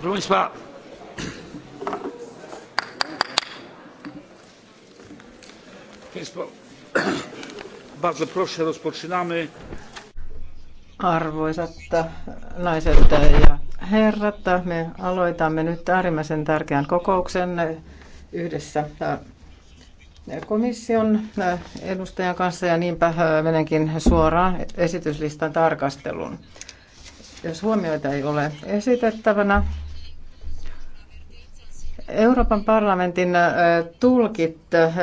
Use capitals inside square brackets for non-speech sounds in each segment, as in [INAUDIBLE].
Proszę Państwa, bardzo proszę, rozpoczynamy. Arvoisat naiset ja herrat, me aloitamme nyt äärimmäisen tärkeän kokouksen yhdessä komission edustajan kanssa ja niinpä menenkin suoraan esityslistan tarkasteluun. Jos huomioita ei ole esitettävänä, Euroopan parlamentin tulkit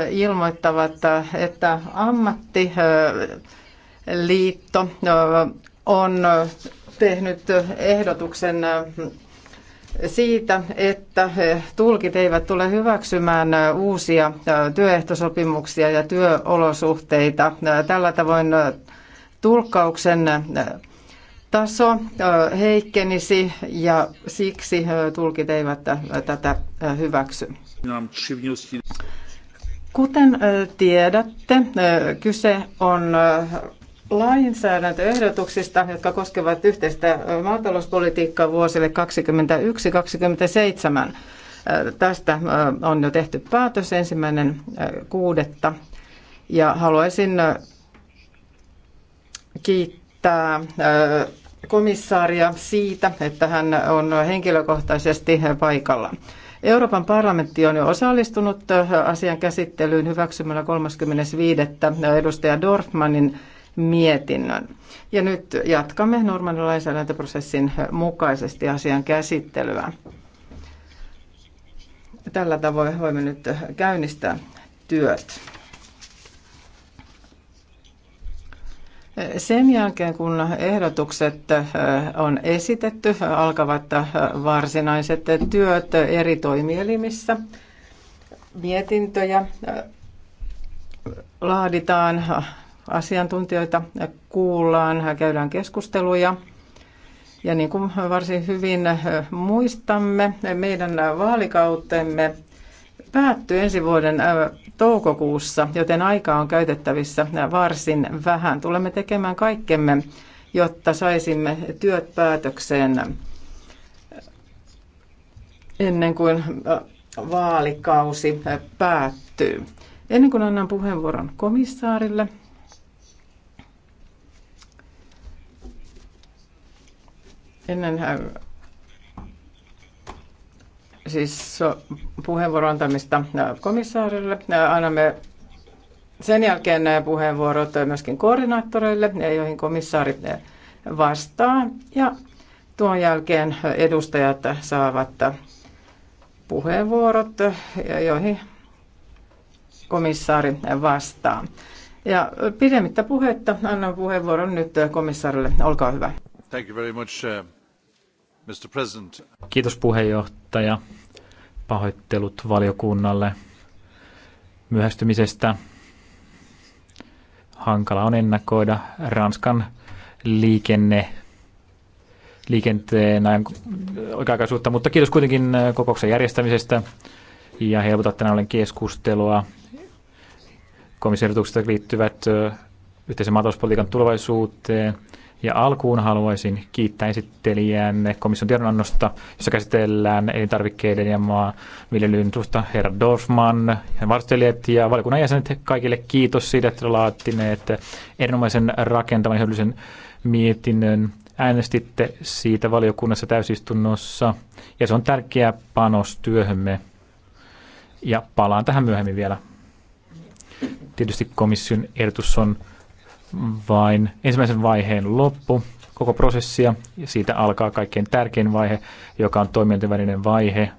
ilmoittavat, että ammattiliitto on tehnyt ehdotuksen siitä, että tulkit eivät tule hyväksymään uusia työehtosopimuksia ja työolosuhteita. Tällä tavoin tulkkauksen taso heikkenisi ja siksi tulkit eivät tätä hyväksy. Kuten tiedätte, kyse on lainsäädäntöehdotuksista, jotka koskevat yhteistä maatalouspolitiikkaa vuosille 2021-2027. Tästä on jo tehty päätös ensimmäinen kuudetta ja haluaisin kiittää kiittää komissaaria siitä, että hän on henkilökohtaisesti paikalla. Euroopan parlamentti on jo osallistunut asian käsittelyyn hyväksymällä 35. edustaja Dorfmanin mietinnön. Ja nyt jatkamme normaalin lainsäädäntöprosessin mukaisesti asian käsittelyä. Tällä tavoin voimme nyt käynnistää työt. Sen jälkeen, kun ehdotukset on esitetty, alkavat varsinaiset työt eri toimielimissä. Mietintöjä laaditaan, asiantuntijoita kuullaan, käydään keskusteluja. Ja niin kuin varsin hyvin muistamme, meidän vaalikautemme päättyy ensi vuoden toukokuussa, joten aikaa on käytettävissä varsin vähän. Tulemme tekemään kaikkemme, jotta saisimme työt päätökseen ennen kuin vaalikausi päättyy. Ennen kuin annan puheenvuoron komissaarille, ennen siis puheenvuoron antamista komissaarille. Annamme sen jälkeen puheenvuorot myöskin koordinaattoreille, joihin komissaari vastaa. Ja tuon jälkeen edustajat saavat puheenvuorot, joihin komissaari vastaa. Ja pidemmittä puhetta annan puheenvuoron nyt komissaarille. Olkaa hyvä. Thank you very much, Mr. President. Kiitos puheenjohtaja. Pahoittelut valiokunnalle myöhästymisestä. Hankala on ennakoida Ranskan liikenne liikenteen ajan oikea-aikaisuutta, mutta kiitos kuitenkin äh, kokouksen järjestämisestä ja helpotat tänään olen keskustelua. Komission liittyvät äh, yhteisen maatalouspolitiikan tulevaisuuteen – ja alkuun haluaisin kiittää esittelijäämme komission tiedonannosta, jossa käsitellään elintarvikkeiden ja viljelyyn tuosta herra Dorfman, ja varustelijat ja valiokunnan jäsenet kaikille kiitos siitä, että laattineet erinomaisen rakentavan hyödyllisen mietinnön. Äänestitte siitä valiokunnassa täysistunnossa ja se on tärkeä panos työhömme. Ja palaan tähän myöhemmin vielä. Tietysti komission ehdotus on vain ensimmäisen vaiheen loppu, koko prosessia, ja siitä alkaa kaikkein tärkein vaihe, joka on toimintavälinen vaihe.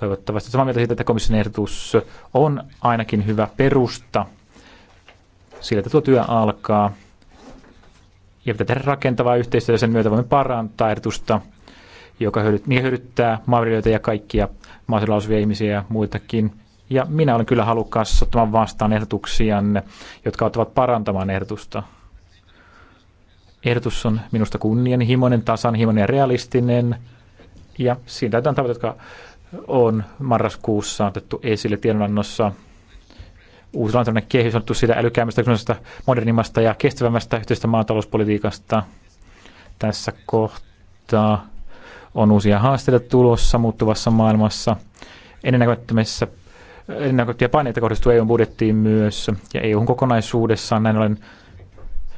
Toivottavasti samaa mieltä siitä, että komission ehdotus on ainakin hyvä perusta sillä, että tuo työ alkaa. Ja pitää tehdä rakentavaa yhteistyötä, sen myötä voimme parantaa ehdotusta, joka hyödyttää, hyödyttää maanviljelijöitä ja kaikkia maaseudulla ihmisiä ja muitakin ja minä olen kyllä halukas ottamaan vastaan ehdotuksianne, jotka auttavat parantamaan ehdotusta. Ehdotus on minusta kunnianhimoinen, tasanhimoinen ja realistinen. Ja siinä täytyy tavoitteet, jotka on marraskuussa otettu esille tiedonannossa uusi lantainen kehys on siitä älykäämmästä, modernimmasta ja kestävämmästä yhteistä maatalouspolitiikasta. Tässä kohtaa on uusia haasteita tulossa muuttuvassa maailmassa. Ennennäkemättömissä ennakoittuja paineita kohdistuu EUn budjettiin myös ja EUn kokonaisuudessaan. Näin ollen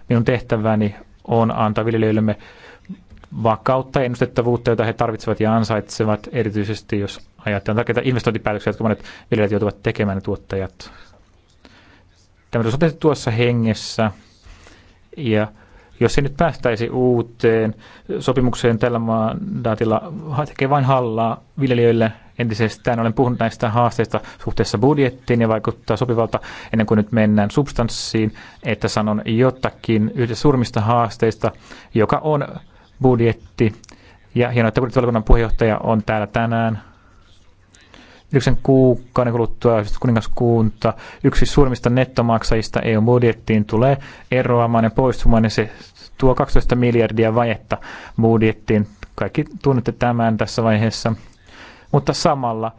minun tehtäväni on antaa viljelijöillemme vakautta ja ennustettavuutta, jota he tarvitsevat ja ansaitsevat, erityisesti jos ajatellaan tärkeitä investointipäätöksiä, jotka monet viljelijät joutuvat tekemään ne tuottajat. Tämä on tuossa hengessä ja jos se nyt päästäisi uuteen sopimukseen tällä mandaatilla, tekee vain hallaa viljelijöille entisestään. Olen puhunut näistä haasteista suhteessa budjettiin ja vaikuttaa sopivalta ennen kuin nyt mennään substanssiin, että sanon jotakin yhdessä suurimmista haasteista, joka on budjetti. Ja hienoa, että budjettivaliokunnan puheenjohtaja on täällä tänään yhdeksän kuukauden kuluttua kuningaskunta, yksi suurimmista nettomaksajista EU-budjettiin tulee eroamaan ja poistumaan, ja se tuo 12 miljardia vajetta budjettiin. Kaikki tunnette tämän tässä vaiheessa. Mutta samalla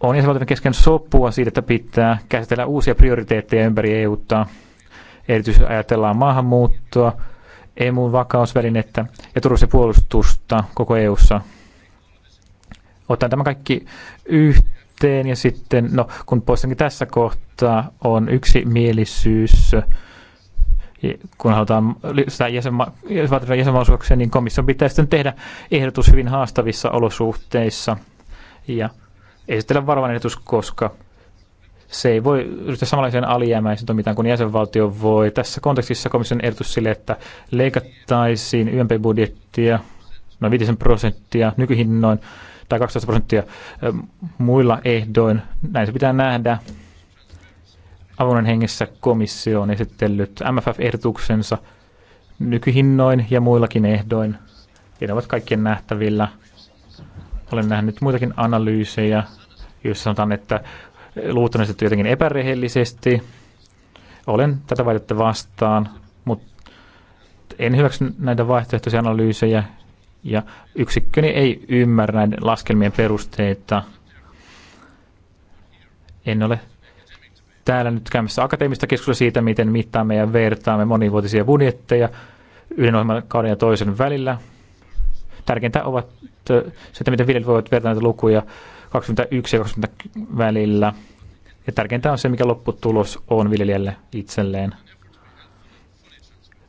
on jäsenvaltioiden kesken sopua siitä, että pitää käsitellä uusia prioriteetteja ympäri EUta. Erityisesti ajatellaan maahanmuuttoa, EMUn vakausvälinettä ja turvallisuuspuolustusta koko EUssa otan tämä kaikki yhteen ja sitten, no kun poistankin tässä kohtaa, on yksi mielisyys, kun halutaan lisätä jäsenma- jäsenmaisuuksia, niin komission pitää sitten tehdä ehdotus hyvin haastavissa olosuhteissa ja esitellä varovan ehdotus, koska se ei voi ryhtyä samanlaiseen alijäämäiseen toimintaan kuin jäsenvaltio voi. Tässä kontekstissa komission ehdotus sille, että leikattaisiin YMP-budjettia noin 5 prosenttia nykyhinnoin tai 12 prosenttia muilla ehdoin. Näin se pitää nähdä. Avoimen hengessä komissio on esittellyt MFF-ehdotuksensa nykyhinnoin ja muillakin ehdoin. Ja ne ovat kaikkien nähtävillä. Olen nähnyt muitakin analyysejä, joissa sanotaan, että luvut on esitetty jotenkin epärehellisesti. Olen tätä väitettä vastaan, mutta en hyväksy näitä vaihtoehtoisia analyysejä, ja yksikköni ei ymmärrä näiden laskelmien perusteita. En ole täällä nyt käymässä akateemista keskustelua siitä, miten mittaamme ja vertaamme monivuotisia budjetteja yhden kauden ja toisen välillä. Tärkeintä ovat se, miten viljelijät voivat vertailla näitä lukuja 21 ja 20 välillä. Ja tärkeintä on se, mikä lopputulos on viljelijälle itselleen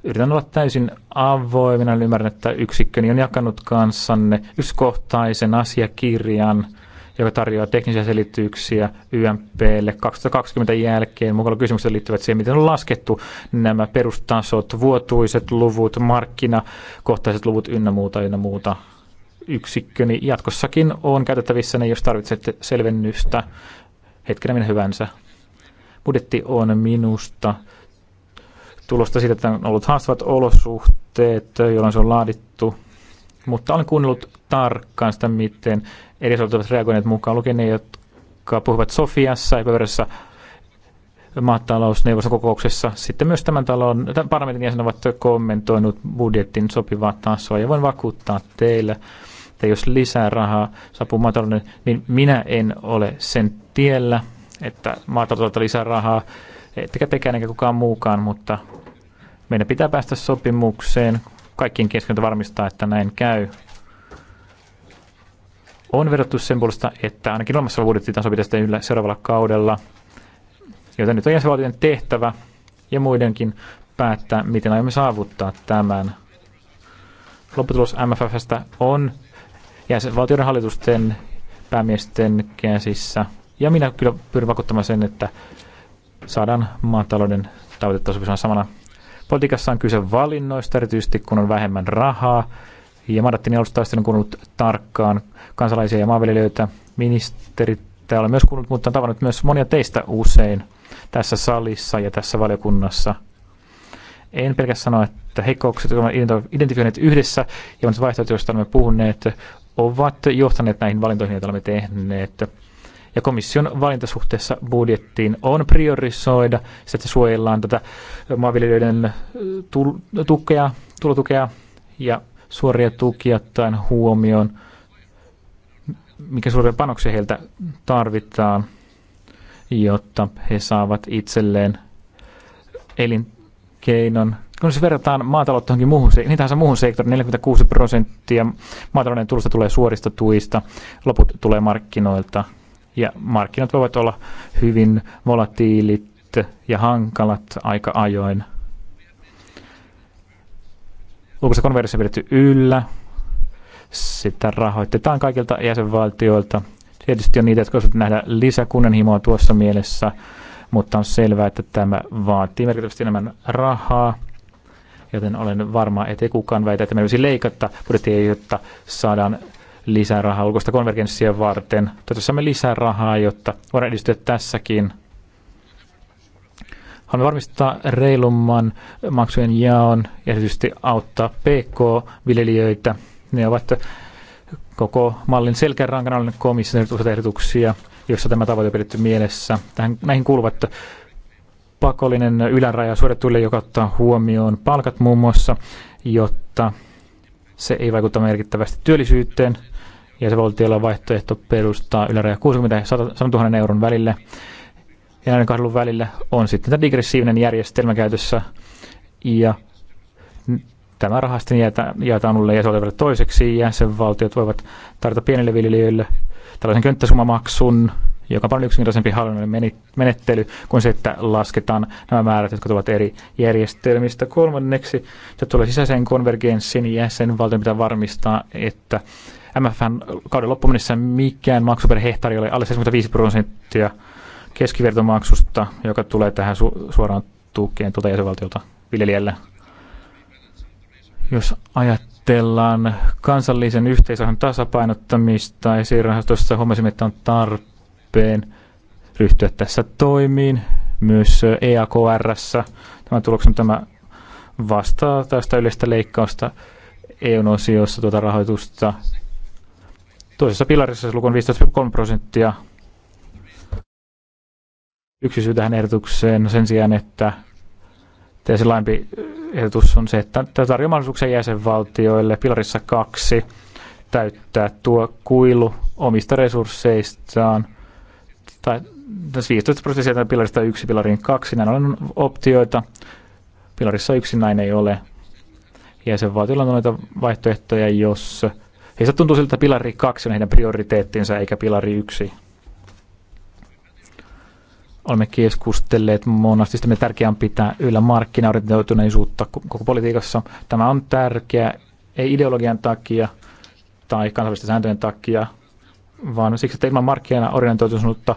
yritän olla täysin avoimena. Niin ymmärrän, että yksikköni on jakanut kanssanne yksikohtaisen asiakirjan, joka tarjoaa teknisiä selityksiä YMPlle 2020 jälkeen. Mukalla kysymykset liittyvät siihen, miten on laskettu nämä perustasot, vuotuiset luvut, markkinakohtaiset luvut ynnä muuta ynnä muuta yksikköni jatkossakin on käytettävissä ne, niin jos tarvitsette selvennystä hetkenä minä hyvänsä. Budjetti on minusta tulosta siitä, että on ollut haastavat olosuhteet, jolloin se on laadittu. Mutta olen kuunnellut tarkkaan sitä, miten eri ovat reagoineet mukaan lukien ne, jotka puhuvat Sofiassa epävirallisessa maatalousneuvoston kokouksessa. Sitten myös tämän talon, tämän parlamentin jäsen ovat kommentoinut budjetin sopivaa tasoa ja voin vakuuttaa teille, että jos lisää rahaa saapuu maatalouden, niin minä en ole sen tiellä, että maataloudelta lisää rahaa ettekä tekään eikä kukaan muukaan, mutta meidän pitää päästä sopimukseen kaikkien kesken varmistaa, että näin käy. On vedottu sen puolesta, että ainakin olemassa budjettitaso pitäisi tehdä yllä seuraavalla kaudella, joten nyt on jäsenvaltioiden tehtävä ja muidenkin päättää, miten aiomme saavuttaa tämän. Lopputulos MFFstä on jäsenvaltioiden hallitusten päämiesten käsissä. Ja minä kyllä pyrin vakuuttamaan sen, että saadaan maatalouden tavoitetaso samana. Politiikassa on kyse valinnoista, erityisesti kun on vähemmän rahaa. Ja mandattini alusta asti on kuunnellut tarkkaan kansalaisia ja maanviljelijöitä, ministerit täällä on myös kuunnellut, mutta on tavannut myös monia teistä usein tässä salissa ja tässä valiokunnassa. En pelkästään sano, että heikkoukset, jotka olemme identifioineet yhdessä ja joista olemme puhuneet, ovat johtaneet näihin valintoihin, joita olemme tehneet. Ja komission valintasuhteessa budjettiin on priorisoida sitä, että suojellaan tätä maanviljelijöiden äh, tukea, tulotukea ja suoria tukia ottaen huomioon, mikä suuria panoksia heiltä tarvitaan, jotta he saavat itselleen elinkeinon kun se siis verrataan maataloutta johonkin muuhun, niin tahansa muuhun sektoriin, 46 prosenttia maatalouden tulosta tulee suorista tuista, loput tulee markkinoilta ja markkinat voivat olla hyvin volatiilit ja hankalat aika ajoin. Lukuisa konversio pidetty yllä. Sitä rahoitetaan kaikilta jäsenvaltioilta. Tietysti on niitä, jotka voisivat nähdä lisäkunnanhimoa tuossa mielessä, mutta on selvää, että tämä vaatii merkittävästi enemmän rahaa joten olen varma, ettei kukaan väitä, että me voisi leikata budjettia, jotta saadaan lisärahaa ulkoista konvergenssia varten. Toivottavasti saamme lisää rahaa, jotta voidaan edistyä tässäkin. Haluamme varmistaa reilumman maksujen jaon ja erityisesti auttaa PK-viljelijöitä. Ne ovat koko mallin selkärankana olleet komission ehdotuksia, joissa tämä tavoite on pidetty mielessä. Tähän, näihin kuuluvat pakollinen yläraja suoritetuille, joka ottaa huomioon palkat muun muassa, jotta se ei vaikuta merkittävästi työllisyyteen ja se voitti olla vaihtoehto perustaa yläraja 60 ja 100 000 euron välille. Ja näiden kahden välillä on sitten tämä digressiivinen järjestelmä käytössä. Ja tämä raha sitten jaetaan ja se toiseksi. Jäsenvaltiot voivat tarjota pienille viljelijöille tällaisen könttäsumamaksun, joka on paljon yksinkertaisempi hallinnollinen menettely kuin se, että lasketaan nämä määrät, jotka tulevat eri järjestelmistä. Kolmanneksi, että tulee sisäiseen konvergenssin jäsenvaltion pitää varmistaa, että MFN kauden loppuun mennessä mikään maksu per hehtaari oli alle 75 prosenttia keskivertomaksusta, joka tulee tähän su- suoraan tukeen tuota jäsenvaltiolta viljelijälle. Jos ajatellaan kansallisen yhteisöhän tasapainottamista esirahastossa, huomasimme, että on tarpeen ryhtyä tässä toimiin myös EAKRssä. Tämän tuloksen tämä vastaa tästä yleistä leikkausta eu osiossa tuota rahoitusta Toisessa pilarissa se luku on 15,3 prosenttia. Yksi syy tähän ehdotukseen sen sijaan, että se laajempi ehdotus on se, että tarjoaa mahdollisuuksia jäsenvaltioille pilarissa kaksi täyttää tuo kuilu omista resursseistaan tai 15 prosenttia pilarista yksi pilariin kaksi, näin on optioita. Pilarissa yksi näin ei ole. Jäsenvaltiolla on noita vaihtoehtoja, jos Heistä tuntuu siltä, että pilari 2 on heidän prioriteettinsa eikä pilari 1. Olemme keskustelleet monasti, että tärkeää on pitää yllä markkinaorientoituneisuutta koko politiikassa. Tämä on tärkeää ei ideologian takia tai kansainvälisten sääntöjen takia, vaan siksi, että ilman markkinaorientoituneisuutta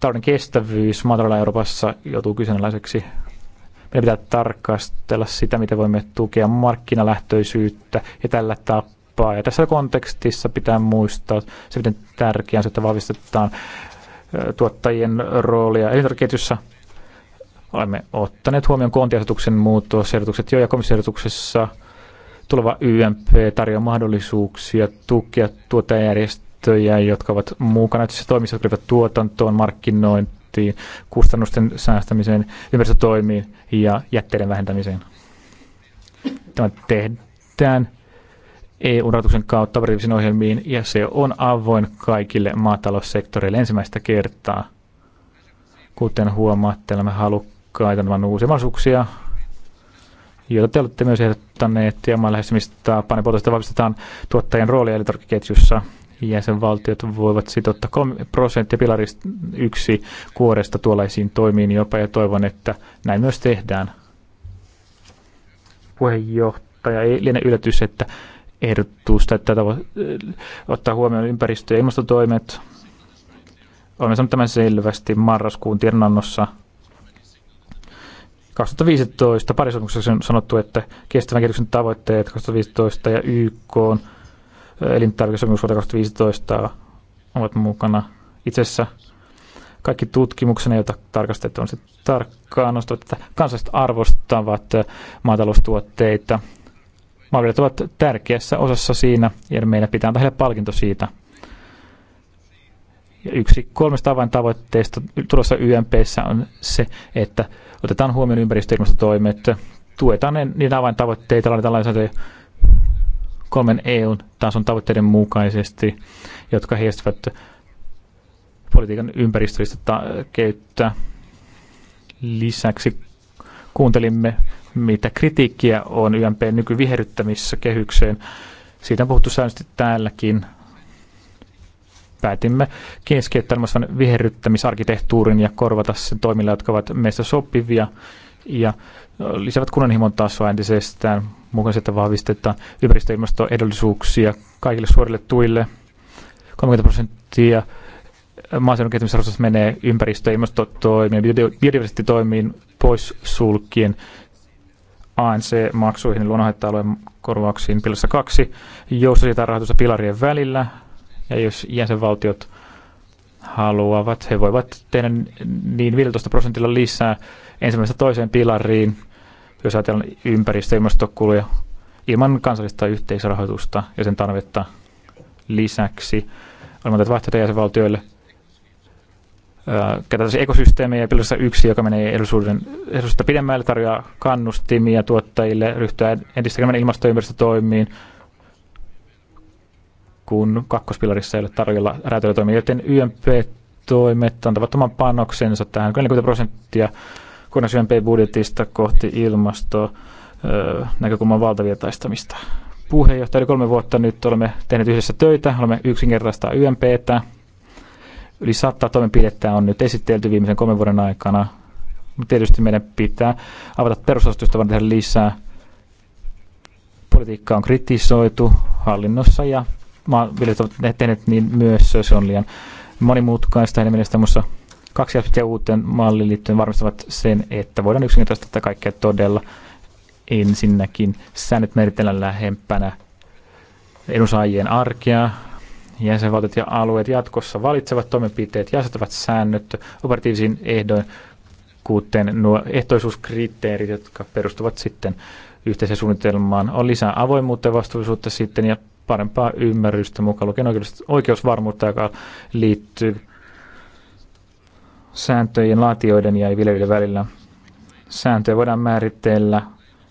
talouden kestävyys maatalouden Euroopassa joutuu kyseenalaiseksi meidän pitää tarkastella sitä, miten voimme tukea markkinalähtöisyyttä ja tällä tapaa kauppaa. Ja tässä kontekstissa pitää muistaa se, miten tärkeää on se, että vahvistetaan tuottajien roolia elintarvikeketjussa. Olemme ottaneet huomioon kontiasetuksen muutosehdotukset jo ja komissioehdotuksessa tuleva YMP tarjoaa mahdollisuuksia tukea tuottajajärjestöjä, jotka ovat mukana tässä toimissa, jotka tuotantoon, markkinointiin, kustannusten säästämiseen, ympäristötoimiin ja jätteiden vähentämiseen. Tämä tehdään EU-rahoituksen kautta operatiivisiin ohjelmiin ja se on avoin kaikille maataloussektoreille ensimmäistä kertaa. Kuten huomaatte, olemme halukkaita nämä uusia mahdollisuuksia, joita te olette myös ehdottaneet ja maan lähestymistapaan ja vahvistetaan tuottajien roolia elintarvikeketjussa. Jäsenvaltiot voivat sitouttaa 3 prosenttia pilarista yksi kuoresta tuollaisiin toimiin jopa ja toivon, että näin myös tehdään. Puheenjohtaja, ei liene yllätys, että ehdotusta, että eh, ottaa huomioon ympäristö- ja ilmastotoimet. Olemme sanoneet tämän selvästi marraskuun tiedonannossa 2015 parisopimuksessa on sanottu, että kestävän kehityksen tavoitteet 2015 ja YK eh, elintarvikesopimus vuodelta 2015 ovat mukana. Itse asiassa kaikki tutkimuksena, joita tarkastettu on sitten tarkkaan, nostavat, että kansalliset arvostavat eh, maataloustuotteita – Maanviljelijät ovat tärkeässä osassa siinä ja meidän pitää antaa heille palkinto siitä. Ja yksi kolmesta avaintavoitteista tulossa YMPssä on se, että otetaan huomioon ympäristö- ja ilmastotoimet, tuetaan niitä avaintavoitteita, laitetaan lainsäädäntöjä kolmen EUn tason tavoitteiden mukaisesti, jotka heistävät politiikan ympäristöllistä ta- Lisäksi kuuntelimme mitä kritiikkiä on YMP nykyviherryttämissä kehykseen. Siitä on puhuttu säännöllisesti täälläkin. Päätimme keskeyttää tämmöisen viherryttämisarkkitehtuurin ja korvata sen toimilla, jotka ovat meistä sopivia ja lisäävät kunnanhimon tasoa entisestään, mukaan että vahvistetaan ympäristö- kaikille suorille tuille. 30 prosenttia maaseudun kehittämisrahoitusta menee ympäristö- ja ilmastotoimiin, biodiversiteettitoimiin pois sulkien ANC-maksuihin luonnonhaitta-alueen korvauksiin pilassa kaksi, jos sitä rahoitusta pilarien välillä, ja jos jäsenvaltiot haluavat, he voivat tehdä niin 15 prosentilla lisää ensimmäisestä toiseen pilariin, jos ajatellaan ympäristö- ja ilmastokuluja, ilman kansallista yhteisrahoitusta ja sen tarvetta lisäksi. Olemme tätä vaihtoehtoja jäsenvaltioille tällaisia ekosysteemiä pilossa yksi, joka menee edullisuuden, edullisuutta pidemmälle, tarjoaa kannustimia tuottajille ryhtyä entistä enemmän ilmasto- ja ympäristötoimiin, kun kakkospilarissa ei ole tarjolla toimia. joten YMP-toimet antavat oman panoksensa tähän 40 prosenttia kunnes YMP-budjetista kohti ilmasto näkökulman valtavirtaistamista. Puheenjohtaja, yli kolme vuotta nyt olemme tehneet yhdessä töitä, olemme yksinkertaistaa YMPtä, Yli sata toimenpidettä on nyt esitelty viimeisen kolmen vuoden aikana. Tietysti meidän pitää avata perusasetusta vaan tehdä lisää. Politiikka on kritisoitu hallinnossa ja maanviljelijät ovat tehneet niin myös. Se on liian monimutkaista heidän mielestä mutta kaksi ja uuteen malliin liittyen varmistavat sen, että voidaan yksinkertaisesti tätä kaikkea todella. Ensinnäkin säännöt määritellään lähempänä edunsaajien arkea, jäsenvaltiot ja alueet jatkossa valitsevat toimenpiteet ja asettavat säännöt operatiivisiin ehdoin, kuten nuo ehtoisuuskriteerit, jotka perustuvat sitten yhteiseen suunnitelmaan, on lisää avoimuutta ja vastuullisuutta sitten ja parempaa ymmärrystä mukaan lukien oikeusvarmuutta, joka liittyy sääntöjen laatioiden ja viljelijöiden välillä. Sääntöjä voidaan määritellä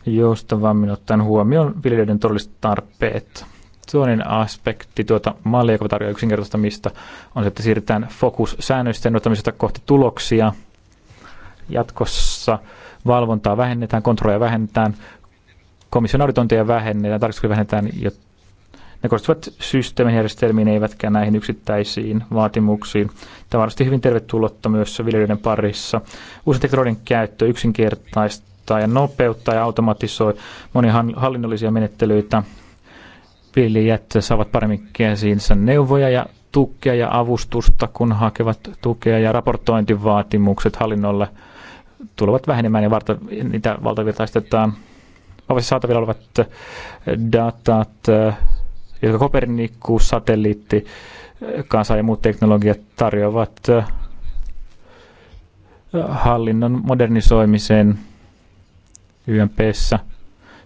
joustavammin ottaen huomioon viljelijöiden todelliset tarpeet toinen aspekti tuota mallia, joka tarjoaa yksinkertaistamista, on se, että siirrytään fokus säännösten ottamisesta kohti tuloksia. Jatkossa valvontaa vähennetään, kontrolleja vähennetään, komission auditointeja vähennetään, tarkastuksia vähennetään, ja ne koostuvat systeemin järjestelmiin, eivätkä näihin yksittäisiin vaatimuksiin. Tämä on varmasti hyvin tervetullutta myös viljelijöiden parissa. Uusien teknologian käyttö yksinkertaistaa ja nopeuttaa ja automatisoi monia hallinnollisia menettelyitä viljelijät saavat paremmin käsiinsä neuvoja ja tukea ja avustusta, kun hakevat tukea ja raportointivaatimukset hallinnolle tulevat vähenemään ja varta, niitä valtavirtaistetaan. Vapaasti saatavilla olevat datat, jotka Kopernikus, satelliitti, kansa ja muut teknologiat tarjoavat hallinnon modernisoimiseen YMPssä –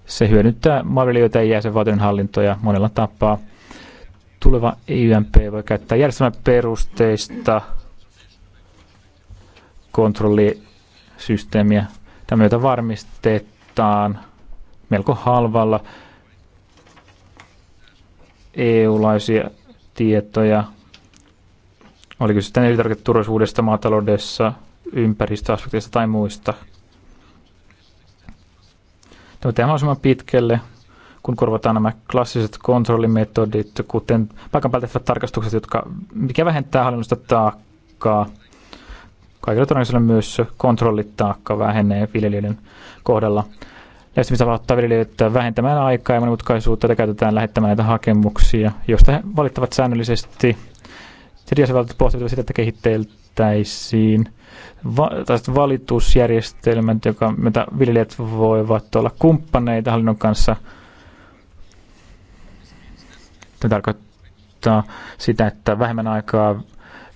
se hyödyntää maanviljelijöitä ja jäsenvaltion hallintoja monella tapaa. Tuleva YMP voi käyttää järjestelmäperusteista perusteista kontrollisysteemiä. Tämä myötä varmistetaan melko halvalla EU-laisia tietoja. Oliko sitten elintarviketurvallisuudesta maataloudessa, ympäristöaspekteista tai muista – tämä mahdollisimman pitkälle, kun korvataan nämä klassiset kontrollimetodit, kuten paikan päältä tarkastukset, jotka, mikä vähentää hallinnosta taakkaa. Kaikilla todennäköisillä myös kontrollitaakka vähenee viljelijöiden kohdalla. Lähestymistapa ottaa viljelijöitä vähentämään aikaa ja monimutkaisuutta, ja käytetään lähettämään näitä hakemuksia, joista he valittavat säännöllisesti. Sitten jäsenvaltiot pohtivat sitä, että kehitteiltä tehtäisiin va- valitusjärjestelmät, joka, mitä viljelijät voivat olla kumppaneita hallinnon kanssa. Tämä tarkoittaa sitä, että vähemmän aikaa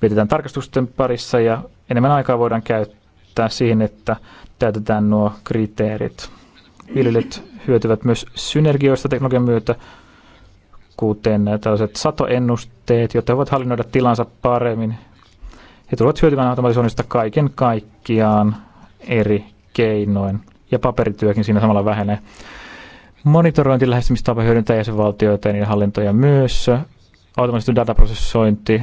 vietetään tarkastusten parissa ja enemmän aikaa voidaan käyttää siihen, että täytetään nuo kriteerit. Viljelijät hyötyvät myös synergioista teknologian myötä, kuten tällaiset satoennusteet, jotta voivat hallinnoida tilansa paremmin he tulevat hyötymään automatisoinnista kaiken kaikkiaan eri keinoin. Ja paperityökin siinä samalla vähenee. Monitorointi lähestymistapa hyödyntää jäsenvaltioita ja niiden hallintoja myös. Automaattinen dataprosessointi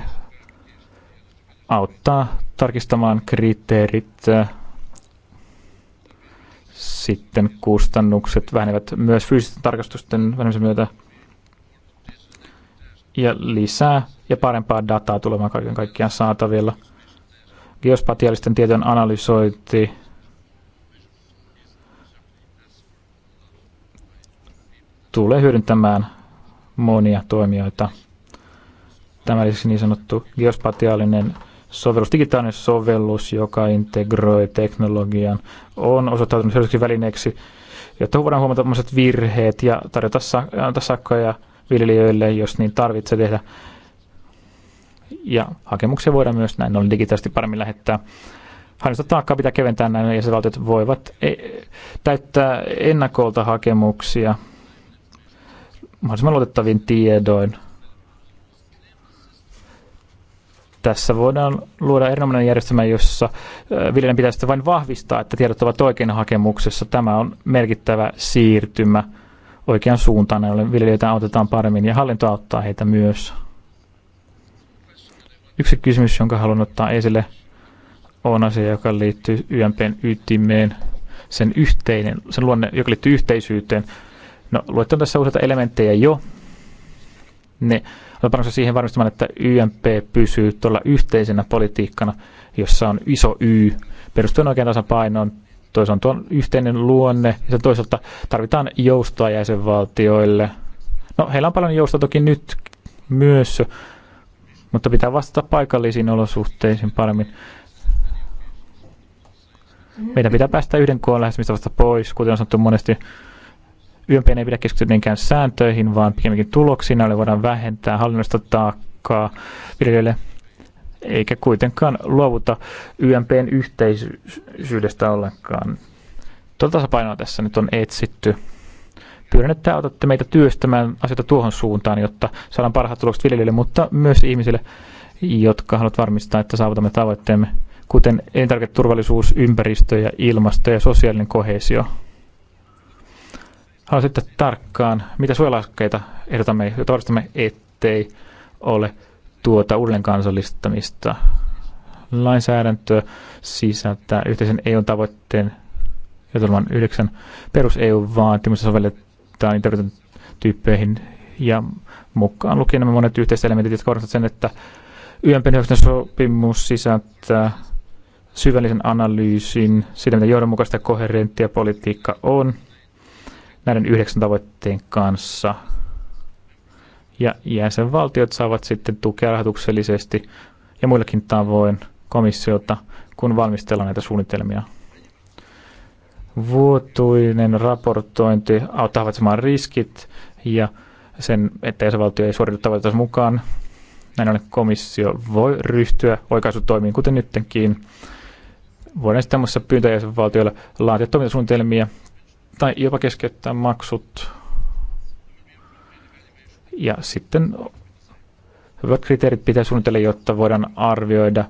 auttaa tarkistamaan kriteerit. Sitten kustannukset vähenevät myös fyysisten tarkastusten vähenemisen myötä. Ja lisää ja parempaa dataa tulemaan kaiken kaikkiaan saatavilla – geospatiaalisten tietojen analysointi, tulee hyödyntämään monia toimijoita. Tämä lisäksi niin sanottu geospatiaalinen sovellus, digitaalinen sovellus, joka integroi teknologian, on osoittautunut selvästi välineeksi, jotta voidaan huomata virheet ja tarjota sakkoja viljelijöille, jos niin tarvitsee tehdä ja hakemuksia voidaan myös näin ollen digitaalisesti paremmin lähettää. Hallinnosta taakkaa pitää keventää näin, ja jäsenvaltiot voivat e, täyttää ennakolta hakemuksia mahdollisimman luotettavin tiedoin. Tässä voidaan luoda erinomainen järjestelmä, jossa viljelijän pitää sitten vain vahvistaa, että tiedot ovat oikein hakemuksessa. Tämä on merkittävä siirtymä oikean suuntaan, jolloin viljelijöitä autetaan paremmin ja hallinto auttaa heitä myös. Yksi kysymys, jonka haluan ottaa esille, on asia, joka liittyy YMPn ytimeen, sen yhteinen, sen luonne, joka liittyy yhteisyyteen. No, luetaan tässä useita elementtejä jo. Ne on siihen varmistamaan, että YMP pysyy tuolla yhteisenä politiikkana, jossa on iso Y, perustuen oikean tasapainoon, toisaalta tuon yhteinen luonne, ja toisaalta tarvitaan joustoa jäsenvaltioille. No, heillä on paljon joustoa toki nyt myös, mutta pitää vastata paikallisiin olosuhteisiin paremmin. Meidän pitää päästä yhden koon lähestymistavasta pois, kuten on sanottu monesti. YMPn ei pidä keskittyä niinkään sääntöihin, vaan pikemminkin tuloksiin, Näille voidaan vähentää hallinnollista taakkaa viljelijöille, eikä kuitenkaan luovuta YMPn yhteisyydestä ollenkaan. Tuota tasapainoa tässä nyt on etsitty pyydän, että autatte meitä työstämään asioita tuohon suuntaan, jotta saadaan parhaat tulokset viljelijöille, mutta myös ihmisille, jotka haluavat varmistaa, että saavutamme tavoitteemme, kuten elintarviketurvallisuus, ympäristö ja ilmasto ja sosiaalinen kohesio. Haluan sitten tarkkaan, mitä suojelaskeita ehdotamme, ja varmistamme, ettei ole tuota uudelleen kansallistamista. Lainsäädäntö sisältää yhteisen EU-tavoitteen jotelman 9 perus EU-vaatimusta sovellet tai niitä tyyppeihin ja mukaan lukien nämä monet yhteiset elementit, jotka korostavat sen, että YMPn sopimus sisältää syvällisen analyysin siitä, mitä johdonmukaista koherenttia politiikka on näiden yhdeksän tavoitteen kanssa. Ja jäsenvaltiot saavat sitten tukea rahoituksellisesti ja muillakin tavoin komissiota, kun valmistellaan näitä suunnitelmia vuotuinen raportointi auttaa havaitsemaan riskit ja sen, että jäsenvaltio ei suoritu tavoitteessa mukaan. Näin ollen komissio voi ryhtyä oikaisutoimiin, kuten nytkin. Voidaan sitten tämmöisessä pyytää jäsenvaltioilla laatia toimintasuunnitelmia tai jopa keskeyttää maksut. Ja sitten hyvät kriteerit pitää suunnitella, jotta voidaan arvioida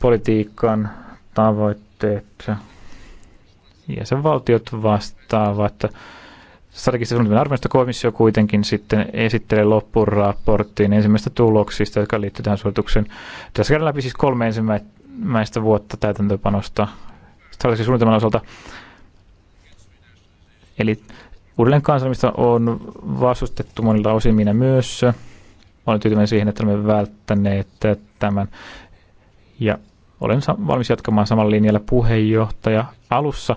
politiikan tavoitteet jäsenvaltiot vastaavat. Strategisen suunnitelman arvioinnista komissio kuitenkin sitten esittelee loppuraporttiin ensimmäistä tuloksista, jotka liittyy tähän suoritukseen. Tässä käydään läpi siis kolme ensimmäistä vuotta täytäntöpanosta strategisen suunnitelman osalta. Eli uudelleen kansallista on vastustettu monilta osin minä myös. Olen tyytyväinen siihen, että olemme välttäneet tämän. Ja olen valmis jatkamaan samalla linjalla puheenjohtaja. Alussa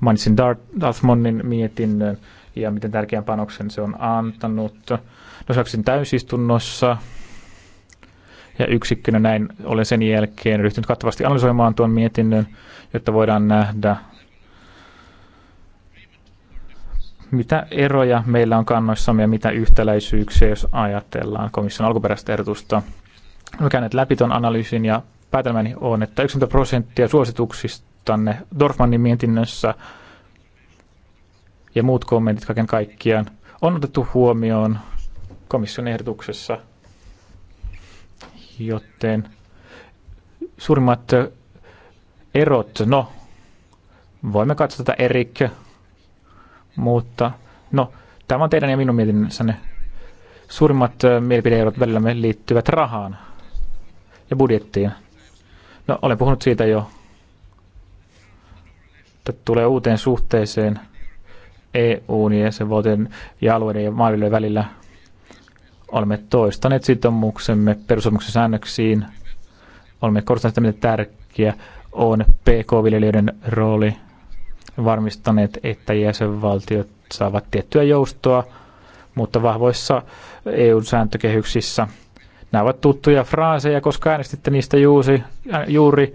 mainitsin Dartmonin mietinnön ja miten tärkeän panoksen se on antanut. No Saksin siis täysistunnossa ja yksikkönä näin olen sen jälkeen ryhtynyt kattavasti analysoimaan tuon mietinnön, jotta voidaan nähdä, mitä eroja meillä on kannoissamme ja mitä yhtäläisyyksiä, jos ajatellaan komission alkuperäistä ehdotusta. Olen käynyt läpi tuon analyysin ja päätelmäni on, että 90 prosenttia suosituksistanne Dorfmannin mietinnössä ja muut kommentit kaiken kaikkiaan on otettu huomioon komission ehdotuksessa, joten suurimmat erot, no voimme katsoa tätä Erik, mutta no tämä on teidän ja minun mietinnössänne. Suurimmat mielipideerot välillämme liittyvät rahaan ja budjettiin. No, olen puhunut siitä jo. että tulee uuteen suhteeseen EUn ja jäsenvaltion ja alueiden ja maailmien välillä. Olemme toistaneet sitoumuksemme perusomuksen säännöksiin. Olemme korostaneet, miten tärkeä on PK-viljelijöiden rooli. Varmistaneet, että jäsenvaltiot saavat tiettyä joustoa, mutta vahvoissa EU-sääntökehyksissä – Nämä ovat tuttuja fraaseja, koska äänestitte niistä juusi, ä, juuri.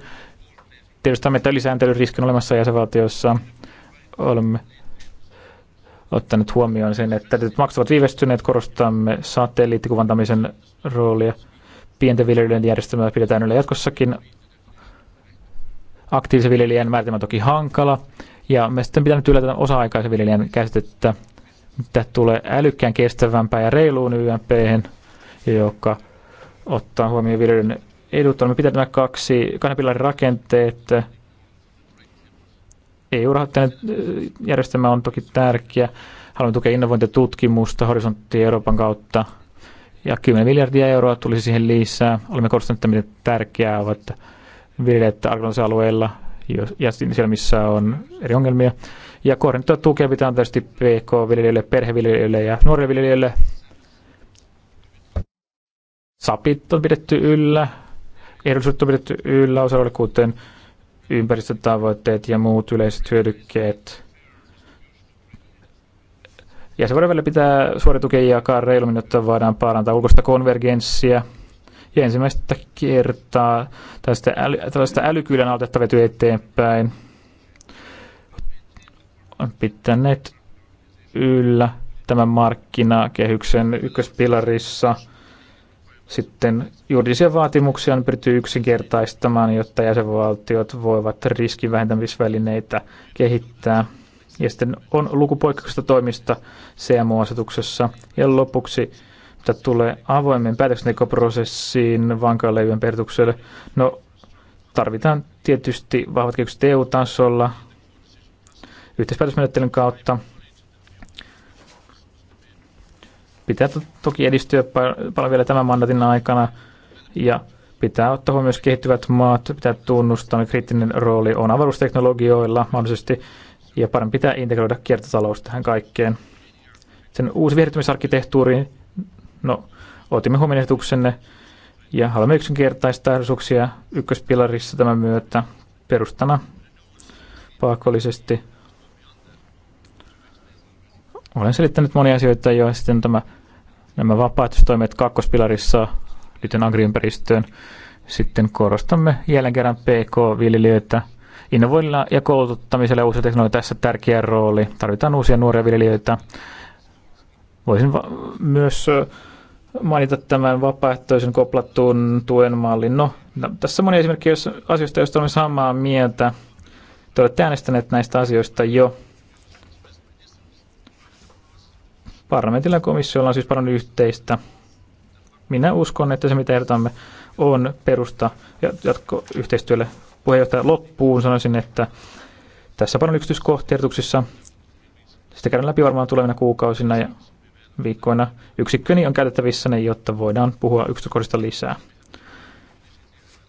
Tiedostamme, että lisääntelyriskin olemassa jäsenvaltioissa olemme ottaneet huomioon sen, että nyt maksavat viivästyneet, korostamme satelliittikuvantamisen roolia. Pienten viljelijöiden järjestelmää pidetään yllä jatkossakin. Aktiivisen viljelijän määritelmä toki hankala. Ja me sitten pitää nyt tätä osa-aikaisen viljelijän käsitettä, mitä tulee älykkään kestävämpään ja reiluun YMP, joka ottaa huomioon viljelyn edut. Olemme pitäneet kaksi kanapilarin rakenteet. EU-rahoitteinen järjestelmä on toki tärkeä. Haluamme tukea innovointia tutkimusta horisontti Euroopan kautta. Ja 10 miljardia euroa tulisi siihen lisää. Olemme korostaneet, että miten tärkeää ovat viljelijät alueella ja siellä, missä on eri ongelmia. Ja kohdentaa tukea pitää tietysti PK-viljelijöille, perheviljelijöille ja nuorille viljelijöille Sapit on pidetty yllä, ehdollisuudet on pidetty yllä osalle, kuten ympäristötavoitteet ja muut yleiset hyödykkeet. Ja se välillä pitää suoritukea jakaa reilummin, jotta voidaan parantaa ulkoista konvergenssia. Ja ensimmäistä kertaa tästä äly, tällaista älykylän autetta vety eteenpäin. On pitäneet yllä tämän markkinakehyksen ykköspilarissa – sitten juridisia vaatimuksia on niin pyritty yksinkertaistamaan, jotta jäsenvaltiot voivat riskivähentämisvälineitä kehittää. Ja sitten on lukupoikkeuksista toimista CMO-asetuksessa. Ja lopuksi mitä tulee avoimen päätöksentekoprosessiin vankaleivyön pertukselle, no tarvitaan tietysti vahvat kehykset EU-tasolla yhteispäätösmenettelyn kautta pitää toki edistyä paljon vielä tämän mandatin aikana ja pitää ottaa huomioon myös kehittyvät maat, pitää tunnustaa, että kriittinen rooli on avaruusteknologioilla mahdollisesti ja parempi pitää integroida kiertotalous tähän kaikkeen. Sen uusi viehdyttämisarkkitehtuuri, no otimme huomioon ehdotuksenne ja haluamme yksinkertaistaa ehdotuksia ykköspilarissa tämän myötä perustana pakollisesti. Olen selittänyt monia asioita jo ja sitten tämä nämä vapaaehtoistoimet kakkospilarissa liittyen agriympäristöön. Sitten korostamme jälleen kerran PK-viljelijöitä. Innovoinnilla ja koulututtamisella uusia teknologioita tässä tärkeä rooli. Tarvitaan uusia nuoria viljelijöitä. Voisin myös mainita tämän vapaaehtoisen koplattuun tuen mallin. No, no tässä on moni esimerkki jos asioista, joista olemme samaa mieltä. Te olette äänestäneet näistä asioista jo. Parlamentilla ja komissiolla on siis paljon yhteistä. Minä uskon, että se mitä ehdotamme on perusta ja jatko yhteistyölle puheenjohtaja loppuun. Sanoisin, että tässä paljon yksityiskohtia Sitä käydään läpi varmaan tulevina kuukausina ja viikkoina. Yksikköni on käytettävissä ne, jotta voidaan puhua yksityiskohdista lisää.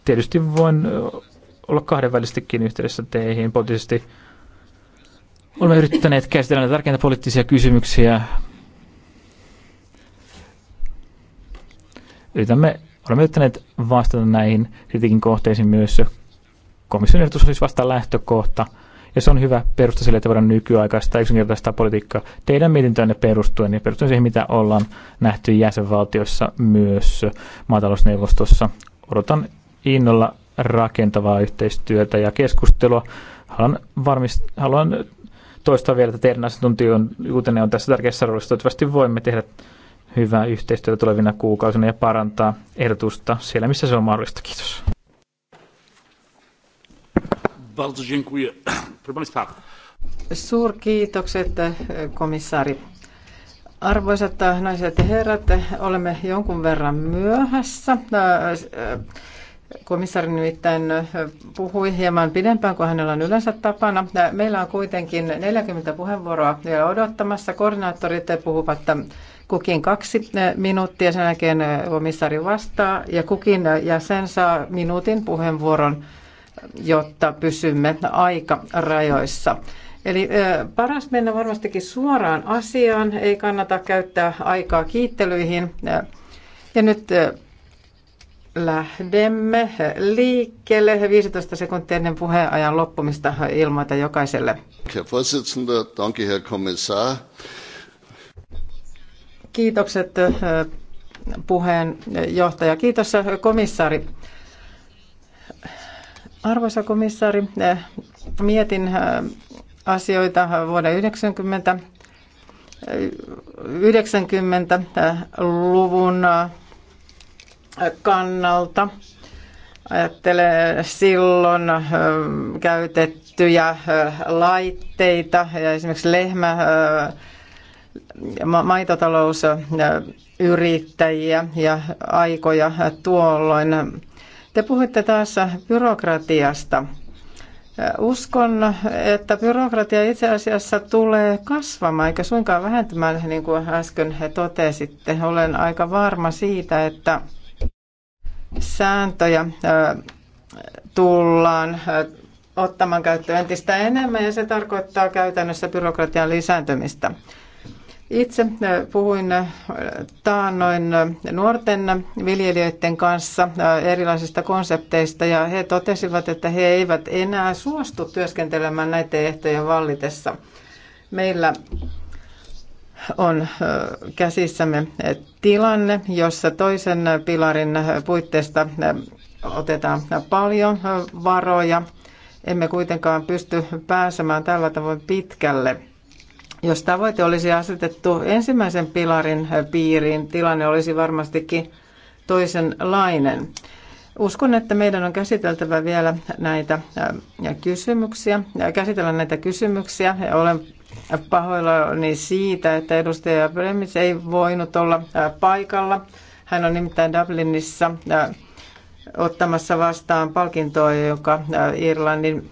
Tietysti voin olla kahdenvälisestikin yhteydessä teihin poliittisesti. Olemme yrittäneet käsitellä näitä tärkeintä poliittisia kysymyksiä yritämme, olemme yrittäneet vastata näihin kritiikin kohteisiin myös. Komission ehdotus on siis vasta lähtökohta, ja se on hyvä perusta sille, että voidaan nykyaikaista yksinkertaista politiikkaa teidän mietintöönne perustuen ja perustuen siihen, mitä ollaan nähty jäsenvaltiossa myös maatalousneuvostossa. Odotan innolla rakentavaa yhteistyötä ja keskustelua. Haluan, varmist- haluan toistaa vielä, että teidän asiantuntijuutenne on tässä tärkeässä roolissa. Toivottavasti voimme tehdä hyvää yhteistyötä tulevina kuukausina ja parantaa ehdotusta siellä, missä se on mahdollista. Kiitos. Suurkiitokset, komissaari. Arvoisat naiset ja herrat, olemme jonkun verran myöhässä. Komissaari nimittäin puhui hieman pidempään kuin hänellä on yleensä tapana. Meillä on kuitenkin 40 puheenvuoroa vielä odottamassa. Koordinaattorit puhuvat kukin kaksi minuuttia, sen jälkeen komissaari vastaa ja kukin jäsen saa minuutin puheenvuoron, jotta pysymme aikarajoissa. Eli paras mennä varmastikin suoraan asiaan, ei kannata käyttää aikaa kiittelyihin. Ja nyt lähdemme liikkeelle. 15 sekuntia ennen puheenajan loppumista ilmoita jokaiselle. Herr Vorsitzender, danke Herr Kommissar. Kiitokset puheenjohtaja. Kiitos komissaari. Arvoisa komissaari, mietin asioita vuoden 90 90-luvun kannalta. Ajattelen silloin käytettyjä laitteita ja esimerkiksi lehmä maitotalousyrittäjiä ja aikoja tuolloin. Te puhuitte taas byrokratiasta. Uskon, että byrokratia itse asiassa tulee kasvamaan eikä suinkaan vähentymään, niin kuin äsken totesitte. Olen aika varma siitä, että sääntöjä tullaan ottamaan käyttöön entistä enemmän ja se tarkoittaa käytännössä byrokratian lisääntymistä. Itse äh, puhuin äh, taannoin äh, nuorten viljelijöiden kanssa erilaisista konsepteista ja he totesivat, että he eivät enää suostu työskentelemään näiden ehtojen vallitessa. Meillä on käsissämme tilanne, jossa toisen pilarin puitteista otetaan paljon varoja. Emme kuitenkaan pysty pääsemään tällä tavoin pitkälle – jos tavoite olisi asetettu ensimmäisen pilarin piiriin, tilanne olisi varmastikin toisenlainen. Uskon, että meidän on käsiteltävä vielä näitä kysymyksiä, käsitellä näitä kysymyksiä. Olen pahoillani siitä, että edustaja Bremis ei voinut olla paikalla. Hän on nimittäin Dublinissa ottamassa vastaan palkintoa, joka Irlannin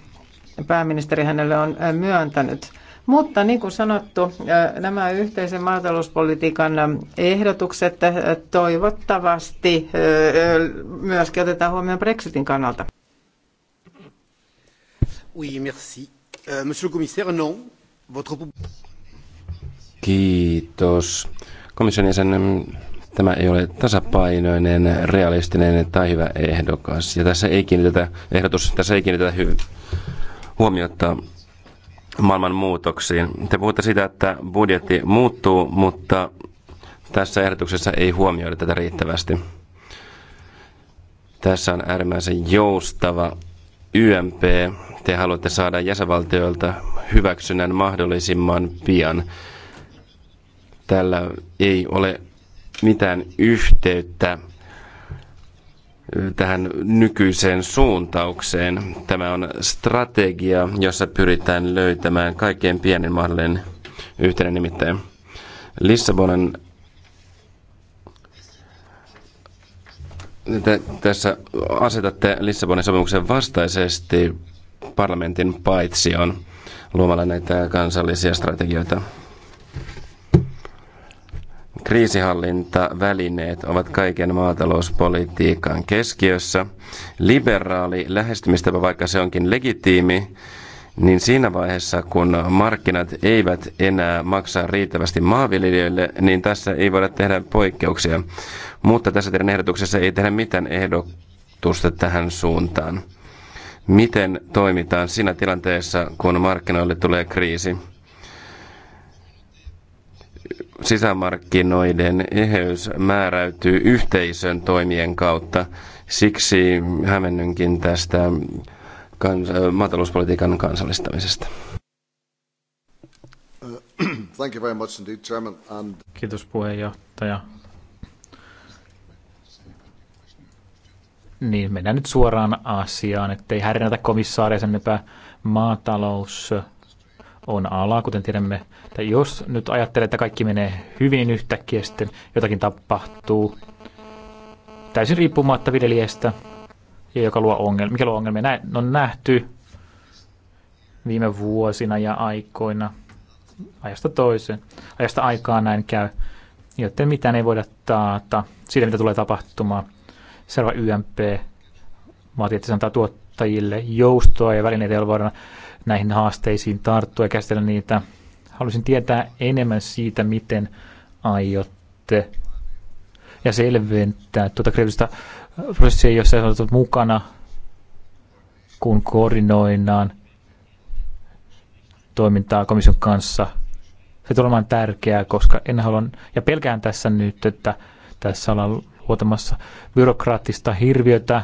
pääministeri hänelle on myöntänyt. Mutta niin kuin sanottu, nämä yhteisen maatalouspolitiikan ehdotukset toivottavasti myös otetaan huomioon Brexitin kannalta. Oui, merci. Euh, monsieur le commissaire, non. Votre... Kiitos. Komission jäsen, tämä ei ole tasapainoinen, realistinen tai hyvä ehdokas. Ja tässä ei kiinnitetä, ehdotus, tässä ei kiinnitetä hy- huomiota maailman muutoksiin. Te puhutte siitä, että budjetti muuttuu, mutta tässä ehdotuksessa ei huomioida tätä riittävästi. Tässä on äärimmäisen joustava YMP. Te haluatte saada jäsenvaltioilta hyväksynnän mahdollisimman pian. Tällä ei ole mitään yhteyttä tähän nykyiseen suuntaukseen. Tämä on strategia, jossa pyritään löytämään kaikkein pienin mahdollinen yhteinen nimittäin. Lissabonin tässä asetatte Lissabonin sopimuksen vastaisesti parlamentin paitsioon luomalla näitä kansallisia strategioita kriisihallintavälineet ovat kaiken maatalouspolitiikan keskiössä. Liberaali lähestymistapa, vaikka se onkin legitiimi, niin siinä vaiheessa, kun markkinat eivät enää maksa riittävästi maanviljelijöille, niin tässä ei voida tehdä poikkeuksia. Mutta tässä teidän ehdotuksessa ei tehdä mitään ehdotusta tähän suuntaan. Miten toimitaan siinä tilanteessa, kun markkinoille tulee kriisi? sisämarkkinoiden eheys määräytyy yhteisön toimien kautta. Siksi hämennynkin tästä kans- äh, maatalouspolitiikan kansallistamisesta. [CLEARS THROAT] Thank you very much indeed, Chairman. And... Kiitos puheenjohtaja. Niin, mennään nyt suoraan asiaan, ettei härnätä komissaaria sen maatalous on ala, kuten tiedämme. Tai jos nyt ajattelee, että kaikki menee hyvin yhtäkkiä, sitten jotakin tapahtuu täysin riippumatta viljelijästä, ja joka luo ongelmia. Mikä luo ongelmia? Nä, on nähty viime vuosina ja aikoina ajasta toiseen. Ajasta aikaa näin käy, joten mitään ei voida taata siitä, mitä tulee tapahtumaan. Seuraava YMP vaatii, että se antaa tuottajille joustoa ja välineitä, joilla voidaan näihin haasteisiin tarttua ja käsitellä niitä. Haluaisin tietää enemmän siitä, miten aiotte ja selventää tuota kriittistä prosessia, jossa olet mukana, kun koordinoidaan toimintaa komission kanssa. Se tulee olemaan tärkeää, koska en halua, ja pelkään tässä nyt, että tässä ollaan luotamassa byrokraattista hirviötä,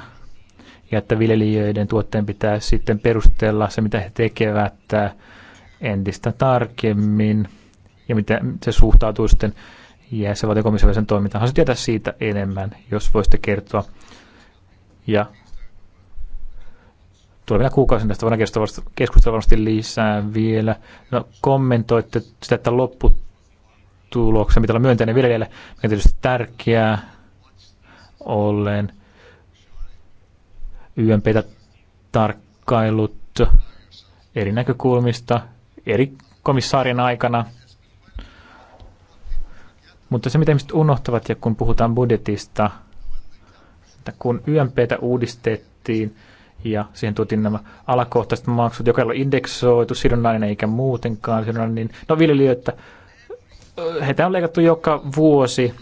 ja että viljelijöiden tuotteen pitää sitten perustella se, mitä he tekevät entistä tarkemmin ja mitä se suhtautuu sitten jäsenvaltion komission toimintaan. Haluaisin tietää siitä enemmän, jos voisitte kertoa. Ja tulevina kuukausina tästä voidaan keskustella varmasti lisää vielä. No, kommentoitte sitä, että lopputuloksen pitää olla myönteinen viljelijälle, mikä on tietysti tärkeää ollen – YMPtä tarkkailut eri näkökulmista eri komissaarien aikana. Mutta se, mitä ihmiset unohtavat, ja kun puhutaan budjetista, että kun YMPtä uudistettiin ja siihen tuotiin nämä alakohtaiset maksut, joka ei ole indeksoitu, sidonnainen eikä muutenkaan sidonnainen, niin no viljelijöitä, heitä on leikattu joka vuosi,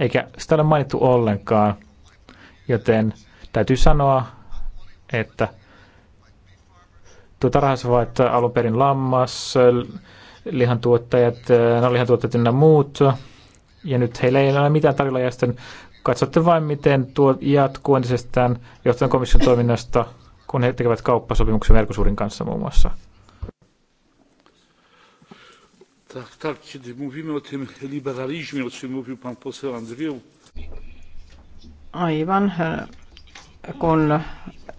eikä sitä ole mainittu ollenkaan, joten Täytyy sanoa, että tuota rahasvaat alun perin lammas, lihantuottajat, no lihantuottajat ja muut, ja nyt heillä ei ole mitään tarjolla, ja sitten katsotte vain, miten tuo jatkuu entisestään johtajan komission toiminnasta, kun he tekevät kauppasopimuksen Merkosuurin kanssa muun muassa. Tak, tak, kiedy mówimy o tym liberalizmie, o czym mówił pan poseł Andrieu. Aivan, kun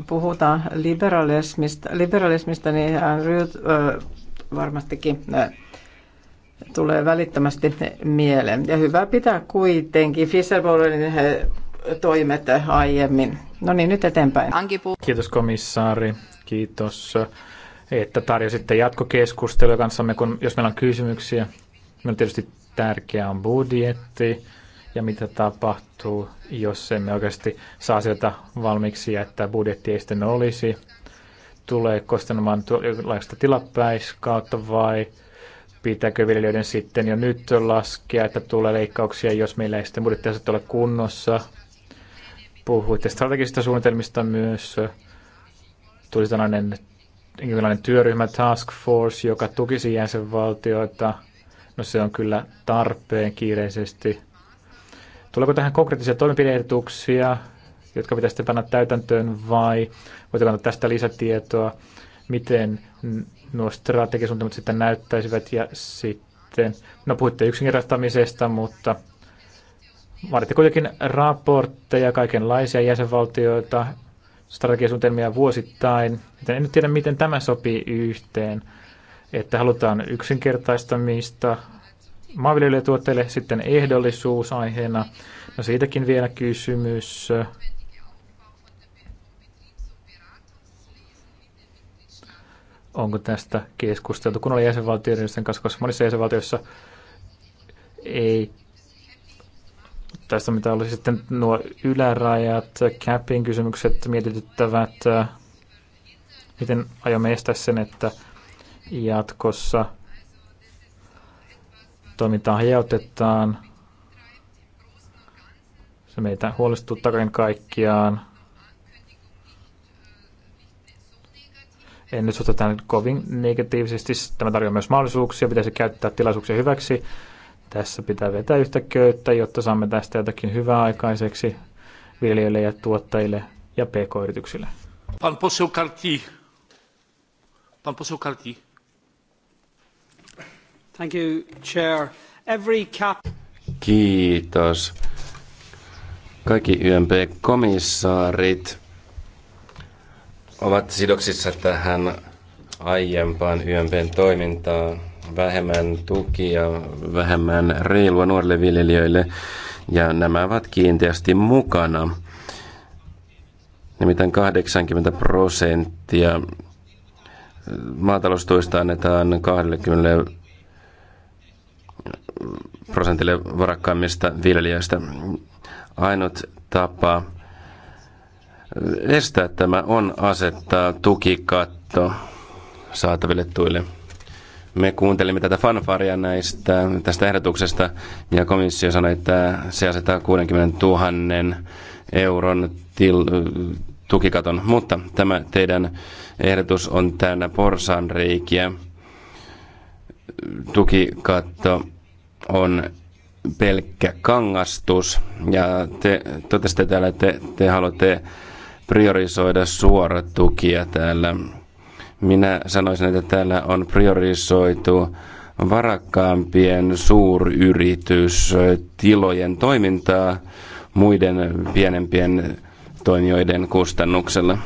puhutaan liberalismista, liberalismista niin hän ö, varmastikin tulee välittömästi mieleen. Ja hyvä pitää kuitenkin Fisherbollin toimet aiemmin. No niin, nyt eteenpäin. Kiitos komissaari, kiitos, että tarjositte jatkokeskustelua kanssamme, kun, jos meillä on kysymyksiä. Meillä tietysti tärkeää on budjetti ja mitä tapahtuu, jos emme oikeasti saa sieltä valmiiksi että budjetti ei sitten olisi. tulee kostanomaan jonkinlaista tilapäiskautta vai pitääkö viljelijöiden sitten jo nyt laskea, että tulee leikkauksia, jos meillä ei sitten budjettiaset ole kunnossa. Puhuitte strategisista suunnitelmista myös. Tuli tällainen jonkinlainen työryhmä Task Force, joka tukisi jäsenvaltioita. No se on kyllä tarpeen kiireisesti Tuleeko tähän konkreettisia toimenpideehdotuksia, jotka pitäisi sitten panna täytäntöön vai voitteko antaa tästä lisätietoa, miten nuo strategisuunnitelmat sitten näyttäisivät ja sitten, no puhuitte yksinkertaistamisesta, mutta vaaditte kuitenkin raportteja, kaikenlaisia jäsenvaltioita, strategiasuunnitelmia vuosittain. Joten en nyt tiedä, miten tämä sopii yhteen, että halutaan yksinkertaistamista, maanviljelijätuotteille. Sitten ehdollisuus aiheena. No siitäkin vielä kysymys. Onko tästä keskusteltu, kun oli jäsenvaltioiden kanssa, koska monissa jäsenvaltioissa ei tästä, mitä oli sitten nuo ylärajat, capping kysymykset mietityttävät, miten aiomme estää sen, että jatkossa – toimintaa hajautetaan. Se meitä huolestuttaa kaikkiaan. en nyt suhtaudu tähän kovin negatiivisesti. Tämä tarjoaa myös mahdollisuuksia, pitäisi käyttää tilaisuuksia hyväksi. Tässä pitää vetää yhtä köyttä, jotta saamme tästä jotakin hyvää aikaiseksi viljelijöille ja tuottajille ja pk-yrityksille. Pan poseu Pan poseu Thank you, Chair. Every cap... Kiitos. Kaikki YMP-komissaarit ovat sidoksissa tähän aiempaan YMPn toimintaan. Vähemmän tukia, vähemmän reilua nuorille viljelijöille ja nämä ovat kiinteästi mukana. Nimittäin 80 prosenttia maataloustuista annetaan 20 prosentille varakkaimmista viljelijöistä. Ainut tapa estää tämä on asettaa tukikatto saataville tuille. Me kuuntelimme tätä fanfaria näistä, tästä ehdotuksesta ja komissio sanoi, että se asettaa 60 000 euron til, tukikaton, mutta tämä teidän ehdotus on täynnä porsanreikiä. reikiä tukikatto on pelkkä kangastus. Ja te totesitte täällä, että te, te haluatte priorisoida suorat tukia täällä. Minä sanoisin, että täällä on priorisoitu varakkaampien suuryritystilojen toimintaa muiden pienempien toimijoiden kustannuksella.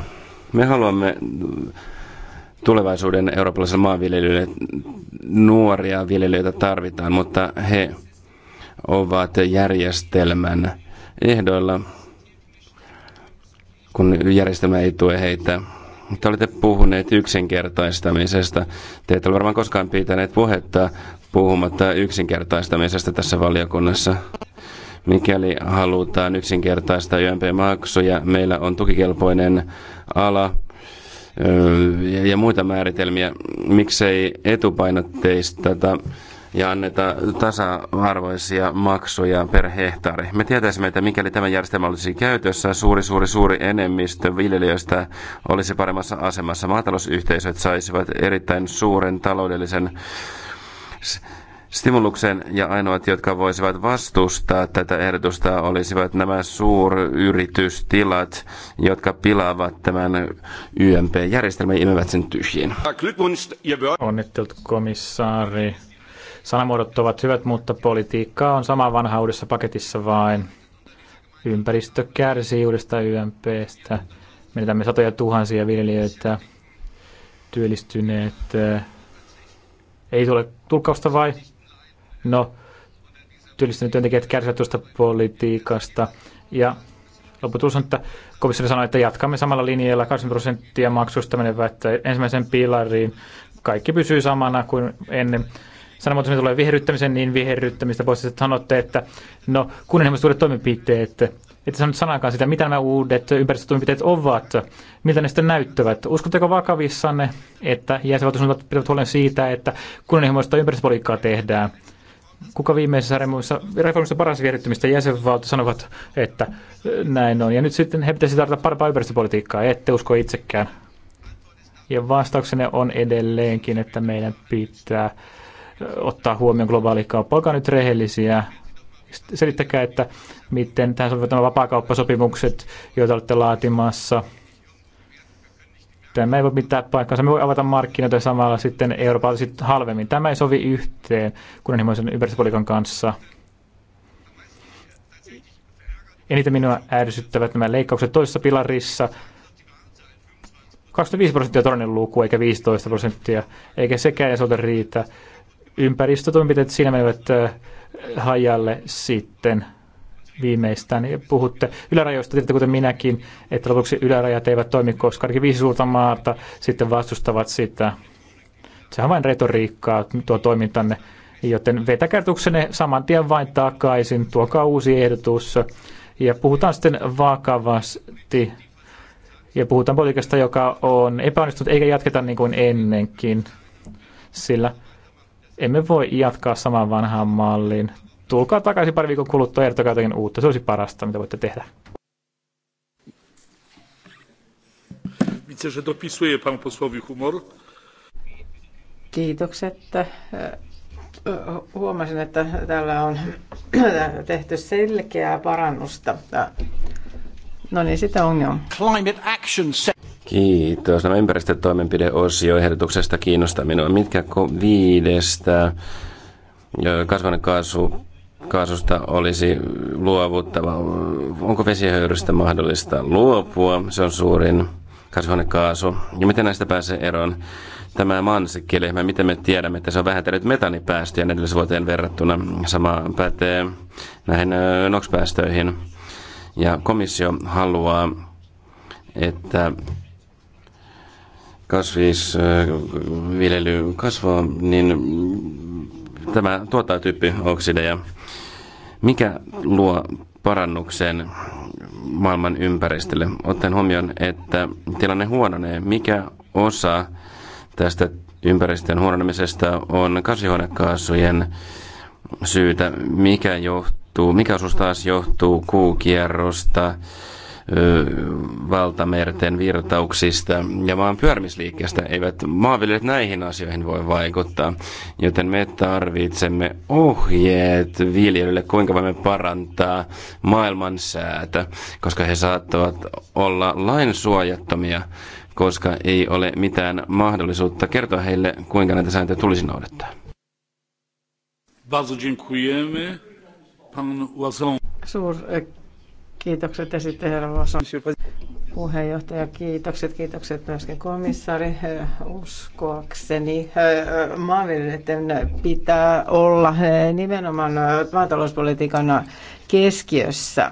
Me haluamme tulevaisuuden eurooppalaisen maanviljelijöille. Nuoria viljelijöitä tarvitaan, mutta he ovat järjestelmän ehdoilla, kun järjestelmä ei tue heitä. Te olette puhuneet yksinkertaistamisesta. Te ette ole varmaan koskaan pitäneet puhetta puhumatta yksinkertaistamisesta tässä valiokunnassa. Mikäli halutaan yksinkertaistaa YMP-maksuja, meillä on tukikelpoinen ala, ja muita määritelmiä. Miksei etupainotteista ja anneta tasa-arvoisia maksuja per hehtaari. Me tietäisimme, että mikäli tämä järjestelmä olisi käytössä, suuri, suuri, suuri enemmistö viljelijöistä olisi paremmassa asemassa. Maatalousyhteisöt saisivat erittäin suuren taloudellisen Stimuluksen ja ainoat, jotka voisivat vastustaa tätä ehdotusta, olisivat nämä suuryritystilat, jotka pilaavat tämän YMP-järjestelmän ja imevät sen tyhjiin. Onnittelut komissaari. Sanamuodot ovat hyvät, mutta politiikkaa on sama vanha uudessa paketissa vain. Ympäristö kärsii uudesta YMPstä. Menetämme satoja tuhansia viljelijöitä, työllistyneet. Eh, ei tule tulkausta vai? No, työllistynyt työntekijät kärsivät tuosta politiikasta. Ja lopputulos on, että komissio sanoi, että jatkamme samalla linjalla. 20 prosenttia maksusta menevät ensimmäisen pilariin. Kaikki pysyy samana kuin ennen. että tulee viherryttämisen, niin viherryttämistä pois, että sanotte, että no kunnianhimoiset uudet toimenpiteet, että sanot sanakaan sitä, mitä nämä uudet ympäristötoimenpiteet ovat, miltä ne sitten näyttävät. Uskotteko vakavissanne, että jäsenvaltuuskunnat pitävät huolen siitä, että kunnianhimoista ympäristöpolitiikkaa tehdään? kuka viimeisessä reformissa paras vierittymistä jäsenvaltio sanovat, että äh, näin on. Ja nyt sitten he pitäisi tarjota parempaa ympäristöpolitiikkaa, ette usko itsekään. Ja vastauksenne on edelleenkin, että meidän pitää äh, ottaa huomioon globaali kauppa. Olkaa nyt rehellisiä. Selittäkää, että miten tähän sovitaan vapaakauppasopimukset, joita olette laatimassa – Tämä ei voi mitään paikkaansa. Me voi avata markkinoita samalla sitten Euroopan sitten halvemmin. Tämä ei sovi yhteen kunnianhimoisen ympäristöpolitiikan kanssa. Eniten minua ärsyttävät nämä leikkaukset toisessa pilarissa. 25 prosenttia todellinen luku, eikä 15 prosenttia, eikä sekään ja ole riitä. Ympäristötoimenpiteet siinä menevät äh, hajalle sitten viimeistään. Niin puhutte ylärajoista, tietysti kuten minäkin, että lopuksi ylärajat eivät toimi, koska ainakin viisi suurta maata sitten vastustavat sitä. Sehän on vain retoriikkaa tuo toimintanne, joten vetäkärtuksenne saman tien vain takaisin, tuokaa uusi ehdotus ja puhutaan sitten vakavasti ja puhutaan politiikasta, joka on epäonnistunut eikä jatketa niin kuin ennenkin, sillä emme voi jatkaa samaan vanhaan malliin tulkaa takaisin pari viikon kuluttua ja ertokaa jotakin uutta. Se olisi parasta, mitä voitte tehdä. Widzę, że dopisuje pan posłowi humor. Kiitokset. Huomasin, että täällä on [CLEARS THROAT] tehty selkeää parannusta. No niin, sitä ongelma. Climate Action Kiitos. Nämä ympäristötoimenpideosioehdotuksesta kiinnostaa minua. Mitkä viidestä kasvanekaasu kaasusta olisi luovuttava. Onko vesihöyrystä mahdollista luopua? Se on suurin kasvihuonekaasu. Ja miten näistä pääsee eroon? Tämä mansikkilehmä, miten me tiedämme, että se on vähentänyt metanipäästöjä edellisvuoteen verrattuna. Sama pätee näihin NOx-päästöihin. Ja komissio haluaa, että kasvisviljely kasvaa, niin tämä tuottaa oksideja. Mikä luo parannukseen maailman ympäristölle, Otten huomioon, että tilanne huononee. Mikä osa tästä ympäristön huononemisesta on kasvihuonekaasujen syytä, mikä johtuu, mikä osuus taas johtuu kuukierrosta, valtamerten virtauksista ja maan pyörmisliikkeestä. Eivät maanviljelijät näihin asioihin voi vaikuttaa, joten me tarvitsemme ohjeet viljelijöille, kuinka voimme parantaa maailman säätä, koska he saattavat olla lainsuojattomia koska ei ole mitään mahdollisuutta kertoa heille, kuinka näitä sääntöjä tulisi noudattaa. Bardzo dziękujemy. Pan Suur Kiitokset esittelijä sitten puheenjohtaja, kiitokset, kiitokset myöskin komissaari. Uskoakseni maanviljelijöiden pitää olla nimenomaan maatalouspolitiikan keskiössä.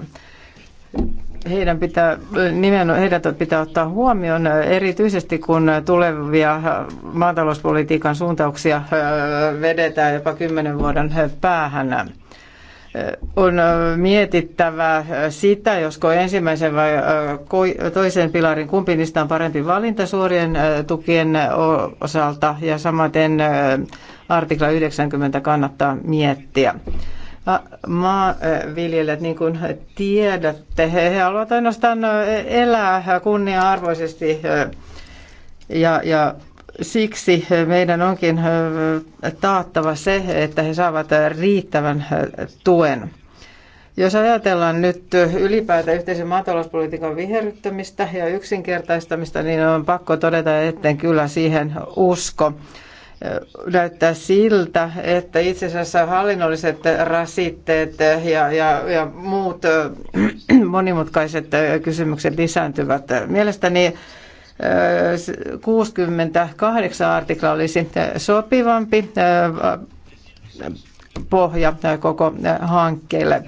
Heidän pitää, nimenomaan, heidät pitää ottaa huomioon erityisesti, kun tulevia maatalouspolitiikan suuntauksia vedetään jopa kymmenen vuoden päähän on mietittävä sitä, josko ensimmäisen vai toisen pilarin kumpi niistä on parempi valinta suorien tukien osalta ja samaten artikla 90 kannattaa miettiä maanviljelijät, niin kuin tiedätte, he haluavat ainoastaan elää kunnia-arvoisesti ja, ja Siksi eh, meidän onkin eh, taattava se, että he saavat eh, riittävän tuen. Jos ajatellaan nyt ylipäätään yhteisen maatalouspolitiikan viherryttämistä ja yksinkertaistamista, niin on pakko todeta, etten kyllä siihen usko. Näyttää siltä, että itse asiassa hallinnolliset rasitteet ja, ja, ja muut [CLEARS THROAT] monimutkaiset kysymykset lisääntyvät. Mielestäni 68 artikla olisi sopivampi pohja koko hankkeelle.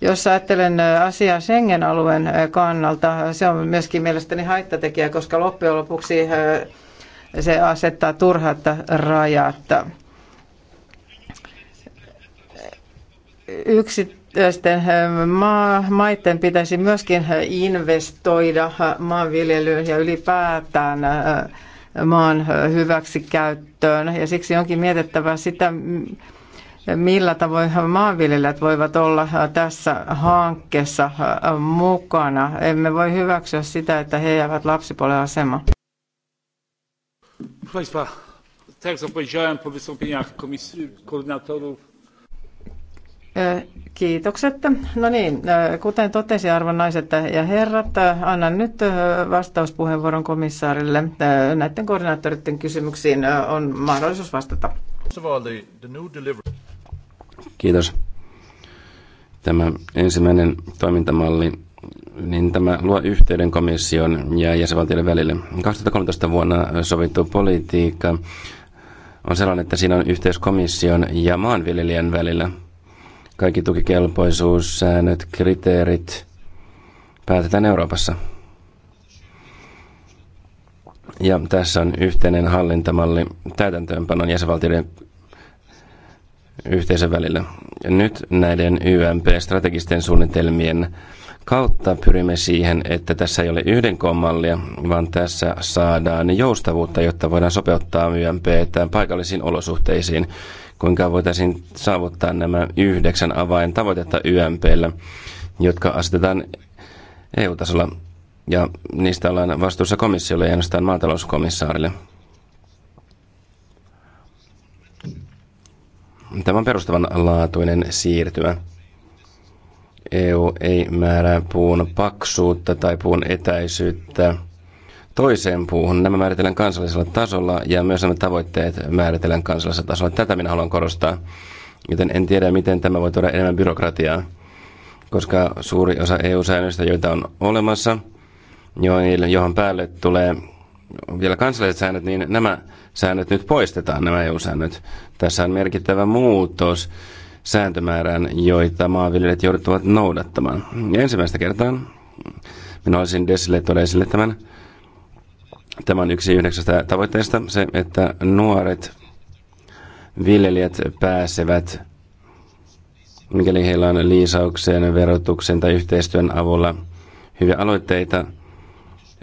Jos ajattelen asiaa Schengen-alueen kannalta, se on myöskin mielestäni haittatekijä, koska loppujen lopuksi se asettaa turhat rajat. Yksi Yksittäisten eh, maiden pitäisi myöskin investoida maanviljelyyn ja ylipäätään eh, maan hyväksikäyttöön. Ja siksi onkin mietittävä sitä, millä tavoin maanviljelijät voivat olla tässä hankkeessa eh, mukana. Emme voi hyväksyä sitä, että he jäävät lapsipuolen asemaan. Proszę Państwa, tak jak zapowiedziałem po wystąpieniach koordynatorów Kiitokset. No niin, kuten totesi arvon naiset ja herrat, annan nyt vastauspuheenvuoron komissaarille. Näiden koordinaattoritten kysymyksiin on mahdollisuus vastata. Kiitos. Tämä ensimmäinen toimintamalli, niin tämä luo yhteyden komission ja jäsenvaltioiden välille. 2013 vuonna sovittu politiikka on sellainen, että siinä on yhteys komission ja maanviljelijän välillä – kaikki tukikelpoisuussäännöt, kriteerit päätetään Euroopassa. Ja tässä on yhteinen hallintamalli täytäntöönpanon jäsenvaltioiden yhteisön välillä. Nyt näiden YMP-strategisten suunnitelmien kautta pyrimme siihen, että tässä ei ole yhden mallia, vaan tässä saadaan joustavuutta, jotta voidaan sopeuttaa YMPtä paikallisiin olosuhteisiin kuinka voitaisiin saavuttaa nämä yhdeksän tavoitetta YMPllä, jotka asetetaan EU-tasolla ja niistä ollaan vastuussa komissiolle ja ainoastaan maatalouskomissaarille. Tämä on perustavanlaatuinen siirtymä. EU ei määrää puun paksuutta tai puun etäisyyttä – toiseen puuhun. Nämä määritellään kansallisella tasolla ja myös nämä tavoitteet määritellään kansallisella tasolla. Tätä minä haluan korostaa, joten en tiedä, miten tämä voi tuoda enemmän byrokratiaa, koska suuri osa EU-säännöistä, joita on olemassa, johon päälle tulee vielä kansalliset säännöt, niin nämä säännöt nyt poistetaan, nämä EU-säännöt. Tässä on merkittävä muutos sääntömäärään, joita maanviljelijät jouduttavat noudattamaan. Ja ensimmäistä kertaa minä olisin Desille todella esille tämän Tämä on yksi yhdeksästä tavoitteesta, se, että nuoret viljelijät pääsevät, mikäli heillä on liisauksen, verotuksen tai yhteistyön avulla hyviä aloitteita,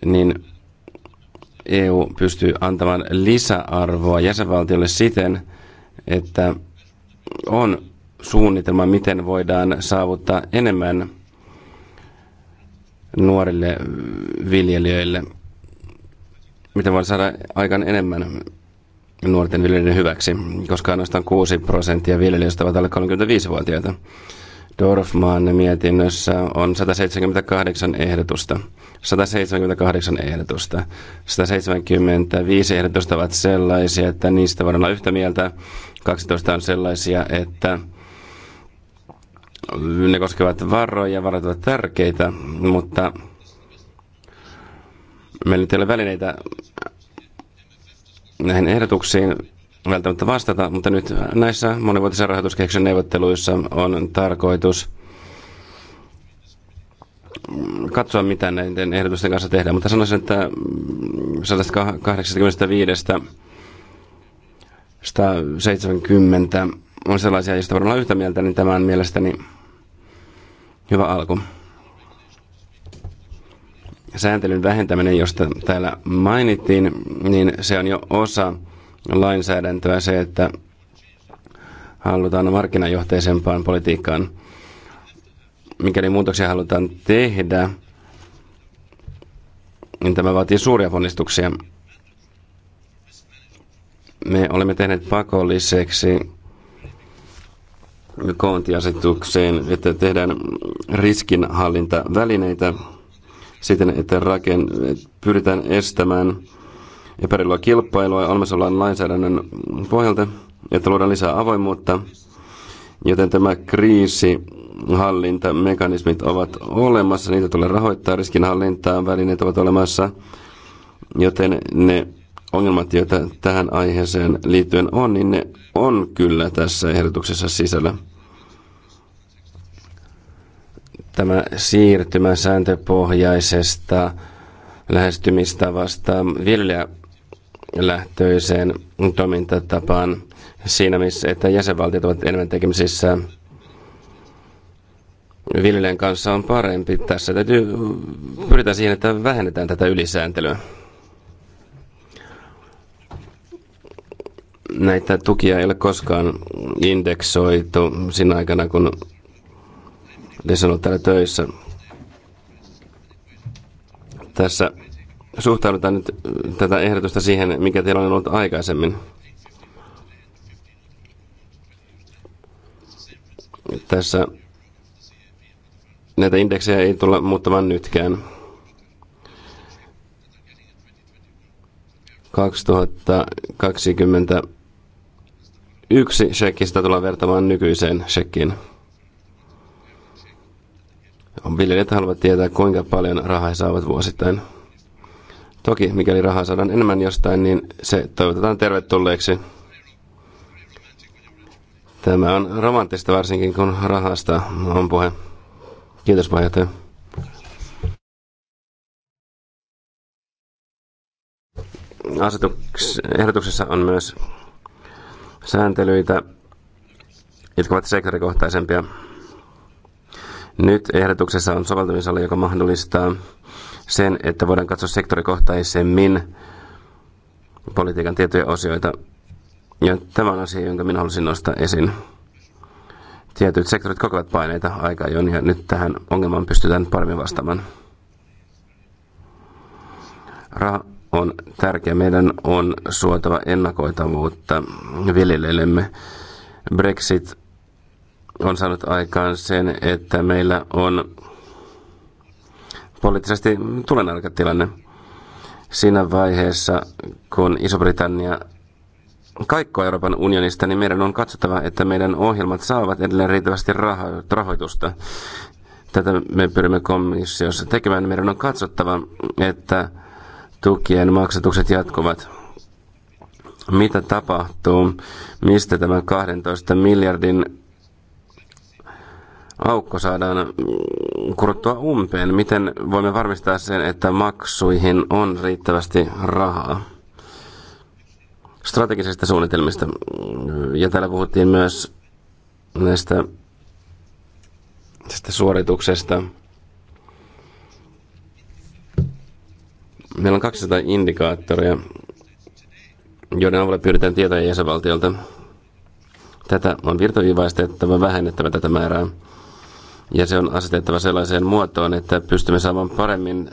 niin EU pystyy antamaan lisäarvoa jäsenvaltiolle siten, että on suunnitelma, miten voidaan saavuttaa enemmän nuorille viljelijöille – miten voin saada aikaan enemmän nuorten viljelijöiden hyväksi, koska ainoastaan 6 prosenttia viljelijöistä ovat alle 35-vuotiaita. Dorfman mietinnössä on 178 ehdotusta. 178 ehdotusta. 175 ehdotusta ovat sellaisia, että niistä voidaan olla yhtä mieltä. 12 on sellaisia, että ne koskevat varoja, varat ovat tärkeitä, mutta Meillä ei ole välineitä näihin ehdotuksiin välttämättä vastata, mutta nyt näissä monivuotisen rahoituskehyksen neuvotteluissa on tarkoitus katsoa, mitä näiden ehdotusten kanssa tehdään. Mutta sanoisin, että 185 170 on sellaisia, joista olla yhtä mieltä, niin tämä on mielestäni hyvä alku sääntelyn vähentäminen, josta täällä mainittiin, niin se on jo osa lainsäädäntöä se, että halutaan markkinajohteisempaan politiikkaan. Mikäli muutoksia halutaan tehdä, niin tämä vaatii suuria ponnistuksia. Me olemme tehneet pakolliseksi koontiasetukseen, että tehdään riskinhallintavälineitä siten, että raken, pyritään estämään epäreilua kilpailua olemassa lainsäädännön pohjalta, että luodaan lisää avoimuutta, joten tämä kriisi hallintamekanismit ovat olemassa, niitä tulee rahoittaa, riskinhallintaan välineet ovat olemassa, joten ne ongelmat, joita tähän aiheeseen liittyen on, niin ne on kyllä tässä ehdotuksessa sisällä tämä siirtymä sääntöpohjaisesta lähestymistavasta viljelijälähtöiseen toimintatapaan siinä, missä että jäsenvaltiot ovat enemmän tekemisissä viljelijän kanssa on parempi. Tässä täytyy, pyritään siihen, että vähennetään tätä ylisääntelyä. Näitä tukia ei ole koskaan indeksoitu siinä aikana, kun ne niin sanoo täällä töissä. Tässä suhtaudutaan nyt äh, tätä ehdotusta siihen, mikä tilanne on ollut aikaisemmin. Tässä näitä indeksejä ei tulla muuttamaan nytkään. 2021 shekki sitä tullaan vertaamaan nykyiseen shekkiin. Viljelijät haluavat tietää, kuinka paljon rahaa he saavat vuosittain. Toki, mikäli rahaa saadaan enemmän jostain, niin se toivotetaan tervetulleeksi. Tämä on romanttista varsinkin, kun rahasta on puhe. Kiitos puheenjohtaja. Asetuks- ehdotuksessa on myös sääntelyitä, jotka ovat sektorikohtaisempia. Nyt ehdotuksessa on soveltamisala, joka mahdollistaa sen, että voidaan katsoa sektorikohtaisemmin politiikan tiettyjä osioita. Ja tämä on asia, jonka minä halusin nostaa esiin. Tietyt sektorit kokevat paineita aika ajoin ja nyt tähän ongelmaan pystytään paremmin vastaamaan. Raha on tärkeä. Meidän on suotava ennakoitavuutta viljelijöillemme. Brexit on saanut aikaan sen, että meillä on poliittisesti tulenarkatilanne tilanne siinä vaiheessa, kun Iso-Britannia kaikkoa Euroopan unionista, niin meidän on katsottava, että meidän ohjelmat saavat edelleen riittävästi rahoitusta. Tätä me pyrimme komissiossa tekemään. Niin meidän on katsottava, että tukien maksatukset jatkuvat. Mitä tapahtuu? Mistä tämän 12 miljardin aukko saadaan mm, kurottua umpeen? Miten voimme varmistaa sen, että maksuihin on riittävästi rahaa? Strategisista suunnitelmista. Mm, ja täällä puhuttiin myös näistä tästä suorituksesta. Meillä on 200 indikaattoria, joiden avulla pyydetään tietoja jäsenvaltiolta. Tätä on virtaviivaistettava, vähennettävä tätä määrää ja se on asetettava sellaiseen muotoon, että pystymme saamaan paremmin,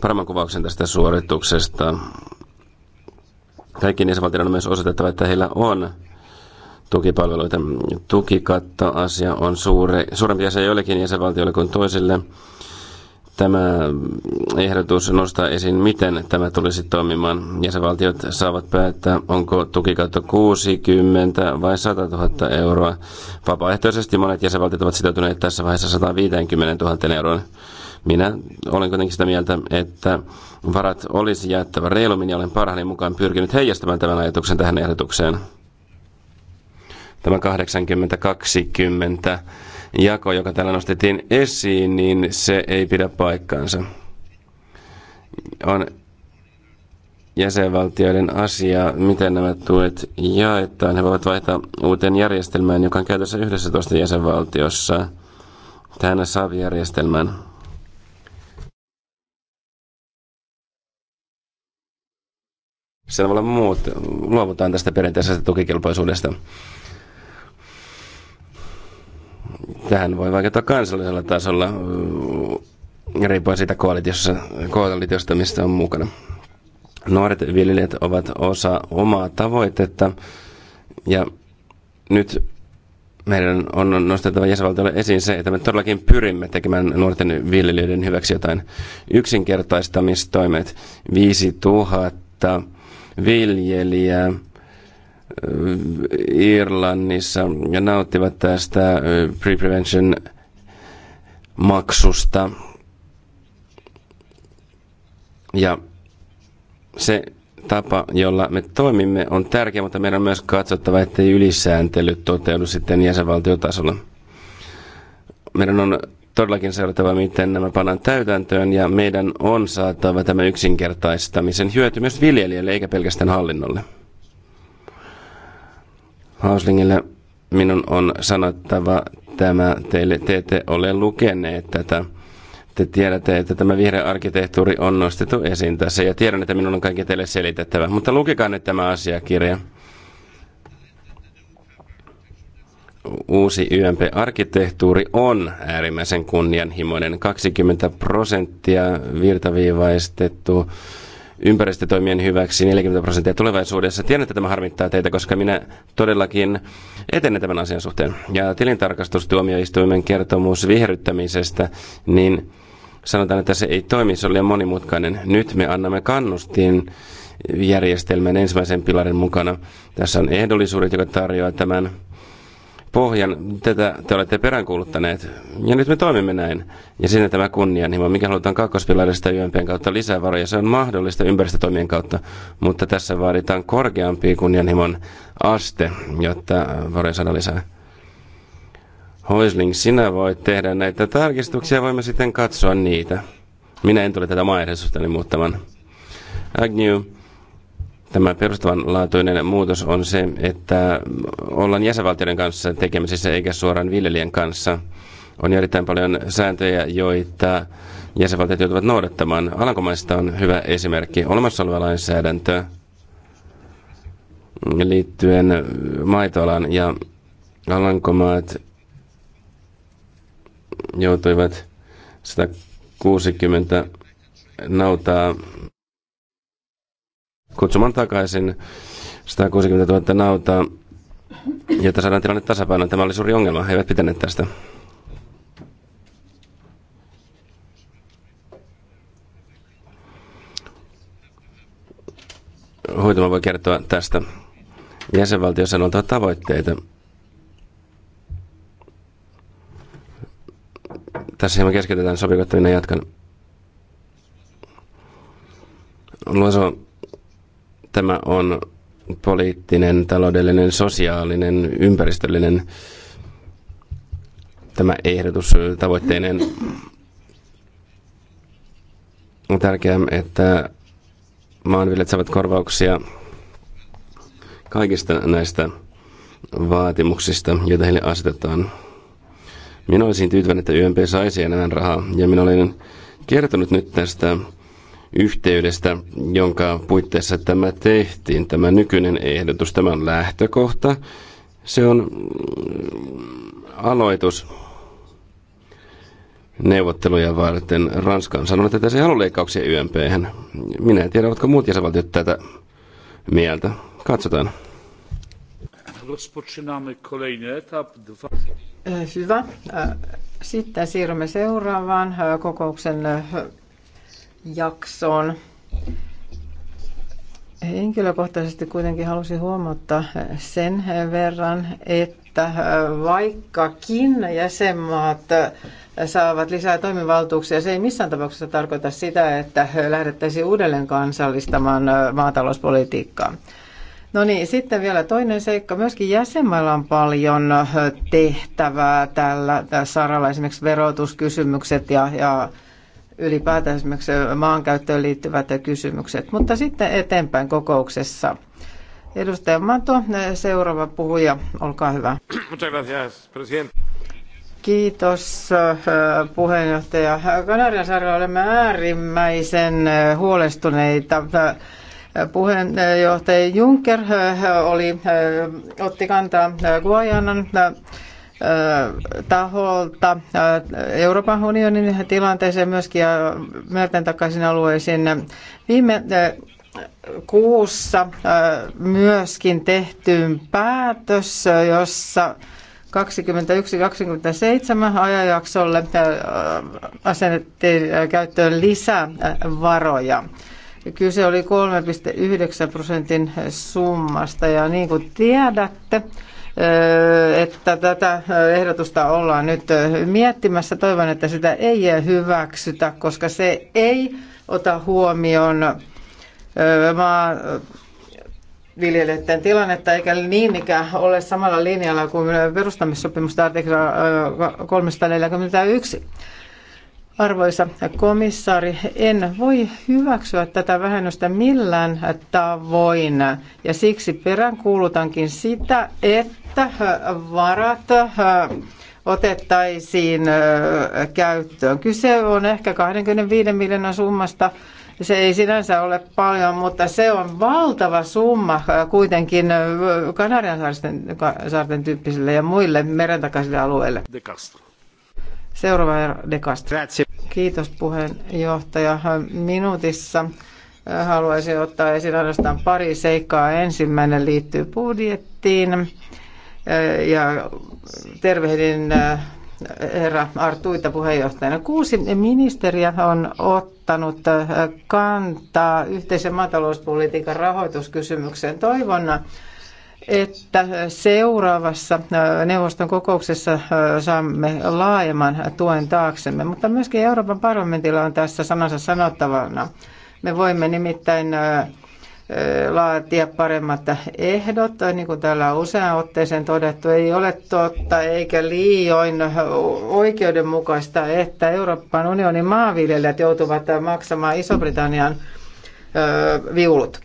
paremman kuvauksen tästä suorituksesta. Kaikki jäsenvaltioiden on myös osoitettava, että heillä on tukipalveluita. Tukikattoasia on suuri, suurempi asia joillekin jäsenvaltioille kuin toisille tämä ehdotus nostaa esiin, miten tämä tulisi toimimaan. Jäsenvaltiot saavat päättää, onko tukikautta 60 vai 100 000 euroa. Vapaaehtoisesti monet jäsenvaltiot ovat sitoutuneet tässä vaiheessa 150 000 euroon. Minä olen kuitenkin sitä mieltä, että varat olisi jaettava reilummin ja olen parhaani mukaan pyrkinyt heijastamaan tämän ajatuksen tähän ehdotukseen. Tämä 80-20 jako, joka täällä nostettiin esiin, niin se ei pidä paikkaansa. On jäsenvaltioiden asia, miten nämä tuet jaetaan. He voivat vaihtaa uuteen järjestelmään, joka on käytössä 11 jäsenvaltiossa, tähän SAV-järjestelmään. Sen muut luovutaan tästä perinteisestä tukikelpoisuudesta. Tähän voi vaikuttaa kansallisella tasolla, mm, riippuen siitä koalitiosta, koalitiosta, mistä on mukana. Nuoret viljelijät ovat osa omaa tavoitetta, ja nyt meidän on nostettava jäsenvaltiolle esiin se, että me todellakin pyrimme tekemään nuorten viljelijöiden hyväksi jotain yksinkertaistamistoimet. 5000 viljelijää Irlannissa ja nauttivat tästä pre-prevention maksusta. Ja se tapa, jolla me toimimme, on tärkeä, mutta meidän on myös katsottava, ettei ylisääntely toteudu sitten jäsenvaltiotasolla. Meidän on todellakin seurattava, miten nämä pannaan täytäntöön, ja meidän on saatava tämä yksinkertaistamisen hyöty myös viljelijälle, eikä pelkästään hallinnolle. Hauslingille minun on sanottava tämä teille. Te ette ole lukeneet tätä. Te tiedätte, että tämä vihreä arkkitehtuuri on nostettu esiin tässä ja tiedän, että minun on kaikki teille selitettävä. Mutta lukekaa nyt tämä asiakirja. Uusi YMP-arkkitehtuuri on äärimmäisen kunnianhimoinen. 20 prosenttia virtaviivaistettu ympäristötoimien hyväksi 40 prosenttia tulevaisuudessa. Tiedän, että tämä harmittaa teitä, koska minä todellakin etenen tämän asian suhteen. Ja tilintarkastustuomioistuimen kertomus viherryttämisestä, niin sanotaan, että se ei toimi, se oli liian monimutkainen. Nyt me annamme kannustin järjestelmän ensimmäisen pilarin mukana. Tässä on ehdollisuudet, joka tarjoaa tämän pohjan. Tätä te olette peräänkuuluttaneet. Ja nyt me toimimme näin. Ja siinä tämä kunnianhimo, mikä halutaan kakkospilarista YMPn kautta lisää varoja. Se on mahdollista ympäristötoimien kautta, mutta tässä vaaditaan korkeampi kunnianhimon aste, jotta varoja saadaan lisää. Hoisling, sinä voit tehdä näitä tarkistuksia, voimme sitten katsoa niitä. Minä en tule tätä maa muuttamaan. Agnew, Tämä perustavanlaatuinen muutos on se, että ollaan jäsenvaltioiden kanssa tekemisissä eikä suoraan viljelijän kanssa. On erittäin paljon sääntöjä, joita jäsenvaltiot joutuvat noudattamaan. Alankomaista on hyvä esimerkki. Olemassa oleva lainsäädäntö liittyen maitoalan ja Alankomaat joutuivat 160 nautaa kutsumaan takaisin 160 000 nautaa, jotta saadaan tilanne tasapainoon. Tämä oli suuri ongelma, he eivät pitäneet tästä. Hoitoma voi kertoa tästä. Jäsenvaltio oltava tavoitteita. Tässä hieman keskitytään, sopiko, että minä jatkan. Luoso Tämä on poliittinen, taloudellinen, sosiaalinen, ympäristöllinen tämä ehdotus tavoitteinen on tärkeää, että maanviljelijät saavat korvauksia kaikista näistä vaatimuksista, joita heille asetetaan. Minä olisin tyytyväinen, että YMP saisi enemmän rahaa, ja minä olen kertonut nyt tästä yhteydestä, jonka puitteissa tämä tehtiin, tämä nykyinen ehdotus, tämä on lähtökohta. Se on mm, aloitus neuvotteluja varten. Ranska on sanonut, että se ei halua leikkauksia YMP. Minä en tiedä, ovatko muut jäsenvaltiot tätä mieltä. Katsotaan. Hyvä. Sitten siirrymme seuraavaan kokouksen jaksoon. Henkilökohtaisesti kuitenkin halusin huomauttaa sen verran, että vaikkakin jäsenmaat saavat lisää toimivaltuuksia, se ei missään tapauksessa tarkoita sitä, että lähdettäisiin uudelleen kansallistamaan maatalouspolitiikkaa. No niin, sitten vielä toinen seikka. Myöskin jäsenmailla on paljon tehtävää tällä, saralla, esimerkiksi verotuskysymykset ja, ja ylipäätään esimerkiksi maankäyttöön liittyvät kysymykset. Mutta sitten eteenpäin kokouksessa. Edustaja Mato, seuraava puhuja, olkaa hyvä. Kiitos äh, puheenjohtaja. Kanarian saarella olemme äärimmäisen äh, huolestuneita. Äh, puheenjohtaja Juncker oli, otti kantaa Guajanan taholta Euroopan unionin tilanteeseen myöskin ja merten takaisin alueisiin. Viime kuussa myöskin tehtyyn päätös, jossa 21-27 ajanjaksolle asennettiin käyttöön lisävaroja. Kyse oli 3,9 prosentin summasta ja niin kuin tiedätte, Öö, että tätä ehdotusta ollaan nyt miettimässä. Toivon, että sitä ei hyväksytä, koska se ei ota huomioon maa viljelijöiden tilannetta, eikä niin mikä ole samalla linjalla kuin perustamissopimusta artikla 341. Arvoisa komissaari, en voi hyväksyä tätä vähennystä millään tavoin ja siksi peräänkuulutankin sitä, että varat äh, otettaisiin äh, käyttöön. Kyse on ehkä 25 miljoonan summasta. Se ei sinänsä ole paljon, mutta se on valtava summa äh, kuitenkin Kanarian saarten, tyyppisille ja muille merentakaisille alueille. De Castro. Seuraava De Kiitos puheenjohtaja. Minuutissa äh, haluaisin ottaa esiin ainoastaan pari seikkaa. Ensimmäinen liittyy budjettiin äh, ja tervehdin äh, herra Artuita puheenjohtajana. Kuusi ministeriä on ottanut kantaa yhteisen maatalouspolitiikan rahoituskysymykseen. Toivon, että seuraavassa neuvoston kokouksessa saamme laajemman tuen taaksemme, mutta myöskin Euroopan parlamentilla on tässä sanansa sanottavana. Me voimme nimittäin laatia paremmat ehdot, niin kuin täällä on usean otteeseen todettu, ei ole totta eikä liioin oikeudenmukaista, että Euroopan unionin maanviljelijät joutuvat maksamaan Iso-Britannian viulut.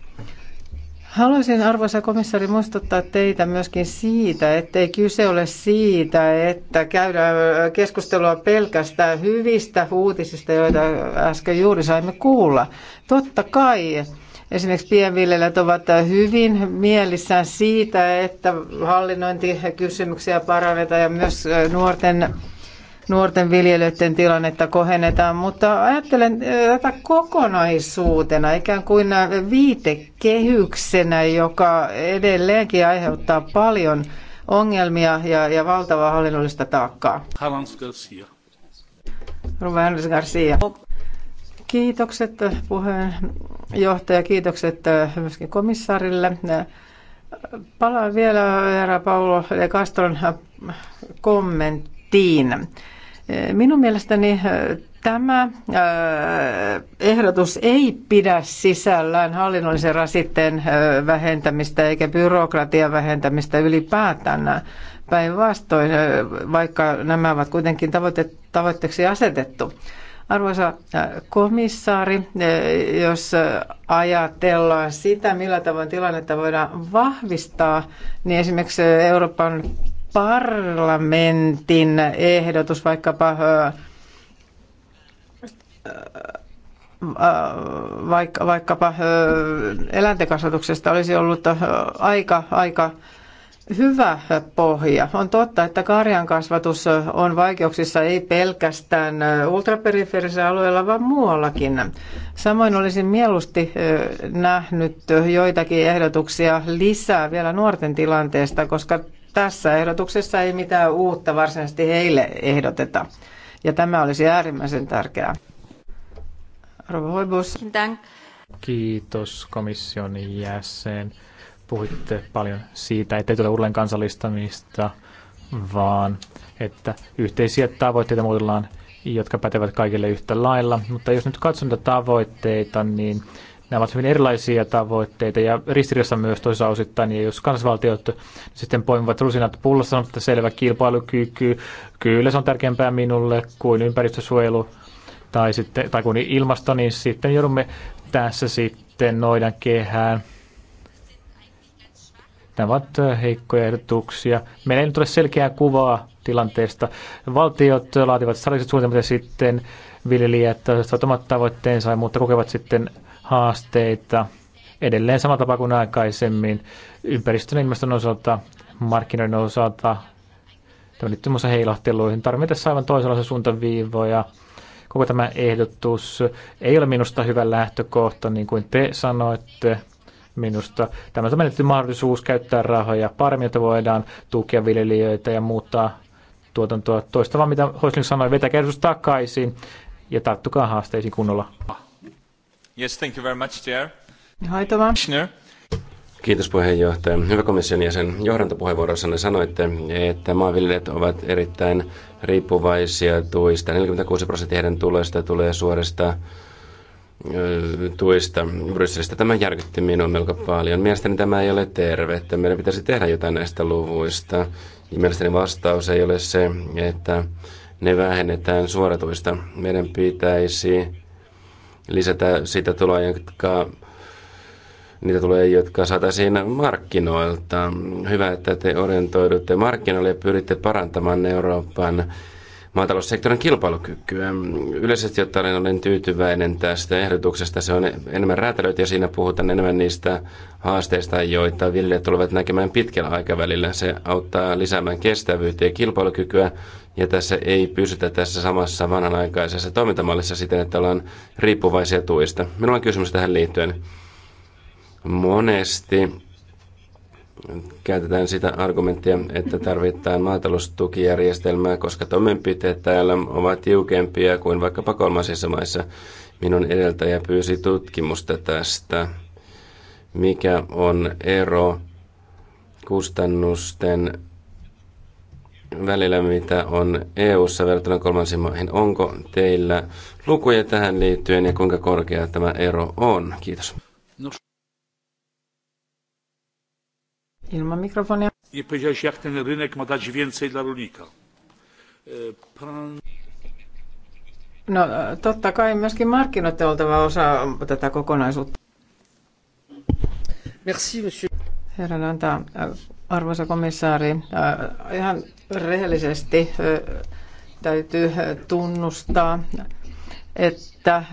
Haluaisin, arvoisa komissaari, muistuttaa teitä myöskin siitä, ettei kyse ole siitä, että käydään keskustelua pelkästään hyvistä uutisista, joita äsken juuri saimme kuulla. Totta kai esimerkiksi pienviljelijät ovat hyvin mielissään siitä, että hallinnointikysymyksiä parannetaan ja myös nuorten nuorten viljelijöiden tilannetta kohennetaan, mutta ajattelen tätä kokonaisuutena, ikään kuin viitekehyksenä, joka edelleenkin aiheuttaa paljon ongelmia ja, ja valtavaa hallinnollista taakkaa. Hans Garcia. Ruben Garcia. Kiitokset puheenjohtaja, kiitokset myöskin komissaarille. Palaan vielä herra Paulo de Castron kommenttiin. Minun mielestäni tämä ehdotus ei pidä sisällään hallinnollisen rasitteen vähentämistä eikä byrokratian vähentämistä ylipäätään. Päinvastoin, vaikka nämä ovat kuitenkin tavoite, tavoitteeksi asetettu. Arvoisa komissaari, jos ajatellaan sitä, millä tavoin tilannetta voidaan vahvistaa, niin esimerkiksi Euroopan parlamentin ehdotus vaikkapa vaikka, vaikkapa eläintenkasvatuksesta olisi ollut aika, aika hyvä pohja. On totta, että karjan kasvatus on vaikeuksissa ei pelkästään ultraperiferisellä alueella, vaan muuallakin. Samoin olisin mieluusti nähnyt joitakin ehdotuksia lisää vielä nuorten tilanteesta, koska tässä ehdotuksessa ei mitään uutta varsinaisesti heille ehdoteta. Ja tämä olisi äärimmäisen tärkeää. Rova Hoibus. Kiitos komission jäsen. Puhuitte paljon siitä, että ei tule uudelleen kansallistamista, vaan että yhteisiä tavoitteita muillaan, jotka pätevät kaikille yhtä lailla. Mutta jos nyt katson tavoitteita, niin nämä ovat hyvin erilaisia tavoitteita ja ristiriidassa myös toisaalta osittain. Ja jos kansvaltiot sitten poimivat rusinat pullossa, on selvä kilpailukyky. Kyllä se on tärkeämpää minulle kuin ympäristösuojelu tai, sitten, tai kuin ilmasto, niin sitten joudumme tässä sitten noidan kehään. Nämä ovat heikkoja ehdotuksia. Meillä ei nyt ole selkeää kuvaa tilanteesta. Valtiot laativat strategiset suunnitelmat ja sitten viljelijät saavat omat tavoitteensa, mutta kokevat sitten haasteita edelleen samalla tapaa kuin aikaisemmin ympäristön ilmaston osalta, markkinoiden osalta, tämä heilahteluihin. Tarvitsemme tässä aivan toisella suuntaviivoja. Koko tämä ehdotus ei ole minusta hyvä lähtökohta, niin kuin te sanoitte minusta. Tämä on menetty mahdollisuus käyttää rahoja paremmin, että voidaan tukea viljelijöitä ja muuttaa tuotantoa. Toista vaan mitä Hoisling sanoi, vetäkää takaisin ja tarttukaa haasteisiin kunnolla. Yes, thank you very much, Kiitos puheenjohtaja. Hyvä komission jäsen. Johdantopuheenvuorossanne sanoitte, että maanviljelijät ovat erittäin riippuvaisia tuista. 46 prosenttia heidän tuloista tulee suorista tuista Brysselistä. Tämä järkytti minua melko paljon. Mielestäni tämä ei ole terve, että Meidän pitäisi tehdä jotain näistä luvuista. Ja mielestäni vastaus ei ole se, että ne vähennetään suoratuista. Meidän pitäisi lisätä sitä tuloa, jotka niitä tulee, jotka saataisiin markkinoilta. Hyvä, että te orientoidutte markkinoille ja pyritte parantamaan Euroopan maataloussektorin kilpailukykyä. Mm, yleisesti ottaen olen tyytyväinen tästä ehdotuksesta. Se on enemmän räätälöity ja siinä puhutaan enemmän niistä haasteista, joita viljelijät tulevat näkemään pitkällä aikavälillä. Se auttaa lisäämään kestävyyttä ja kilpailukykyä ja tässä ei pysytä tässä samassa vanhanaikaisessa toimintamallissa siten, että ollaan riippuvaisia tuista. Minulla on kysymys tähän liittyen. Monesti käytetään sitä argumenttia, että tarvitaan maataloustukijärjestelmää, koska toimenpiteet täällä ovat tiukempia kuin vaikkapa kolmansissa maissa. Minun edeltäjä pyysi tutkimusta tästä, mikä on ero kustannusten välillä, mitä on EU-ssa verrattuna kolmansiin maihin. Onko teillä lukuja tähän liittyen ja kuinka korkea tämä ero on? Kiitos. No, Ilman mikrofonia. Nie powiedziałeś, jak ten rynek ma dać więcej dla rolnika. E, pan... No e, totta kai myöskin markkinoiden oltava osa tätä kokonaisuutta. Merci, monsieur. Herran antaa, arvoisa komissaari, ihan rehellisesti täytyy tunnustaa, että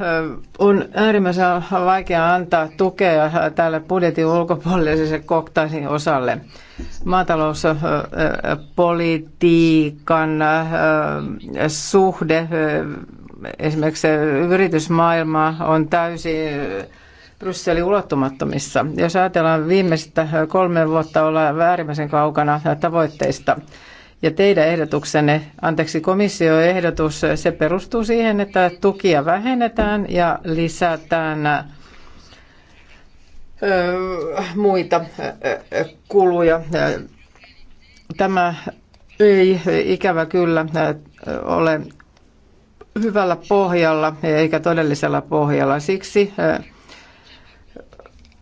on äärimmäisen vaikea antaa tukea tälle budjetin ulkopuoliselle koktailin osalle. Maatalouspolitiikan suhde esimerkiksi yritysmaailma on täysin Brysselin ulottumattomissa. Jos ajatellaan viimeistä kolme vuotta, ollaan äärimmäisen kaukana tavoitteista. Ja teidän ehdotuksenne, anteeksi komissioehdotus, se perustuu siihen, että tukia vähennetään ja lisätään muita kuluja. Tämä ei ikävä kyllä ole hyvällä pohjalla eikä todellisella pohjalla. Siksi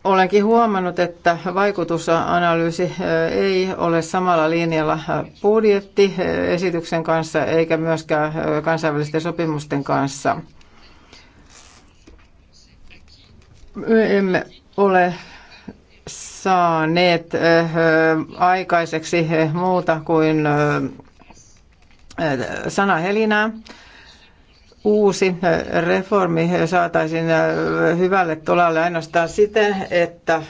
Olenkin huomannut, että vaikutusanalyysi ei ole samalla linjalla budjettiesityksen kanssa eikä myöskään kansainvälisten sopimusten kanssa. Me emme ole saaneet aikaiseksi muuta kuin sanahelinää. helinää uusi äh, reformi saataisiin äh, hyvälle tolalle ainoastaan siten, että äh,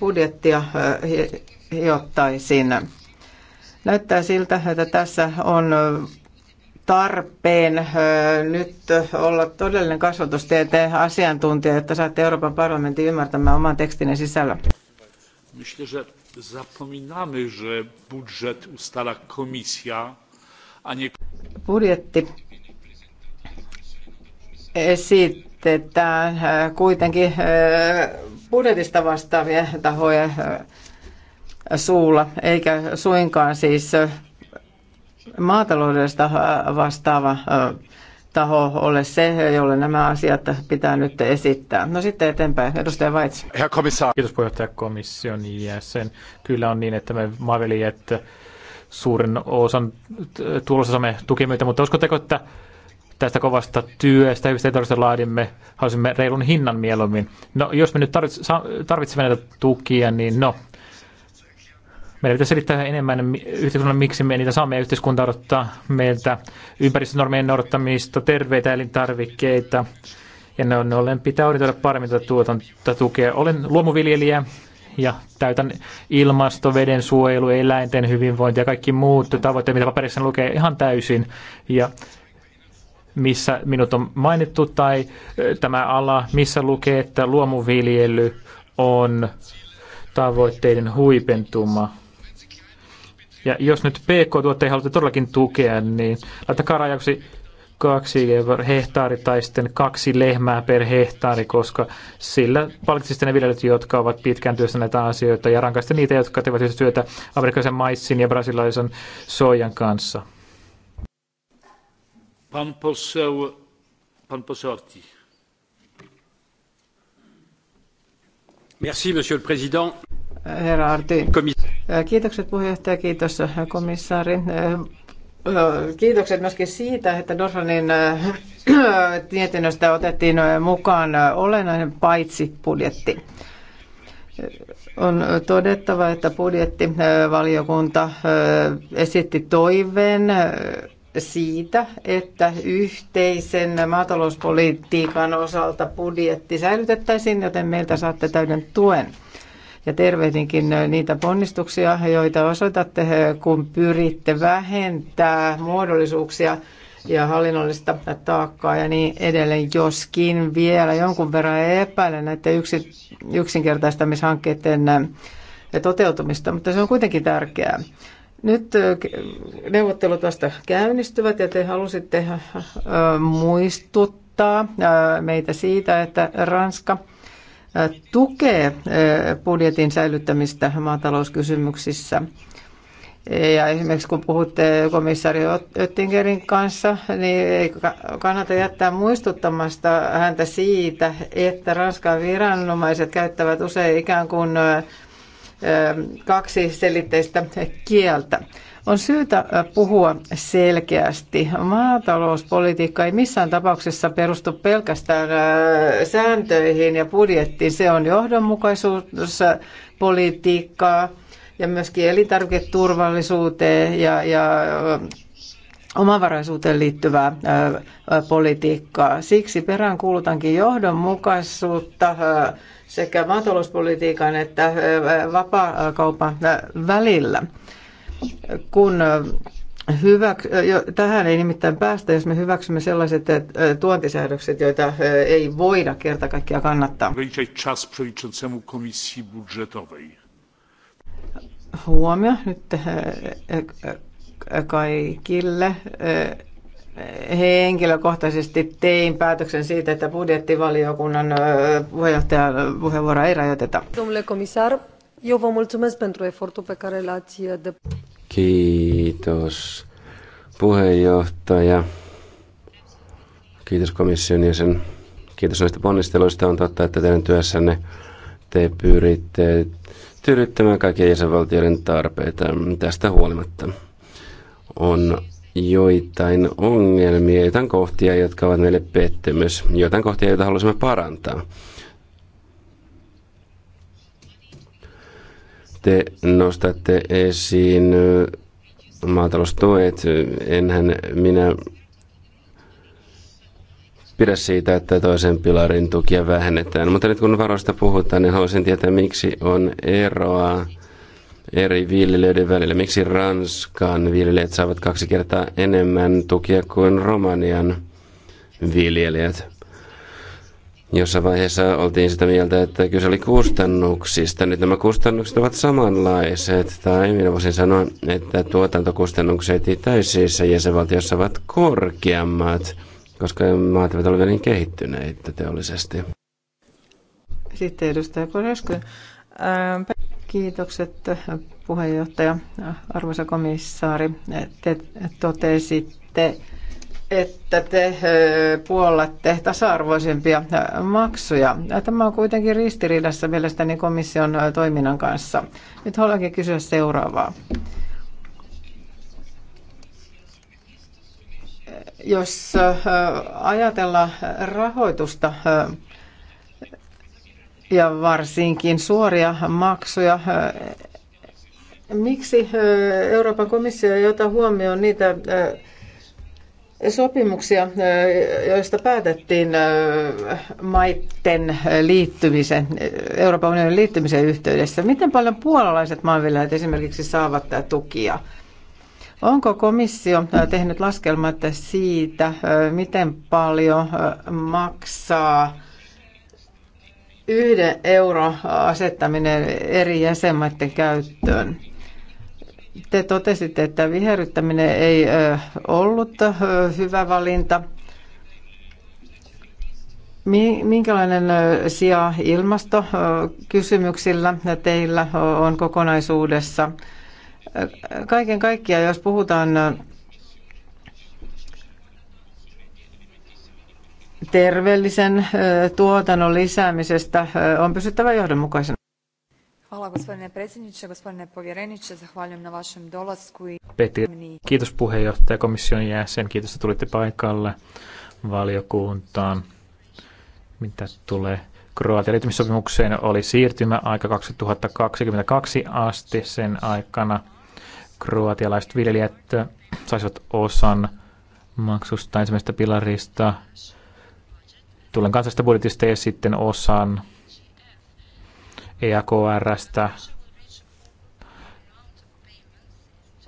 budjettia hiottaisiin. Näyttää siltä, että tässä on tarpeen nyt olla todellinen kasvatustieteen asiantuntija, että saatte Euroopan parlamentin ymmärtämään oman tekstinne sisällä. Myślę, że zapominamy, że budżet ustala komisja, a nie... Budjetti esitetään äh, kuitenkin äh, budjetista vastaavien tahojen äh, suulla, eikä suinkaan siis maataloudesta vastaava taho ole se, jolle nämä asiat pitää nyt esittää. No sitten eteenpäin, edustaja Vaits. Herra komissaari. Kiitos puheenjohtaja komission jäsen. Kyllä on niin, että me että suurin osan tulossa me tukimyitä, mutta uskotteko, että tästä kovasta työstä, hyvistä yhteentarvista laadimme, halusimme reilun hinnan mieluummin. No, jos me nyt tarvitsemme näitä tukia, niin no, meidän pitäisi selittää enemmän yhteiskunnan, miksi me niitä saamme yhteiskunta odottaa meiltä ympäristönormien noudattamista, terveitä elintarvikkeita, ja ne on ollen pitää orientoida paremmin tätä tuotanta tukea. Olen luomuviljelijä ja täytän ilmasto, veden suojelu, eläinten hyvinvointi ja kaikki muut tavoitteet, mitä paperissa lukee ihan täysin. Ja missä minut on mainittu, tai tämä ala, missä lukee, että luomuviljely on tavoitteiden huipentuma. Ja jos nyt PK-tuotteja haluatte todellakin tukea, niin laittakaa rajaksi kaksi hehtaari tai sitten kaksi lehmää per hehtaari, koska sillä palkitsisitte ne viljelijät, jotka ovat pitkään työssä näitä asioita ja rankaisitte niitä, jotka tekevät työtä amerikkalaisen maissin ja brasilaisen soijan kanssa. Pan poseł, pan poseł Arti. Merci, monsieur le président. Herra Arti. Kiitokset puheenjohtaja, kiitos komissaari. Kiitokset myöskin siitä, että Dorfanin äh, mietinnöstä otettiin äh, mukaan äh, olennainen paitsi budjetti. On todettava, että budjettivaliokunta esitti toiveen siitä, että yhteisen maatalouspolitiikan osalta budjetti säilytettäisiin, joten meiltä saatte täyden tuen. Ja tervehdinkin niitä ponnistuksia, joita osoitatte, kun pyritte vähentää muodollisuuksia ja hallinnollista taakkaa ja niin edelleen, joskin vielä jonkun verran epäilen näiden yksi, yksinkertaistamishankkeiden toteutumista, mutta se on kuitenkin tärkeää. Nyt neuvottelut vasta käynnistyvät ja te halusitte muistuttaa meitä siitä, että Ranska tukee budjetin säilyttämistä maatalouskysymyksissä. Ja esimerkiksi kun puhutte komissaari Oettingerin kanssa, niin ei kannata jättää muistuttamasta häntä siitä, että Ranskan viranomaiset käyttävät usein ikään kuin kaksi kieltä. On syytä puhua selkeästi. Maatalouspolitiikka ei missään tapauksessa perustu pelkästään sääntöihin ja budjettiin. Se on johdonmukaisuuspolitiikkaa ja myöskin elintarviketurvallisuuteen ja, ja omavaraisuuteen liittyvää politiikkaa. Siksi peräänkuulutankin johdonmukaisuutta sekä maatalouspolitiikan että vapaakaupan välillä. Kun hyväks, tähän ei nimittäin päästä, jos me hyväksymme sellaiset tuontisäädökset, joita ei voida kerta kaikkiaan kannattaa. Huomio nyt e, e, e, kaikille henkilökohtaisesti tein päätöksen siitä, että budjettivaliokunnan puheenjohtajan puheenvuoroa ei rajoiteta. Domnule Komisar, eu vă mulțumesc pentru efortul pe care l-ați depus. Kiitos puheenjohtaja. Kiitos komission jäsen. Kiitos noista ponnisteluista. On totta, että teidän työssänne te pyritte tyydyttämään kaikkien jäsenvaltioiden tarpeita tästä huolimatta. On joitain ongelmia, joitain kohtia, jotka ovat meille pettymys, joitain kohtia, joita haluaisimme parantaa. Te nostatte esiin maataloustuet. Enhän minä pidä siitä, että toisen pilarin tukia vähennetään. Mutta nyt kun varoista puhutaan, niin haluaisin tietää, miksi on eroa eri viljelijöiden välillä? Miksi Ranskan viljelijät saavat kaksi kertaa enemmän tukia kuin Romanian viljelijät? Jossain vaiheessa oltiin sitä mieltä, että kyse oli kustannuksista. Nyt nämä kustannukset ovat samanlaiset. Tai minä voisin sanoa, että tuotantokustannukset itäisissä jäsenvaltioissa ovat korkeammat, koska maat eivät ole niin kehittyneitä teollisesti. Sitten edustaja Koresko. Ähm, Kiitokset puheenjohtaja. Arvoisa komissaari, te totesitte, että te puollatte tasa-arvoisempia maksuja. Tämä on kuitenkin ristiriidassa mielestäni komission toiminnan kanssa. Nyt haluankin kysyä seuraavaa. Jos ajatellaan rahoitusta ja varsinkin suoria maksuja. Miksi Euroopan komissio ei ota huomioon niitä sopimuksia, joista päätettiin maiden liittymisen, Euroopan unionin liittymisen yhteydessä. Miten paljon puolalaiset maanviljelijät esimerkiksi saavat tukia? Onko komissio tehnyt laskelmat siitä, miten paljon maksaa yhden euro asettaminen eri jäsenmaiden käyttöön. Te totesitte, että viherryttäminen ei ollut hyvä valinta. Minkälainen sija ilmastokysymyksillä teillä on kokonaisuudessa? Kaiken kaikkiaan, jos puhutaan terveellisen tuotannon lisäämisestä on pysyttävä johdonmukaisena. Hvala gospodine predsjedniče, gospodine povjereniče, zahvaljujem na vašem dolasku. Peti, kiitos puheenjohtaja, komission jäsen, kiitos, että tulitte paikalle valiokuntaan. Mitä tulee Kroatian liittymissopimukseen, oli siirtymäaika 2022 asti. Sen aikana kroatialaiset viljelijät saisivat osan maksusta ensimmäisestä pilarista tulen kansallisesta budjetista ja sitten osan EAKRstä.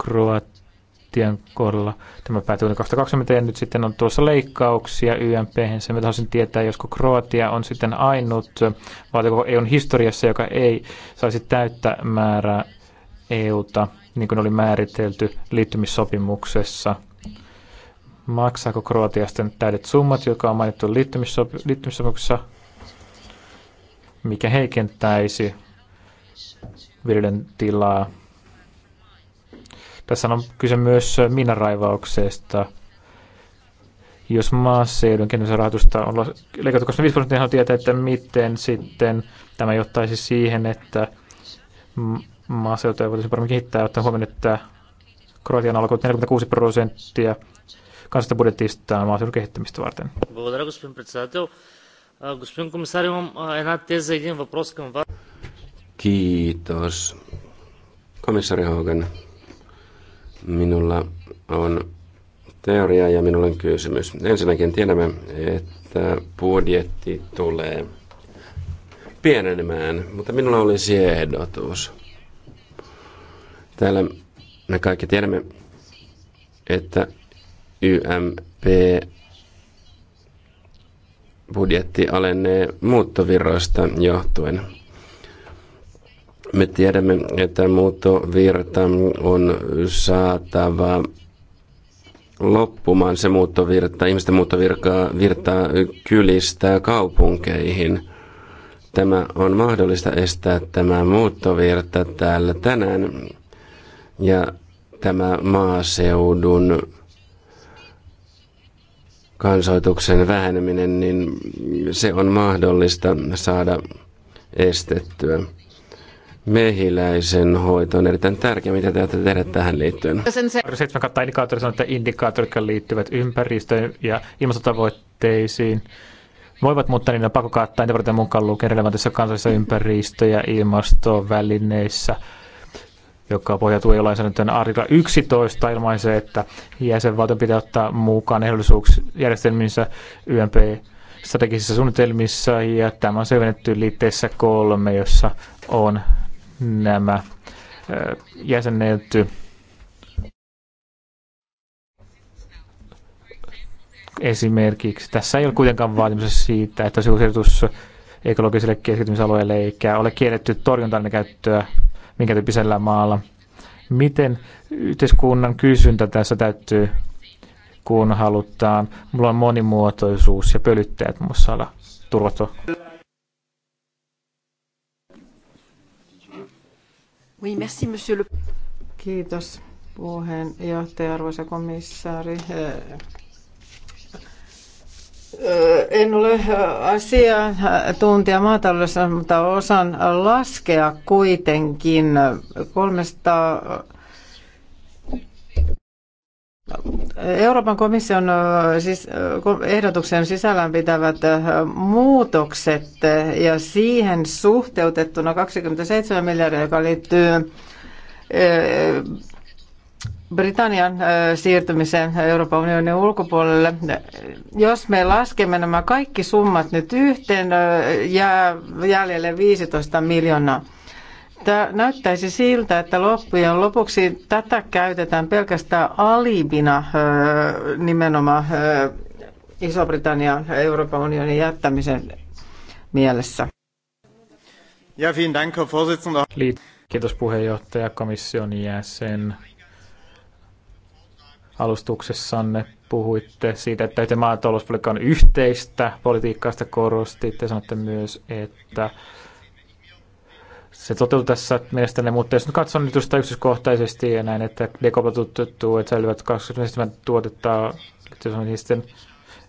Kroatian kohdalla tämä päätyy 2020 ja nyt sitten on tuossa leikkauksia YMP. Sen mä tietää, josko Kroatia on sitten ainut valtio on e historiassa, joka ei saisi täyttää määrää EUta, niin kuin oli määritelty liittymissopimuksessa – maksaako Kroatia sitten täydet summat, joka on mainittu liittymissop- liittymissopimuksessa, mikä heikentäisi viljelijän tilaa. Tässä on kyse myös minaraivauksesta. Jos maaseudun kehittämisen rahoitusta on leikattu 25 prosenttia, hän tietää, että miten sitten tämä johtaisi siihen, että maaseutuja voitaisiin paremmin kehittää, ottaen huomioon, että Kroatian alkoi 46 prosenttia kansasta budjetistaan maaseudun kehittämistä varten. Kiitos. Komissari Hogan, minulla on teoria ja minulla on kysymys. Ensinnäkin tiedämme, että budjetti tulee pienenemään, mutta minulla olisi ehdotus. Täällä me kaikki tiedämme, että YMP budjetti alenee muuttovirroista johtuen. Me tiedämme, että muuttovirta on saatava loppumaan se muuttovirta, ihmisten muuttovirtaa virtaa kylistä kaupunkeihin. Tämä on mahdollista estää tämä muuttovirta täällä tänään ja tämä maaseudun kansoituksen väheneminen, niin se on mahdollista saada estettyä. Mehiläisen hoito on erittäin tärkeä, mitä täytyy tehdä tähän liittyen. 7 indikaattori sanoo, että indikaattorit, jotka liittyvät ympäristöön ja ilmastotavoitteisiin, voivat muuttaa niiden pakokattaa interpretaation mukaan lukea relevantissa kansallisissa ympäristö- ja ilmastovälineissä – joka pohjautuu EU-lainsäädäntöön artikla 11 ilmaisee, että jäsenvaltio pitää ottaa mukaan ehdollisuusjärjestelmissä YMP strategisissa suunnitelmissa ja tämä on selvennetty liitteessä kolme, jossa on nämä jäsennelty esimerkiksi. Tässä ei ole kuitenkaan vaatimus siitä, että se ekologiselle keskitymisalueelle eikä ole kielletty torjuntaan käyttöä minkä tyyppisellä maalla. Miten yhteiskunnan kysyntä tässä täyttyy, kun halutaan mulla on monimuotoisuus ja pölyttäjät muussa olla turvattu? Oui, merci, monsieur le... Kiitos puheenjohtaja, arvoisa komissaari. En ole asiantuntija maataloudessa, mutta osaan laskea kuitenkin 300 Euroopan komission ehdotuksen sisällään pitävät muutokset ja siihen suhteutettuna 27 miljardia, joka liittyy Britannian siirtymiseen Euroopan unionin ulkopuolelle. Jos me laskemme nämä kaikki summat nyt yhteen, jää jäljelle 15 miljoonaa. Tämä näyttäisi siltä, että loppujen lopuksi tätä käytetään pelkästään alibina nimenomaan Iso-Britannian Euroopan unionin jättämisen mielessä. Ja, vielen Dank, Herr Kiitos puheenjohtaja, komission jäsen alustuksessanne puhuitte siitä, että te maatalouspolitiikka on yhteistä politiikkaasta korostitte. Sanotte myös, että se toteutuu tässä mielestäni, mutta jos nyt katson nyt sitä yksityiskohtaisesti ja näin, että dekoplatut että säilyvät 27 tuotetta, niin sitten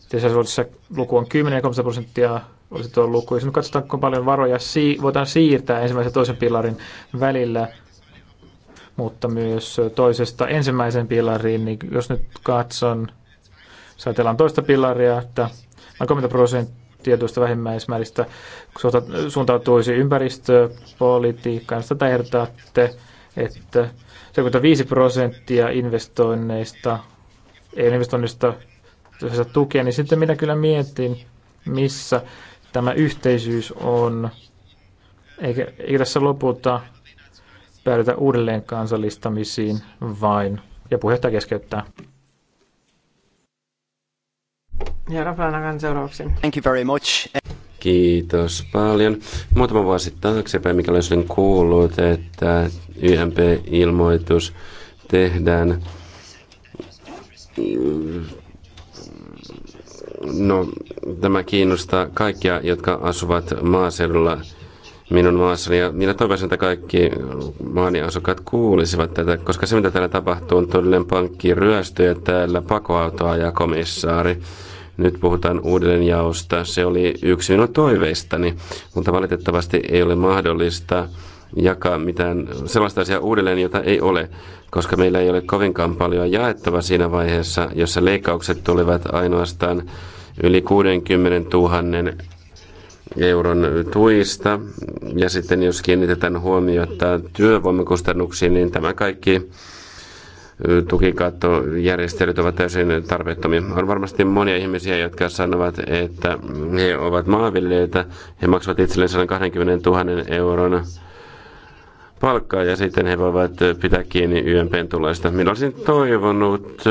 teollisuudessa luku on 10-30 prosenttia, olisi tuo luku. Jos nyt katsotaan, kuinka paljon varoja si- voidaan siirtää ensimmäisen ja toisen pilarin välillä, mutta myös toisesta ensimmäiseen pilariin, niin jos nyt katson, jos ajatellaan toista pilaria, että noin 30 prosenttia tuosta vähimmäismääristä suuntautuisi ympäristöpolitiikkaan, sitä ehdotatte, että 75 prosenttia investoinneista, ei investoinnista tukea, niin sitten minä kyllä mietin, missä tämä yhteisyys on. Eikä, eikä tässä lopulta päädytä uudelleen kansallistamisiin vain. Ja puheenjohtaja keskeyttää. Thank you very much. Kiitos paljon. Muutama vuosi taaksepäin, mikä olisi kuullut, että YMP-ilmoitus tehdään No, tämä kiinnostaa kaikkia, jotka asuvat maaseudulla minun maassani. Ja minä toivoisin, että kaikki maani asukkaat kuulisivat tätä, koska se mitä täällä tapahtuu on todellinen pankkiryöstö ja täällä pakoautoa ja komissaari. Nyt puhutaan jaosta. Se oli yksi minun toiveistani, mutta valitettavasti ei ole mahdollista jakaa mitään sellaista asiaa uudelleen, jota ei ole, koska meillä ei ole kovinkaan paljon jaettava siinä vaiheessa, jossa leikkaukset tulivat ainoastaan yli 60 000 euron tuista. Ja sitten jos kiinnitetään huomiota työvoimakustannuksiin, niin tämä kaikki tukikattojärjestelyt ovat täysin tarpeettomia. On varmasti monia ihmisiä, jotka sanovat, että he ovat maanviljelijöitä. He maksavat itselleen 120 000 euron palkkaa ja sitten he voivat pitää kiinni YMPn tuloista. Minä olisin toivonut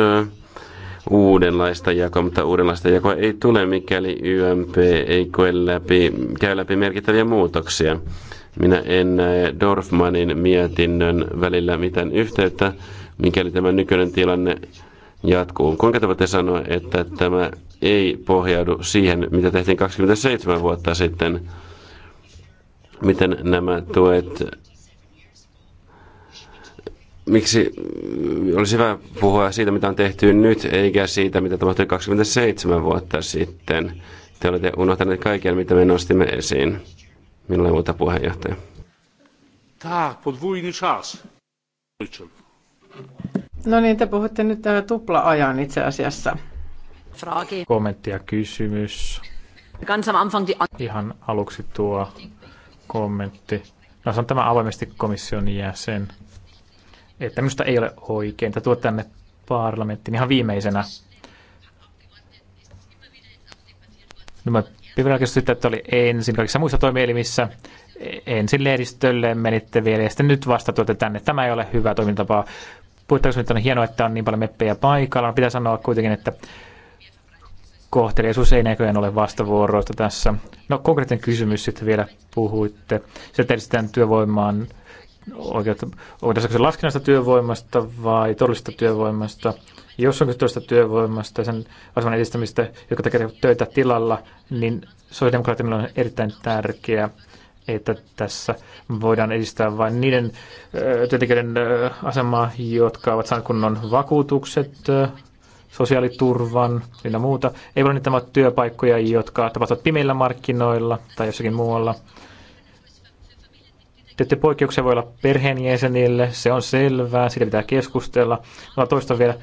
uudenlaista jakoa, mutta uudenlaista jakoa ei tule, mikäli YMP ei koe läpi, käy läpi merkittäviä muutoksia. Minä en näe Dorfmanin mietinnön välillä mitään yhteyttä, mikäli tämä nykyinen tilanne jatkuu. Kuinka te voitte sanoa, että tämä ei pohjaudu siihen, mitä tehtiin 27 vuotta sitten? Miten nämä tuet miksi olisi hyvä puhua siitä, mitä on tehty nyt, eikä siitä, mitä tapahtui 27 vuotta sitten. Te olette unohtaneet kaiken, mitä me nostimme esiin. Minulla ei muuta puheenjohtaja. Tak, podwójny czas. No niin, te puhutte nyt täällä tupla-ajan itse asiassa. Frage. Kommentti ja kysymys. Ihan aluksi tuo kommentti. No se on tämä avoimesti komission jäsen että minusta ei ole oikein, tuo tuot tänne parlamenttiin ihan viimeisenä. Nämä Pivirallisuus sitten, että oli ensin kaikissa muissa toimielimissä, ensin lehdistölle menitte vielä ja sitten nyt vasta tuotte tänne. Tämä ei ole hyvä toimintatapa. Puhuttaako nyt on hienoa, että on niin paljon meppejä paikalla. Pitää sanoa kuitenkin, että kohteliaisuus ei näköjään ole vastavuoroista tässä. No konkreettinen kysymys sitten vielä puhuitte. Se työvoimaan oikeutta, voidaanko se laskennasta työvoimasta vai todellisesta työvoimasta, jos on kyse työvoimasta ja sen aseman edistämistä, joka tekee töitä tilalla, niin sosiaalidemokraatimilla on erittäin tärkeää, että tässä voidaan edistää vain niiden työntekijöiden asemaa, jotka ovat saaneet kunnon vakuutukset, sosiaaliturvan ja muuta. Ei voi niitä työpaikkoja, jotka tapahtuvat pimeillä markkinoilla tai jossakin muualla. Tietysti poikkeuksia voi olla perheenjäsenille, se on selvää, siitä pitää keskustella. Mä no, toistan vielä,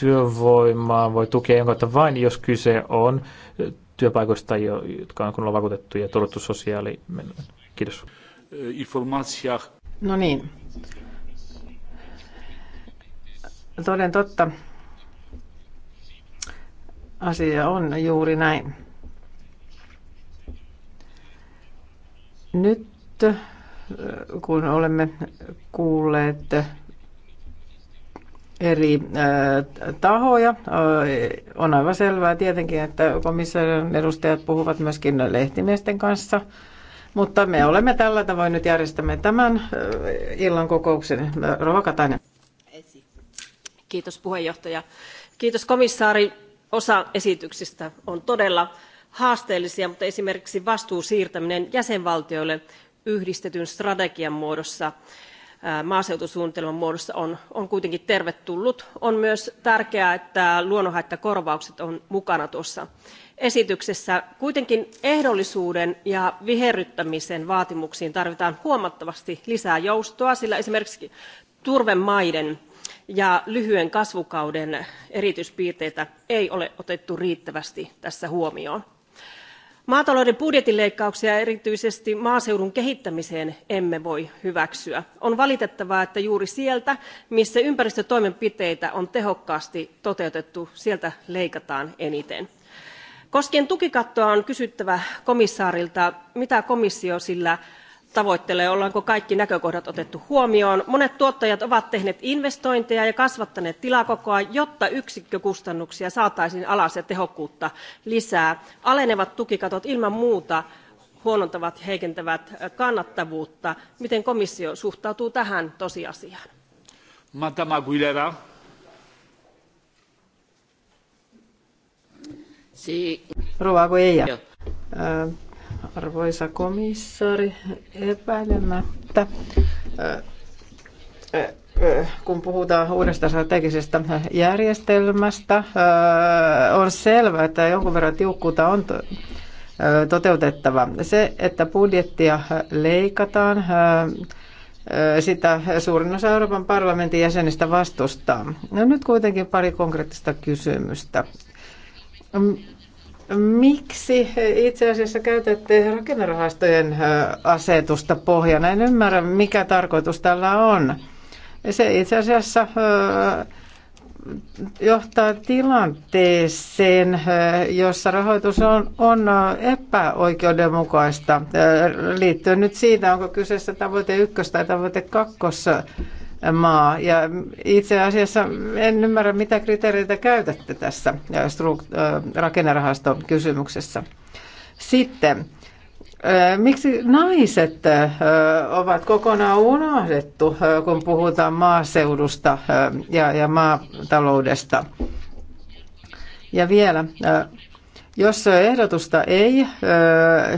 työvoimaa voi tukea jonkun vain, jos kyse on työpaikoista, jotka on kunnolla vakuutettu ja turvattu sosiaali. Kiitos. Äh, Informaatia. No niin. Toden totta. Asia on juuri näin. Nyt kun olemme kuulleet eri tahoja. On aivan selvää tietenkin, että komission edustajat puhuvat myöskin lehtimiesten kanssa. Mutta me olemme tällä tavoin nyt järjestämme tämän illan kokouksen. Rova Katainen. Kiitos puheenjohtaja. Kiitos komissaari. Osa esityksistä on todella haasteellisia, mutta esimerkiksi vastuun siirtäminen jäsenvaltioille yhdistetyn strategian muodossa maaseutusuunnitelman muodossa on, on kuitenkin tervetullut. On myös tärkeää, että luonnonhaittakorvaukset on mukana tuossa esityksessä. Kuitenkin ehdollisuuden ja viherryttämisen vaatimuksiin tarvitaan huomattavasti lisää joustoa, sillä esimerkiksi turvemaiden ja lyhyen kasvukauden erityispiirteitä ei ole otettu riittävästi tässä huomioon maatalouden budjetinleikkauksia erityisesti maaseudun kehittämiseen emme voi hyväksyä. on valitettavaa että juuri sieltä missä ympäristötoimenpiteitä on tehokkaasti toteutettu sieltä leikataan eniten. koskien tukikattoa on kysyttävä komissaarilta mitä komissio sillä tavoittelee ollaanko kaikki näkökohdat otettu huomioon. monet tuottajat ovat tehneet investointeja ja kasvattaneet tilakokoa jotta yksikkökustannuksia saataisiin alas ja tehokkuutta lisää. alenevat tukikatot ilman muuta huonontavat ja heikentävät kannattavuutta. miten komissio suhtautuu tähän tosiasiaan? Rouva Gueja, Arvoisa komissaari, epäilemättä kun puhutaan uudesta strategisesta järjestelmästä, on selvää, että jonkun verran tiukkuutta on toteutettava. Se, että budjettia leikataan, sitä suurin osa Euroopan parlamentin jäsenistä vastustaa. No nyt kuitenkin pari konkreettista kysymystä. Miksi itse asiassa käytätte rakennerahastojen asetusta pohjana? En ymmärrä, mikä tarkoitus tällä on. Se itse asiassa johtaa tilanteeseen, jossa rahoitus on, on epäoikeudenmukaista. Liittyen nyt siitä, onko kyseessä tavoite ykkös- tai tavoite kakkos maa. Ja itse asiassa en ymmärrä, mitä kriteereitä käytätte tässä äh, äh, rakennerahastokysymyksessä. Sitten, äh, miksi naiset ovat kokonaan unohdettu, kun puhutaan maaseudusta ja, ja maataloudesta? Ja vielä, jos ehdotusta ei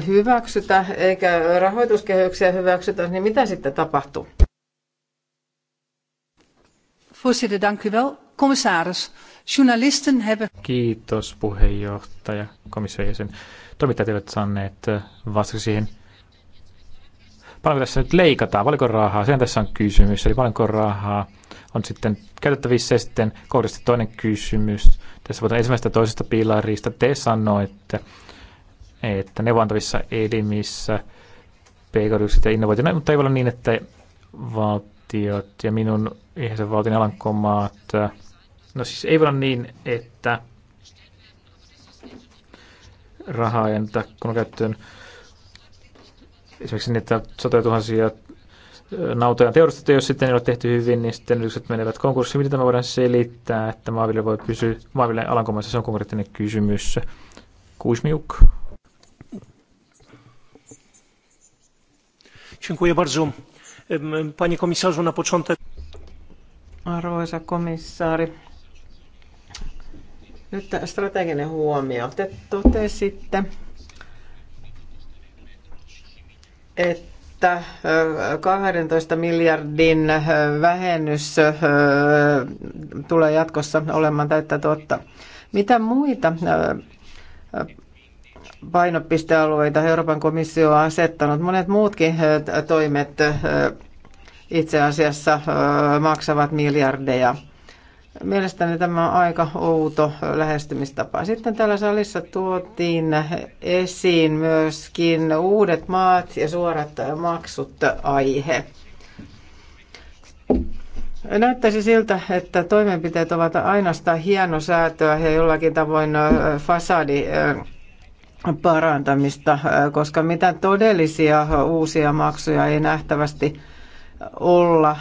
hyväksytä eikä rahoituskehyksiä hyväksytä, niin mitä sitten tapahtuu? Voorzitter, dank u wel. Commissaris, journalisten hebben... Kiitos puheenjohtaja, komission jäsen. Toimittajat eivät saaneet äh, vastata siihen. Paljonko tässä nyt leikataan? Paljonko rahaa? Sehän tässä on kysymys. Eli paljonko rahaa on sitten käytettävissä ja sitten kohdistettu toinen kysymys. Tässä voidaan ensimmäistä toisesta pilarista. Te sanoitte, että neuvontavissa elimissä pk ja no, mutta ei voi olla niin, että valtio jäsenvaltiot ja minun jäsenvaltion alankomaat. No siis ei voi olla niin, että rahaa ja niitä kun on käyttöön esimerkiksi niitä satoja tuhansia nautoja teurastettu, jos sitten ei ole tehty hyvin, niin sitten yritykset menevät konkurssiin. Miten tämä voidaan selittää, että maaville voi pysyä, maaville alankomaissa, se on konkreettinen kysymys. Kuismiuk. Dziękuję bardzo. Panie komisarzu, na początek... Arvoisa komissaari, nyt strateginen huomio. Te totesitte, että 12 miljardin vähennys tulee jatkossa olemaan täyttä totta. Mitä muita painopistealueita Euroopan komissio on asettanut. Monet muutkin toimet itse asiassa maksavat miljardeja. Mielestäni tämä on aika outo lähestymistapa. Sitten täällä salissa tuotiin esiin myöskin uudet maat ja suorat maksut aihe. Näyttäisi siltä, että toimenpiteet ovat ainoastaan hienosäätöä ja jollakin tavoin fasadi parantamista, koska mitään todellisia uusia maksuja ei nähtävästi olla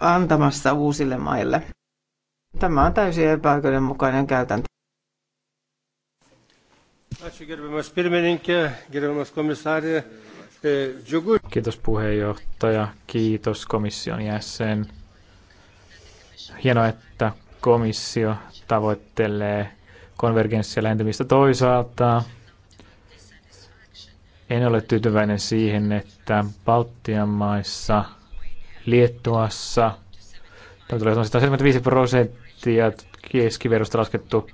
antamassa uusille maille. Tämä on täysin epäoikeudenmukainen käytäntö. E, kiitos puheenjohtaja, kiitos komission jäsen. Hienoa, että komissio tavoittelee konvergenssia lähentämistä toisaalta. En ole tyytyväinen siihen, että Baltian maissa, Liettuassa, tulee 175 prosenttia keskiverosta laskettu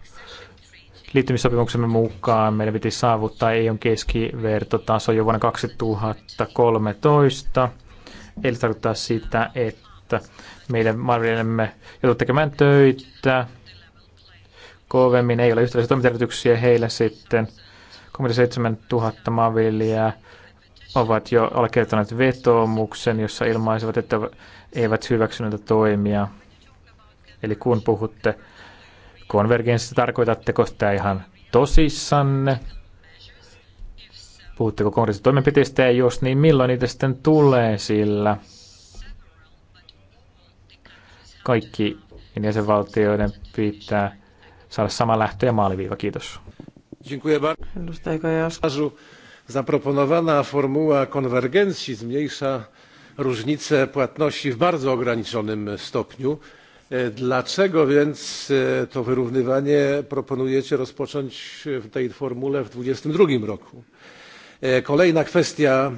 liittymissopimuksemme mukaan. Meidän piti saavuttaa EUn keskivertotaso jo vuonna 2013. Eli tarkoittaa sitä, että meidän maailmallemme joutuu tekemään töitä kovemmin, ei ole yhtäläisiä toimintaedellytyksiä heille sitten. 37 000 maanviljelijää ovat jo allekirjoittaneet vetoomuksen, jossa ilmaisivat, että eivät hyväksy näitä toimia. Eli kun puhutte konvergenssista, tarkoitatteko sitä ihan tosissanne? Puhutteko konkreettisista toimenpiteistä ja jos niin, milloin niitä sitten tulee sillä? Kaikki jäsenvaltioiden pitää saada sama lähtö ja maaliviiva. Kiitos. Dziękuję bardzo. Zaproponowana formuła konwergencji zmniejsza różnice płatności w bardzo ograniczonym stopniu. E, dlaczego więc e, to wyrównywanie proponujecie rozpocząć w tej formule w 2022 roku? E, kolejna kwestia.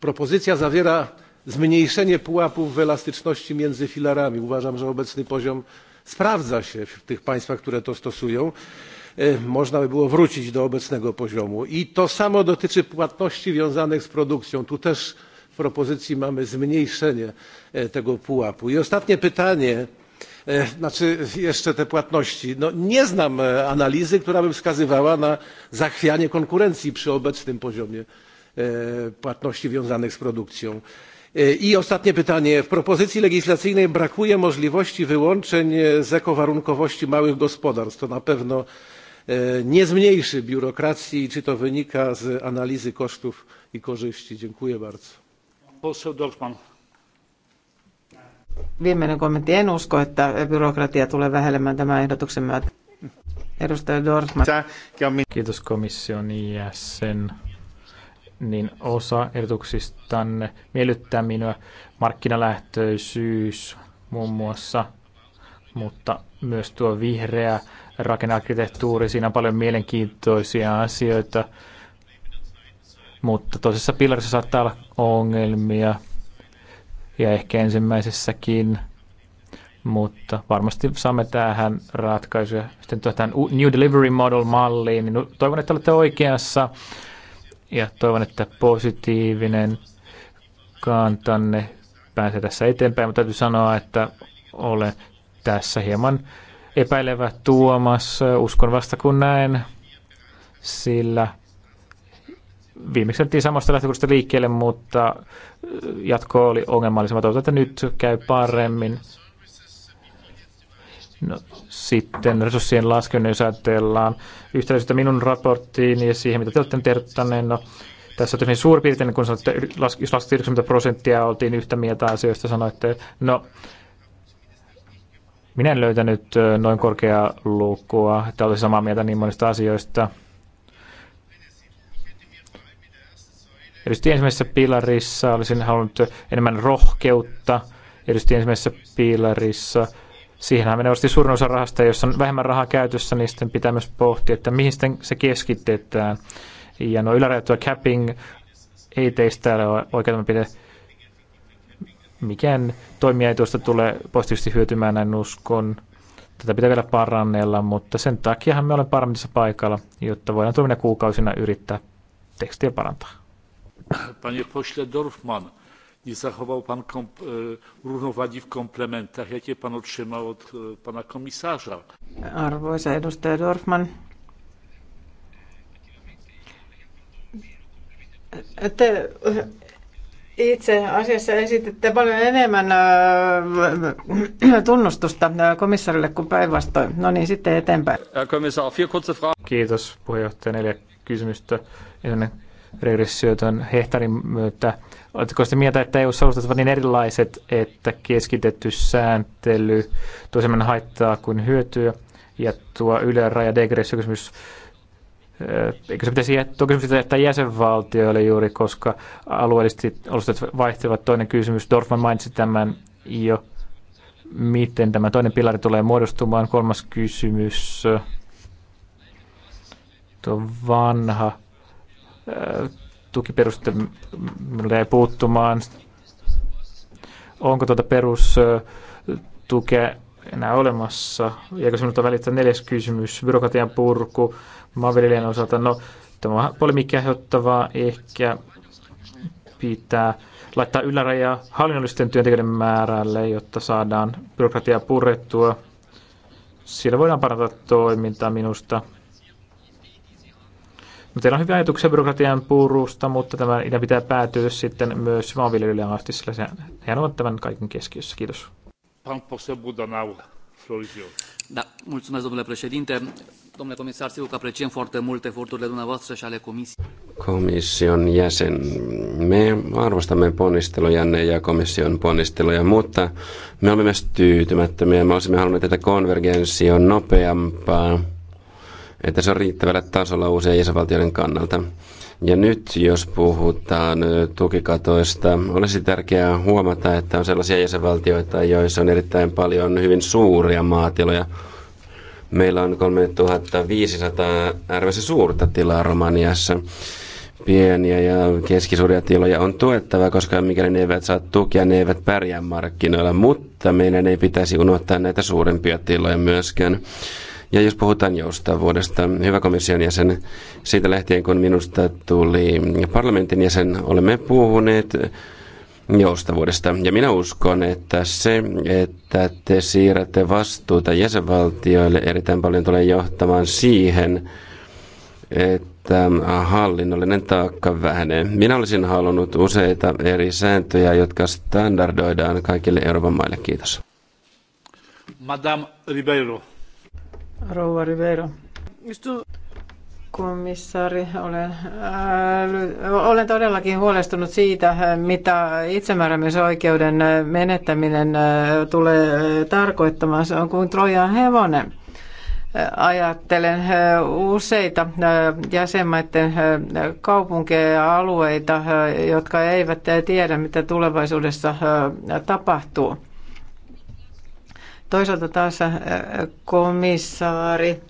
Propozycja zawiera zmniejszenie pułapów w elastyczności między filarami. Uważam, że obecny poziom sprawdza się w tych państwach które to stosują e, można by było wrócić do obecnego poziomu. i to samo dotyczy płatności wiązanych z produkcją tu też w propozycji mamy zmniejszenie e, tego pułapu. i ostatnie pytanie e, znaczy jeszcze te płatności. No, nie znam analizy która by wskazywała na zachwianie konkurencji przy obecnym poziomie płatności wiązanych z produkcją. E, i ostatnie pytanie w propozycji legislacyjnej brakuje możliwości wyłączeń e, z ekowarunkowości małych gospodarstw to na pewno e, nie zmniejszy biurokracji i czy to wynika z analizy kosztów i korzyści? dziękuję bardzo. Viimeinen kommentti. En usko, että byrokratia tulee tämän ehdotuksen myötä. Edustaja Kiitos komission jäsen niin osa ehdotuksistanne miellyttää minua markkinalähtöisyys muun muassa, mutta myös tuo vihreä rakennearkkitehtuuri, siinä on paljon mielenkiintoisia asioita, mutta toisessa pilarissa saattaa olla ongelmia ja ehkä ensimmäisessäkin, mutta varmasti saamme tähän ratkaisuja. Sitten tähän New Delivery Model-malliin, niin toivon, että olette oikeassa ja toivon, että positiivinen kantanne pääsee tässä eteenpäin, mutta täytyy sanoa, että olen tässä hieman epäilevä Tuomas, uskon vasta kun näen, sillä viimeksi oltiin samasta lähtökohdasta liikkeelle, mutta jatko oli ongelmallisemmat. Toivotaan, että nyt käy paremmin. No, sitten resurssien laskeminen, jos ajatellaan yhtäläisyyttä minun raporttiin ja siihen, mitä te olette tehnyt no, tässä on hyvin suurpiirteinen, kun sanoitte, jos laskit 90 prosenttia, oltiin yhtä mieltä asioista, sanoitte, no minä en löytänyt noin korkeaa lukua, että olisi samaa mieltä niin monista asioista. Erityisesti ensimmäisessä piilarissa olisin halunnut enemmän rohkeutta. Erityisesti ensimmäisessä piilarissa Siihenhän menee varmasti suurin osa rahasta, jos on vähemmän rahaa käytössä, niin sitten pitää myös pohtia, että mihin sitten se keskitetään. Ja no ylärajoittua capping ei teistä ole oikein toimenpide. Mikään toimija ei tuosta tule positiivisesti hyötymään, näin uskon. Tätä pitää vielä parannella, mutta sen takiahan me olemme paremmissa paikalla, jotta voidaan tuomina kuukausina yrittää tekstiä parantaa. Panie pośle Dorfman, i zachował pan e, równowagi w komplementach, jakie pan otrzymał od e, pana komisarza. Arvoisa edustaja Dorfman. Te itse asiassa esititte paljon enemmän tunnustusta komissarille kuin päinvastoin. No niin, sitten eteenpäin. Kiitos puheenjohtaja. Neljä kysymystä. Ensinnäkin regressioiden hehtaarin myötä. Oletteko sitä mieltä, että EU-alustat ovat niin erilaiset, että keskitetty sääntely tuo semmoinen haittaa kuin hyötyä? Ja tuo yläraja kysymys eh, eikö se pitäisi jättää, kysymys jättää jäsenvaltioille juuri, koska alueellisesti alustat vaihtelevat. Toinen kysymys, Dorfman mainitsi tämän jo, miten tämä toinen pilari tulee muodostumaan. Kolmas kysymys, tuo vanha tukiperuste minulle jäi puuttumaan. Onko tuota perustukea enää olemassa? Jääkö sinulta välittää neljäs kysymys? Byrokratian purku maanviljelijän osalta. No, tämä on polemiikkia aiheuttavaa. Ehkä pitää laittaa ylärajaa hallinnollisten työntekijöiden määrälle, jotta saadaan byrokratiaa purettua. Sillä voidaan parantaa toimintaa minusta. No, teillä on hyviä ajatuksia byrokratian purusta, mutta tämä idea pitää päätyä sitten myös maanviljelijöille asti, sillä se, hän on tämän kaiken keskiössä. Kiitos. Da, mulțumesc, domnule președinte. Domnule comisar, sigur că apreciem foarte mult eforturile dumneavoastră și ale comisiei. Komission jäsen, me arvostamme ponnistelujanne ja komission ponnisteluja, mutta me olemme myös tyytymättömiä. Me olisimme halunneet, että konvergenssi on nopeampaa että se on riittävällä tasolla uusien jäsenvaltioiden kannalta. Ja nyt, jos puhutaan tukikatoista, olisi tärkeää huomata, että on sellaisia jäsenvaltioita, joissa on erittäin paljon hyvin suuria maatiloja. Meillä on 3500 äärimmäisen suurta tilaa Romaniassa pieniä ja keskisuuria tiloja on tuettava, koska mikäli ne eivät saa tukia, ne eivät pärjää markkinoilla, mutta meidän ei pitäisi unohtaa näitä suurempia tiloja myöskään. Ja jos puhutaan joustavuudesta, hyvä komission jäsen, siitä lähtien kun minusta tuli parlamentin jäsen, olemme puhuneet joustavuudesta. Ja minä uskon, että se, että te siirrätte vastuuta jäsenvaltioille erittäin paljon tulee johtamaan siihen, että hallinnollinen taakka vähenee. Minä olisin halunnut useita eri sääntöjä, jotka standardoidaan kaikille Euroopan maille. Kiitos. Madame Ribeiro. Rouva Rivero. Istu. Komissaari, olen, ää, olen todellakin huolestunut siitä, mitä itsemääräämisoikeuden menettäminen tulee tarkoittamaan. Se on kuin Trojan hevonen. Ajattelen useita jäsenmaiden kaupunkeja ja alueita, jotka eivät tiedä, mitä tulevaisuudessa tapahtuu Toisaalta taas äh, komissaari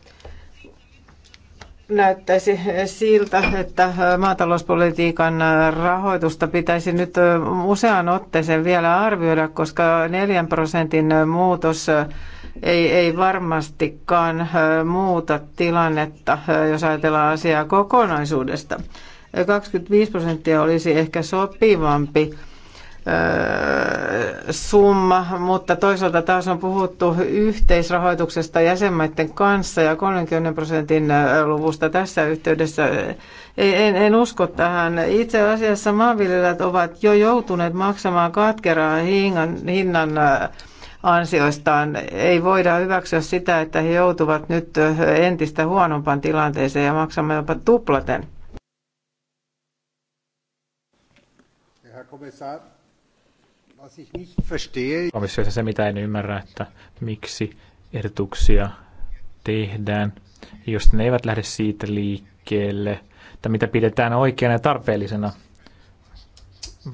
näyttäisi siltä, että äh, maatalouspolitiikan äh, rahoitusta pitäisi nyt useaan otteeseen vielä arvioida, koska 4 prosentin muutos ei, ei varmastikaan muuta tilannetta, jos ajatellaan asiaa kokonaisuudesta. 25 prosenttia olisi ehkä sopivampi summa, mutta toisaalta taas on puhuttu yhteisrahoituksesta jäsenmaiden kanssa ja 30 prosentin luvusta tässä yhteydessä. En, en usko tähän. Itse asiassa maanviljelijät ovat jo joutuneet maksamaan katkeraa hinnan, hinnan ansioistaan. Ei voida hyväksyä sitä, että he joutuvat nyt entistä huonompaan tilanteeseen ja maksamaan jopa tuplaten. Herr Kommissar, Komissiossa se, mitä en ymmärrä, että miksi ehdotuksia tehdään, jos ne eivät lähde siitä liikkeelle, tai mitä pidetään oikeana ja tarpeellisena,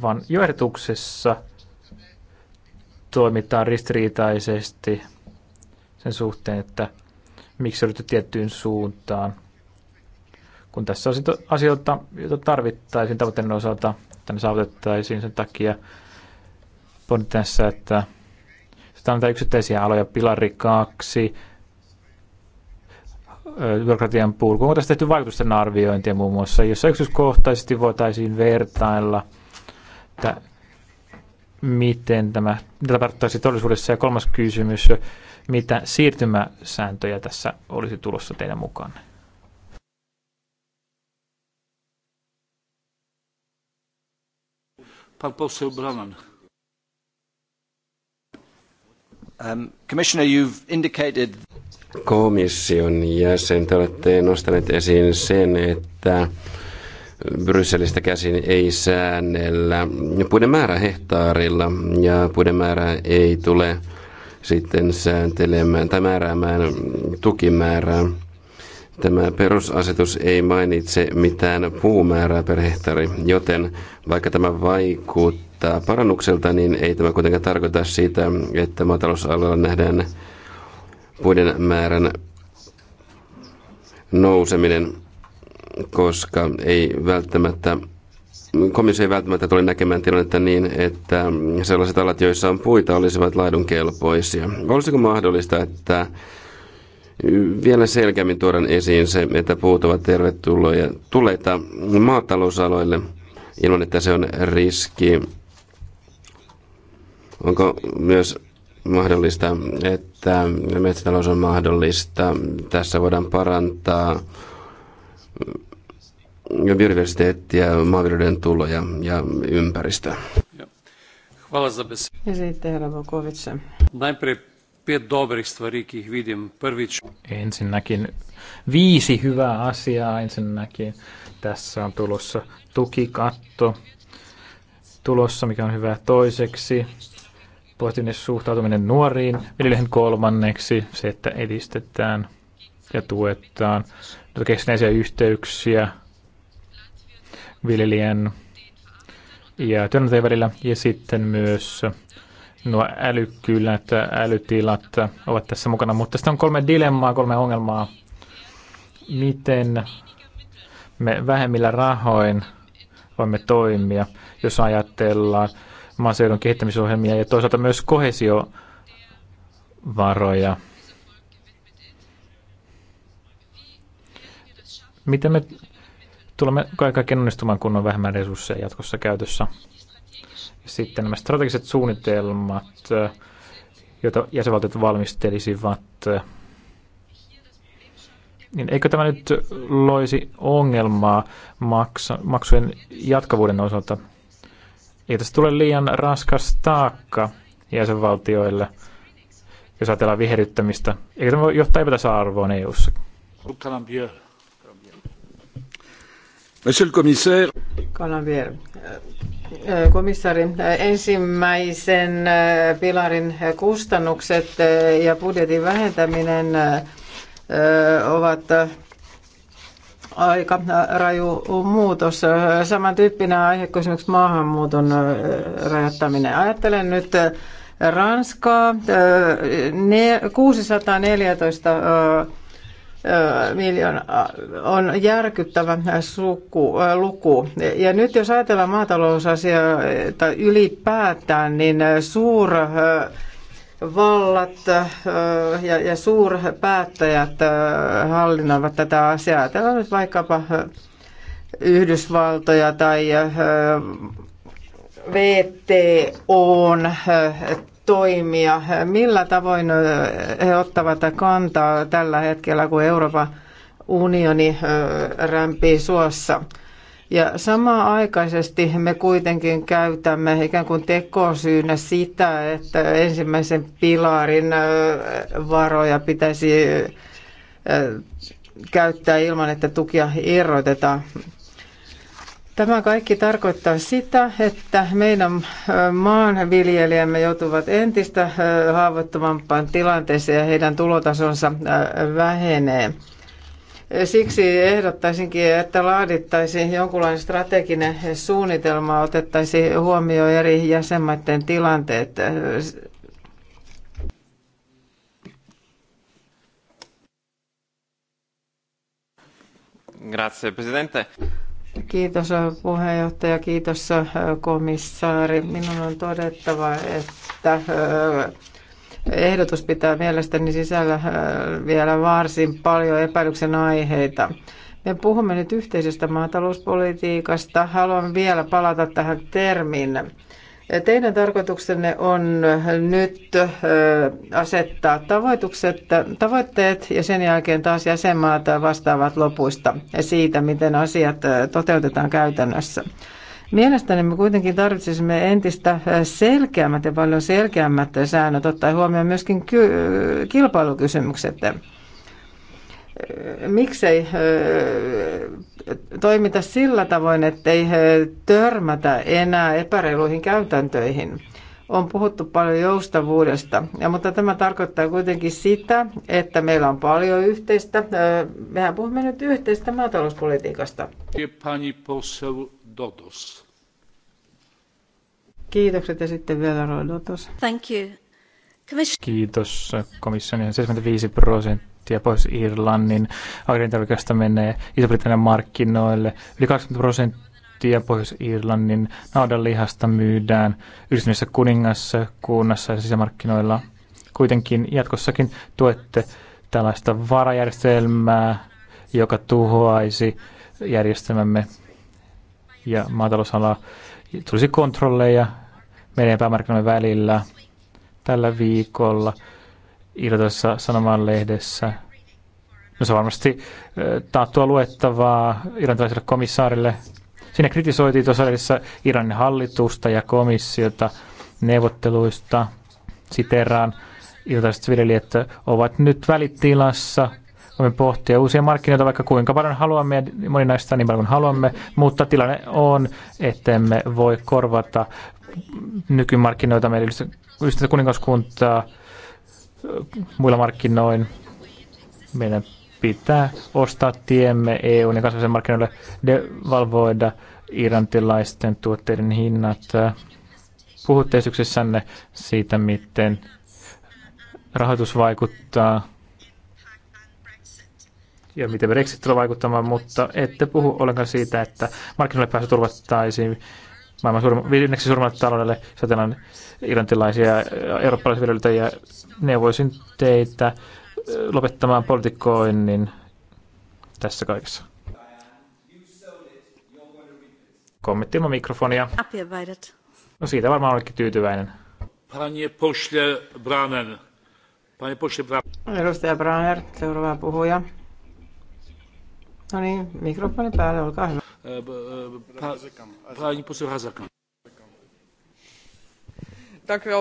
vaan jo ehdotuksessa toimitaan ristiriitaisesti sen suhteen, että miksi ryhtyy tiettyyn suuntaan. Kun tässä on asioita, joita tarvittaisiin tavoitteiden osalta, että ne saavutettaisiin sen takia, pohdin tässä, että tämä on yksittäisiä aloja, pilari kaksi, byrokratian purku. Onko tässä tehty vaikutusten arviointia muun muassa, jossa yksityiskohtaisesti voitaisiin vertailla, että miten tämä, tämä tarkoittaisi todellisuudessa. Ja kolmas kysymys, mitä siirtymäsääntöjä tässä olisi tulossa teidän mukaan? Pan poseł Branan. Um, Commissioner, you've indicated... Komission jäsen, te olette nostaneet esiin sen, että Brysselistä käsin ei säännellä puiden määrä hehtaarilla ja puiden määrä ei tule sitten sääntelemään tai määräämään tukimäärää. Tämä perusasetus ei mainitse mitään puumäärää per hehtaari, joten vaikka tämä vaikuttaa näyttää parannukselta, niin ei tämä kuitenkaan tarkoita sitä, että maatalousalalla nähdään puiden määrän nouseminen, koska ei välttämättä komissio ei välttämättä tule näkemään tilannetta niin, että sellaiset alat, joissa on puita, olisivat laidunkelpoisia. Olisiko mahdollista, että vielä selkeämmin tuodaan esiin se, että puut ovat tervetulleita maatalousaloille ilman, että se on riski Onko myös mahdollista, että metsätalous on mahdollista? Tässä voidaan parantaa biodiversiteettiä, maanviljelijöiden tuloja ja ympäristöä. Hvala za herra Vuković. Ensinnäkin viisi hyvää asiaa. Ensinnäkin tässä on tulossa tukikatto tulossa, mikä on hyvä toiseksi positiivinen suhtautuminen nuoriin, edelleen kolmanneksi, se, että edistetään ja tuetaan tuota keskinäisiä yhteyksiä viljelijän ja työnantajien välillä, ja sitten myös nuo älykkylät, älytilat ovat tässä mukana. Mutta sitten on kolme dilemmaa, kolme ongelmaa. Miten me vähemmillä rahoin voimme toimia, jos ajatellaan maaseudun kehittämisohjelmia ja toisaalta myös kohesiovaroja. Miten me tulemme kaiken onnistumaan, kun on vähemmän resursseja jatkossa käytössä? Sitten nämä strategiset suunnitelmat, joita jäsenvaltiot valmistelisivat, niin eikö tämä nyt loisi ongelmaa maksujen jatkavuuden osalta? ei tästä tule liian raskas taakka jäsenvaltioille, jos ajatellaan viherryttämistä. Eikä tämä johtaa epätasa-arvoon EU-ssa. Monsieur le commissaire. Kalanvier. Äh, Komissaari, äh, ensimmäisen äh, pilarin kustannukset ja budjetin vähentäminen ovat aika raju muutos. Samantyyppinen aihe kuin esimerkiksi maahanmuuton rajoittaminen. Ajattelen nyt Ranskaa. 614 miljoonaa on järkyttävä suku, luku. Ja nyt jos ajatellaan maatalousasiaa tai ylipäätään, niin suur vallat äh, ja, ja suurpäättäjät äh, hallinnoivat tätä asiaa. Ajatellaan nyt vaikkapa äh, Yhdysvaltoja tai VTOn toimia. Millä tavoin he ottavat kantaa tällä hetkellä, kun Euroopan unioni rämpii suossa? Ja samaa aikaisesti me kuitenkin käytämme ikään kuin tekosyynä sitä, että ensimmäisen pilarin varoja pitäisi käyttää ilman, että tukia irrotetaan. Tämä kaikki tarkoittaa sitä, että meidän maanviljelijämme joutuvat entistä haavoittuvampaan tilanteeseen ja heidän tulotasonsa vähenee. Siksi ehdottaisinkin, että laadittaisiin jonkunlainen strateginen suunnitelma, otettaisiin huomioon eri jäsenmaiden tilanteet. Grazie, presidente. Kiitos puheenjohtaja, kiitos komissaari. Minun on todettava, että ehdotus pitää mielestäni sisällä äh, vielä varsin paljon epäilyksen aiheita. Me puhumme nyt yhteisestä maatalouspolitiikasta. Haluan vielä palata tähän termiin. Teidän tarkoituksenne on nyt äh, asettaa tavoitukset, tavoitteet ja sen jälkeen taas jäsenmaat vastaavat lopuista siitä, miten asiat äh, toteutetaan käytännössä. Mielestäni me kuitenkin tarvitsisimme entistä selkeämmät ja paljon selkeämmät säännöt, ottaa huomioon myöskin kilpailukysymykset. Miksei toimita sillä tavoin, ettei törmätä enää epäreiluihin käytäntöihin? on puhuttu paljon joustavuudesta, ja, mutta tämä tarkoittaa kuitenkin sitä, että meillä on paljon yhteistä, mehän puhumme nyt yhteistä maatalouspolitiikasta. Pani poseu Dodos. Kiitokset ja sitten vielä Roidotos. Thank you. Commission... Kiitos komission 75 prosenttia pois Irlannin agrientarvikasta menee Iso-Britannian markkinoille. Yli 20 prosenttia pois Irlannin naudanlihasta myydään yhdistyneessä kuningassa, kunnassa ja sisämarkkinoilla. Kuitenkin jatkossakin tuette tällaista varajärjestelmää, joka tuhoaisi järjestelmämme ja maatalousalaa. Tulisi kontrolleja meidän ja päämarkkinoiden välillä tällä viikolla iltoissa Sanomanlehdessä. No se on varmasti taattua luettavaa irlantilaiselle komissaarille. Siinä kritisoitiin tuossa edessä Iranin hallitusta ja komissiota neuvotteluista. Siteraan iltaiset viljelijät ovat nyt välitilassa. Voimme pohtia uusia markkinoita vaikka kuinka paljon haluamme moninaista niin paljon kuin haluamme, mutta tilanne on, että emme voi korvata nykymarkkinoita meidän yhdistettä kuningaskuntaa muilla markkinoin. Meidän pitää ostaa tiemme EU- ja kansallisen markkinoille devalvoida irantilaisten tuotteiden hinnat. Puhutte esityksessänne siitä, miten rahoitus vaikuttaa ja miten Brexit tulee vaikuttamaan, mutta ette puhu ollenkaan siitä, että markkinoille pääsy turvattaisiin maailman suurim, viidenneksi suurimmalle taloudelle, satelan irantilaisia ja eurooppalaisia viljelijöitä, ja neuvoisin teitä lopettamaan politikoinnin tässä kaikessa. Kommentti ilman mikrofonia. No siitä varmaan olikin tyytyväinen. Panie pośle Branen. Panie pośle Branen. Edustaja Braner, seuraava puhuja. No niin, mikrofoni päälle, olkaa hyvä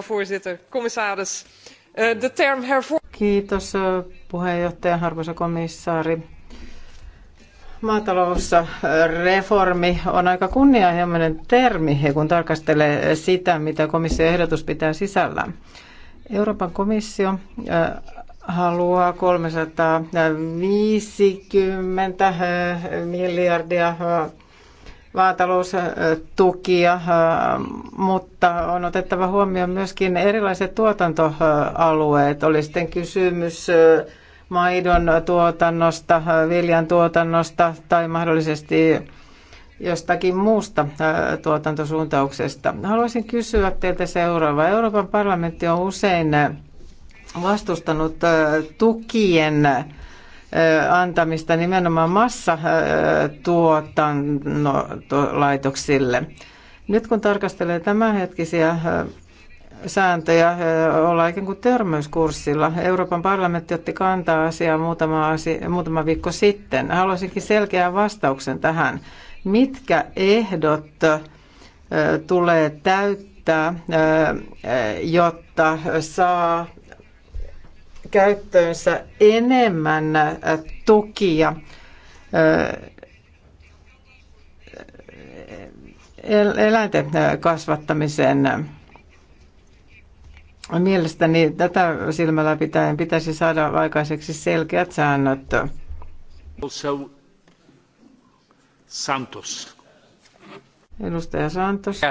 voorzitter commissaris eh, de term Kiitos eh, puheenjohtaja, arvoisa komissaari. Maatalousreformi on aika kunnianhimoinen termi, kun tarkastelee sitä, mitä komission ehdotus pitää sisällään. Euroopan komissio eh, haluaa 350 äh, miljardia äh, maataloustukia, äh, mutta on otettava huomioon myöskin erilaiset tuotantoalueet. Oli sitten kysymys maidon tuotannosta, viljan tuotannosta tai mahdollisesti jostakin muusta tuotantosuuntauksesta. Haluaisin kysyä teiltä seuraavaa. Euroopan parlamentti on usein vastustanut äh, tukien äh, antamista nimenomaan massatuotantolaitoksille. Äh, Nyt kun tarkastelee tämänhetkisiä sääntöjä, ollaan ikään kuin törmäyskurssilla. Euroopan parlamentti otti kantaa asiaan muutama, asia, muutama viikko sitten. Haluaisinkin selkeän vastauksen tähän. Mitkä ehdot tulee täyttää, jotta saa käyttöönsä enemmän äh, tukia äh, eläinten äh, kasvattamiseen. Mielestäni tätä silmällä pitäen pitäisi saada aikaiseksi selkeät säännöt. Santos. Edustaja Santos.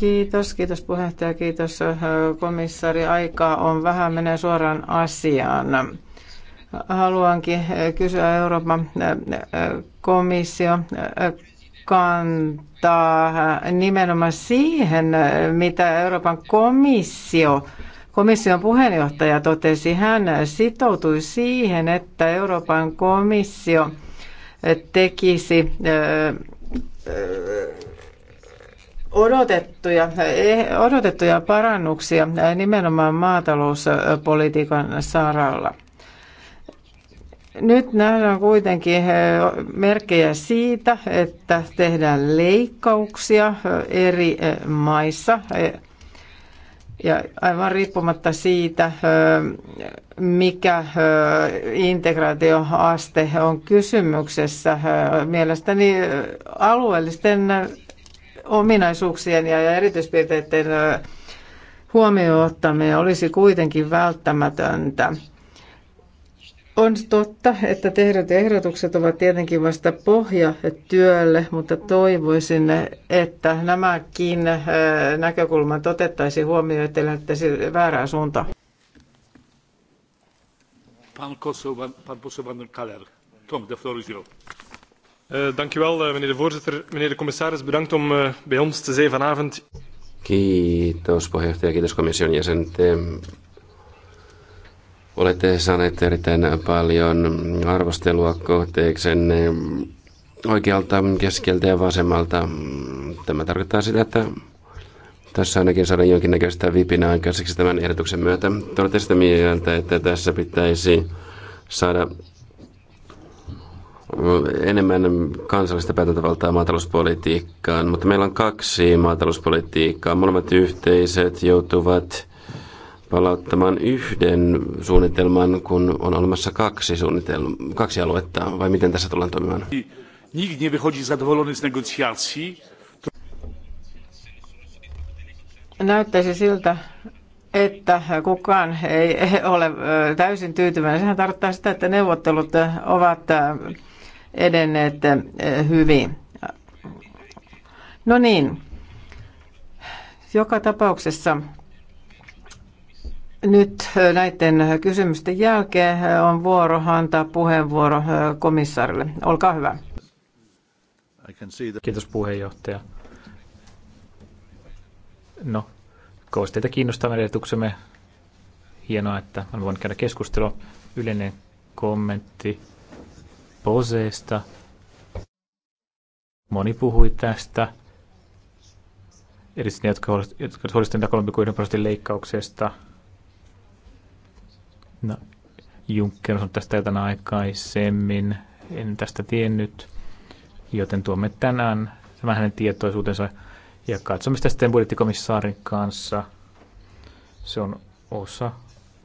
Kiitos, kiitos puheenjohtaja, kiitos äh, komissaari. Aikaa on vähän, menee suoraan asiaan. Haluankin äh, kysyä Euroopan äh, komissio kantaa nimenomaan siihen, mitä Euroopan komissio Komission puheenjohtaja totesi, hän sitoutui siihen, että Euroopan komissio tekisi odotettuja, eh, odotettuja parannuksia nimenomaan maatalouspolitiikan saralla. Nyt nähdään kuitenkin eh, merkkejä siitä, että tehdään leikkauksia eh, eri maissa ja aivan riippumatta siitä, mikä integraatioaste on kysymyksessä, mielestäni alueellisten ominaisuuksien ja erityispiirteiden huomioon ottaminen olisi kuitenkin välttämätöntä. On totta, että tehdyt ehdotukset ovat tietenkin vasta pohja työlle, mutta toivoisin, että nämäkin näkökulmat otettaisiin huomioon, ettei lähdettäisi väärään suuntaan. Pan pan Tom, the floor is yours. Eh, eh, voorzitter. mijnheer de commissaris, bedankt om eh, bij ons te zijn vanavond. Kiitos puheenjohtaja, kiitos komission jäsen. Te olette saaneet erittäin paljon arvostelua kohteeksenne oikealta, keskeltä ja vasemmalta. Tämä tarkoittaa sitä, että tässä ainakin saadaan jonkinnäköistä vipinä aikaiseksi tämän ehdotuksen myötä. Te olette sitä mieltä, että tässä pitäisi saada enemmän kansallista päätäntävaltaa maatalouspolitiikkaan, mutta meillä on kaksi maatalouspolitiikkaa. Molemmat yhteisöt joutuvat palauttamaan yhden suunnitelman, kun on olemassa kaksi, suunnitelm- kaksi aluetta, vai miten tässä tullaan toimimaan? Nikt nie wychodzi zadowolony z negocjacji. Näyttäisi siltä, että kukaan ei ole täysin tyytyväinen. Sehän tarkoittaa sitä, että neuvottelut ovat edenneet eh, hyvin. No niin, joka tapauksessa nyt eh, näiden kysymysten jälkeen eh, on vuoro antaa puheenvuoro komissaarille. Olkaa hyvä. Kiitos puheenjohtaja. No, kovasti teitä kiinnostaa meidän Hienoa, että on voinut käydä keskustelua. Yleinen kommentti poseista. Moni puhui tästä. Erityisesti ne, jotka olivat huolestuneita 3,1 prosentin leikkauksesta. No, Juncker on tästä jotain aikaisemmin. En tästä tiennyt. Joten tuomme tänään tämän hänen tietoisuutensa ja katsomme sitä sitten budjettikomissaarin kanssa. Se on osa.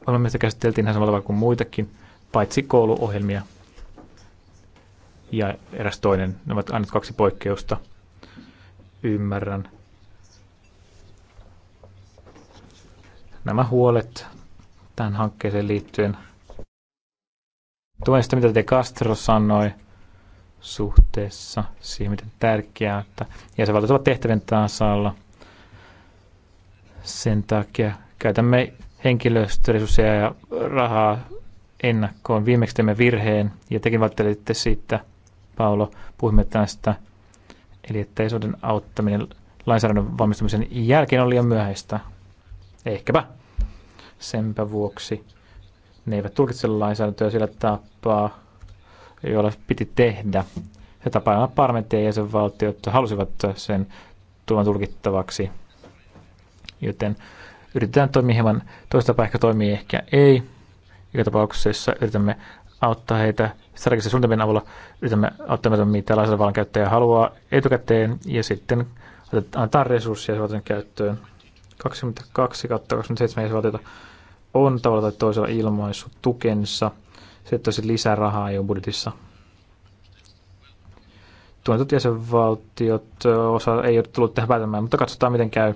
Olemme sitä käsiteltiin ihan samalla tavalla kuin muitakin, paitsi kouluohjelmia ja eräs toinen. Ne ovat kaksi poikkeusta. Ymmärrän. Nämä huolet tähän hankkeeseen liittyen. Tuen sitä, mitä te Castro sanoi suhteessa siihen, miten tärkeää, että se ovat tehtävän tasalla. Sen takia käytämme henkilöstöresursseja ja rahaa ennakkoon. Viimeksi teimme virheen ja tekin valittelitte siitä. Paolo, puhumme tästä, eli että Esoden auttaminen lainsäädännön valmistumisen jälkeen on liian myöhäistä. Ehkäpä. Senpä vuoksi ne eivät tulkitse lainsäädäntöä sillä tapaa, jolla piti tehdä. Se tapaa parlamentti ja jäsenvaltiot halusivat sen tuon tulkittavaksi. Joten yritetään toimia hieman toista tapaa, ehkä toimii, ehkä ei. Joka tapauksessa yritämme auttaa heitä strategisen suunnitelmien avulla yritämme auttamaan, mitä lainsäädäntövallan käyttäjä haluaa etukäteen ja sitten annetaan resursseja suotuisen käyttöön. 22 27 jäsenvaltiota on tavalla tai toisella ilmaissut tukensa. Se, että olisi lisää rahaa jo budjetissa Tunnetut jäsenvaltiot, osa ei ole tullut tähän päätämään, mutta katsotaan miten käy.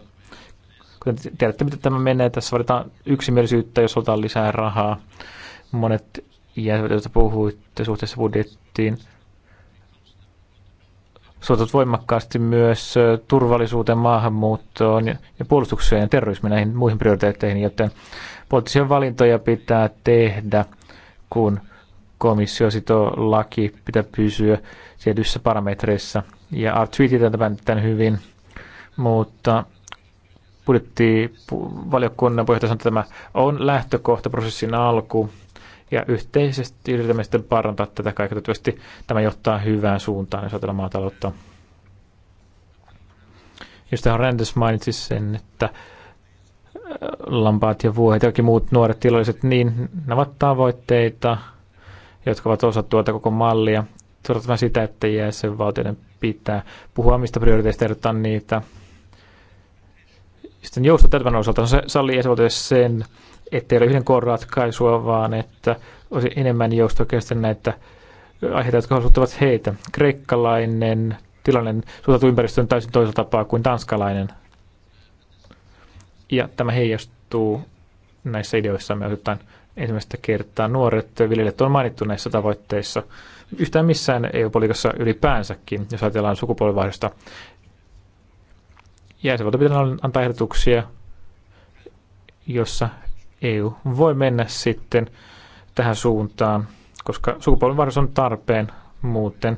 Kuten tiedätte, miten tämä menee, tässä valitaan yksimielisyyttä, jos otetaan lisää rahaa. Monet ja joita puhuitte suhteessa budjettiin, suotat voimakkaasti myös turvallisuuteen, maahanmuuttoon ja puolustukseen ja terrorismiin näihin muihin prioriteetteihin, joten poliittisia valintoja pitää tehdä, kun komissio sitoo laki, pitää pysyä tietyissä parametreissa. Ja Art Tweetit tämän, tämän hyvin, mutta budjettivaliokunnan puheenjohtaja sanoi, että tämä on lähtökohta, prosessin alku, ja yhteisesti yritämme sitten parantaa tätä kaikkea. Toivottavasti tämä johtaa hyvään suuntaan, jos ajatellaan maataloutta. Jos tähän Randes mainitsi sen, että äh, lampaat ja vuohet ja muut nuoret tilalliset, niin nämä ovat tavoitteita, jotka ovat osa tuota koko mallia. Todetaan sitä, että jäsenvaltioiden pitää puhua mistä prioriteista ehdottaa niitä. Sitten joustotäytävän osalta no se sallii jäsenvaltioiden sen, ettei ole yhden koon ratkaisua, vaan että olisi enemmän joustokestä näitä aiheita, jotka huolestuttavat heitä. Kreikkalainen tilanne suhtautuu ympäristöön täysin toisella tapaa kuin tanskalainen. Ja tämä heijastuu näissä me osittain ensimmäistä kertaa. Nuoret viljelijät on mainittu näissä tavoitteissa yhtään missään EU-politiikassa ylipäänsäkin, jos ajatellaan sukupolvenvaihdosta. Jäsenvaltio pitää antaa ehdotuksia, jossa EU voi mennä sitten tähän suuntaan, koska sukupolvenvaihdos on tarpeen muuten.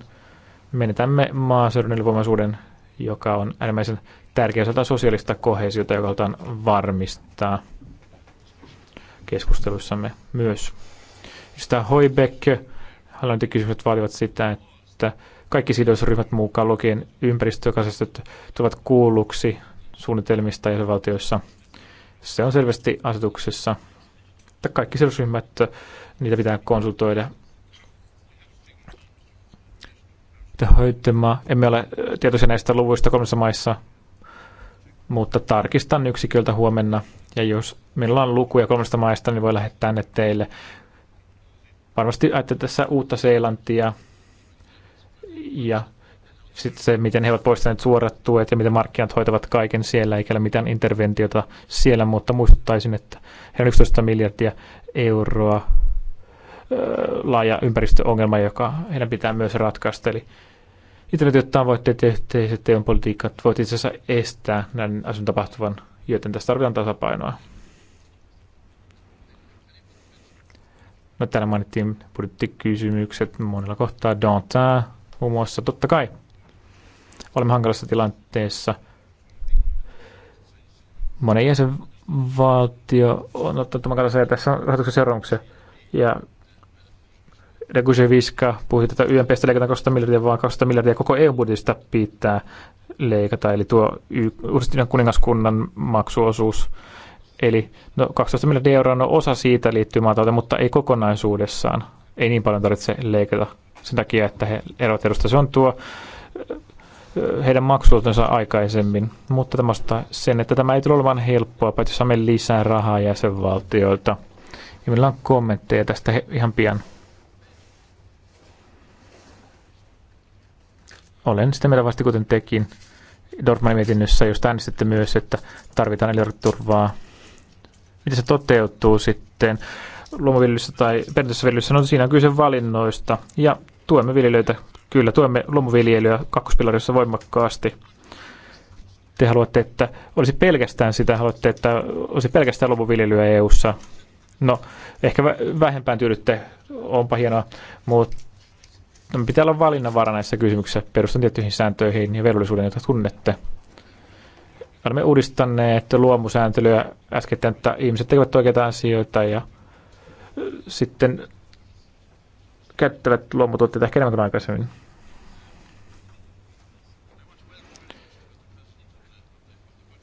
Menetämme maaseudun elinvoimaisuuden, joka on äärimmäisen tärkeä osalta sosiaalista kohesiota, joka halutaan varmistaa keskustelussamme myös. Sitä Hoibek, hallintokysymykset vaalivat sitä, että kaikki sidosryhmät mukaan lukien ympäristökasastot tulevat kuulluksi suunnitelmista valtioissa – se on selvästi asetuksessa. Että kaikki sidosryhmät, niitä pitää konsultoida. Hoitema. Emme ole tietoisia näistä luvuista kolmessa maissa, mutta tarkistan yksiköltä huomenna. Ja jos meillä on lukuja kolmesta maista, niin voi lähettää ne teille. Varmasti ajatte tässä uutta Seelantia ja sitten se, miten he ovat poistaneet suorat tuet ja miten markkinat hoitavat kaiken siellä, eikä ole mitään interventiota siellä, mutta muistuttaisin, että he on 11 miljardia euroa laaja ympäristöongelma, joka heidän pitää myös ratkaista. Eli internetyöt tavoitteet ja yhteiset teon politiikat voivat itse asiassa estää näiden asioiden tapahtuvan, joten tässä tarvitaan tasapainoa. No täällä mainittiin budjettikysymykset monella kohtaa. Dantin muun muassa, totta kai olemme hankalassa tilanteessa. Monen jäsenvaltio on ottanut tämän kanssa ja tässä on rahoituksen seuraamuksia. Ja Viska puhui että YMPstä leikataan 200 miljardia, vaan 200 miljardia koko EU-budjetista pitää leikata, eli tuo Yhdistyneen kuningaskunnan maksuosuus. Eli no, 12 miljardia euroa on no, osa siitä liittyy maatalouteen, mutta ei kokonaisuudessaan. Ei niin paljon tarvitse leikata sen takia, että he erot edustaa. Se on tuo heidän maksuotensa aikaisemmin. Mutta tämä sen, että tämä ei tule olemaan helppoa, paitsi saamme lisää rahaa jäsenvaltioilta. Ja meillä on kommentteja tästä ihan pian. Olen sitä mieltä vasta, kuten tekin Dortmanin mietinnössä, josta äänestitte myös, että tarvitaan elintarviketurvaa. Miten se toteutuu sitten luomuviljelyssä tai perinteisessä viljelyssä? No siinä on kyse valinnoista ja tuemme viljelijöitä Kyllä, tuemme lomuviljelyä kakkospilarissa voimakkaasti. Te haluatte, että olisi pelkästään sitä, haluatte, että olisi pelkästään lomuviljelyä EU-ssa. No, ehkä vähempään tyydytte, onpa hienoa, mutta no, pitää olla valinnanvara näissä kysymyksissä perustan tiettyihin sääntöihin ja velvollisuuden, joita tunnette. Olemme uudistaneet luomusääntelyä äskettäin, että ihmiset tekevät oikeita asioita ja sitten käyttävät luomutuotteita ehkä enemmän aikaisemmin.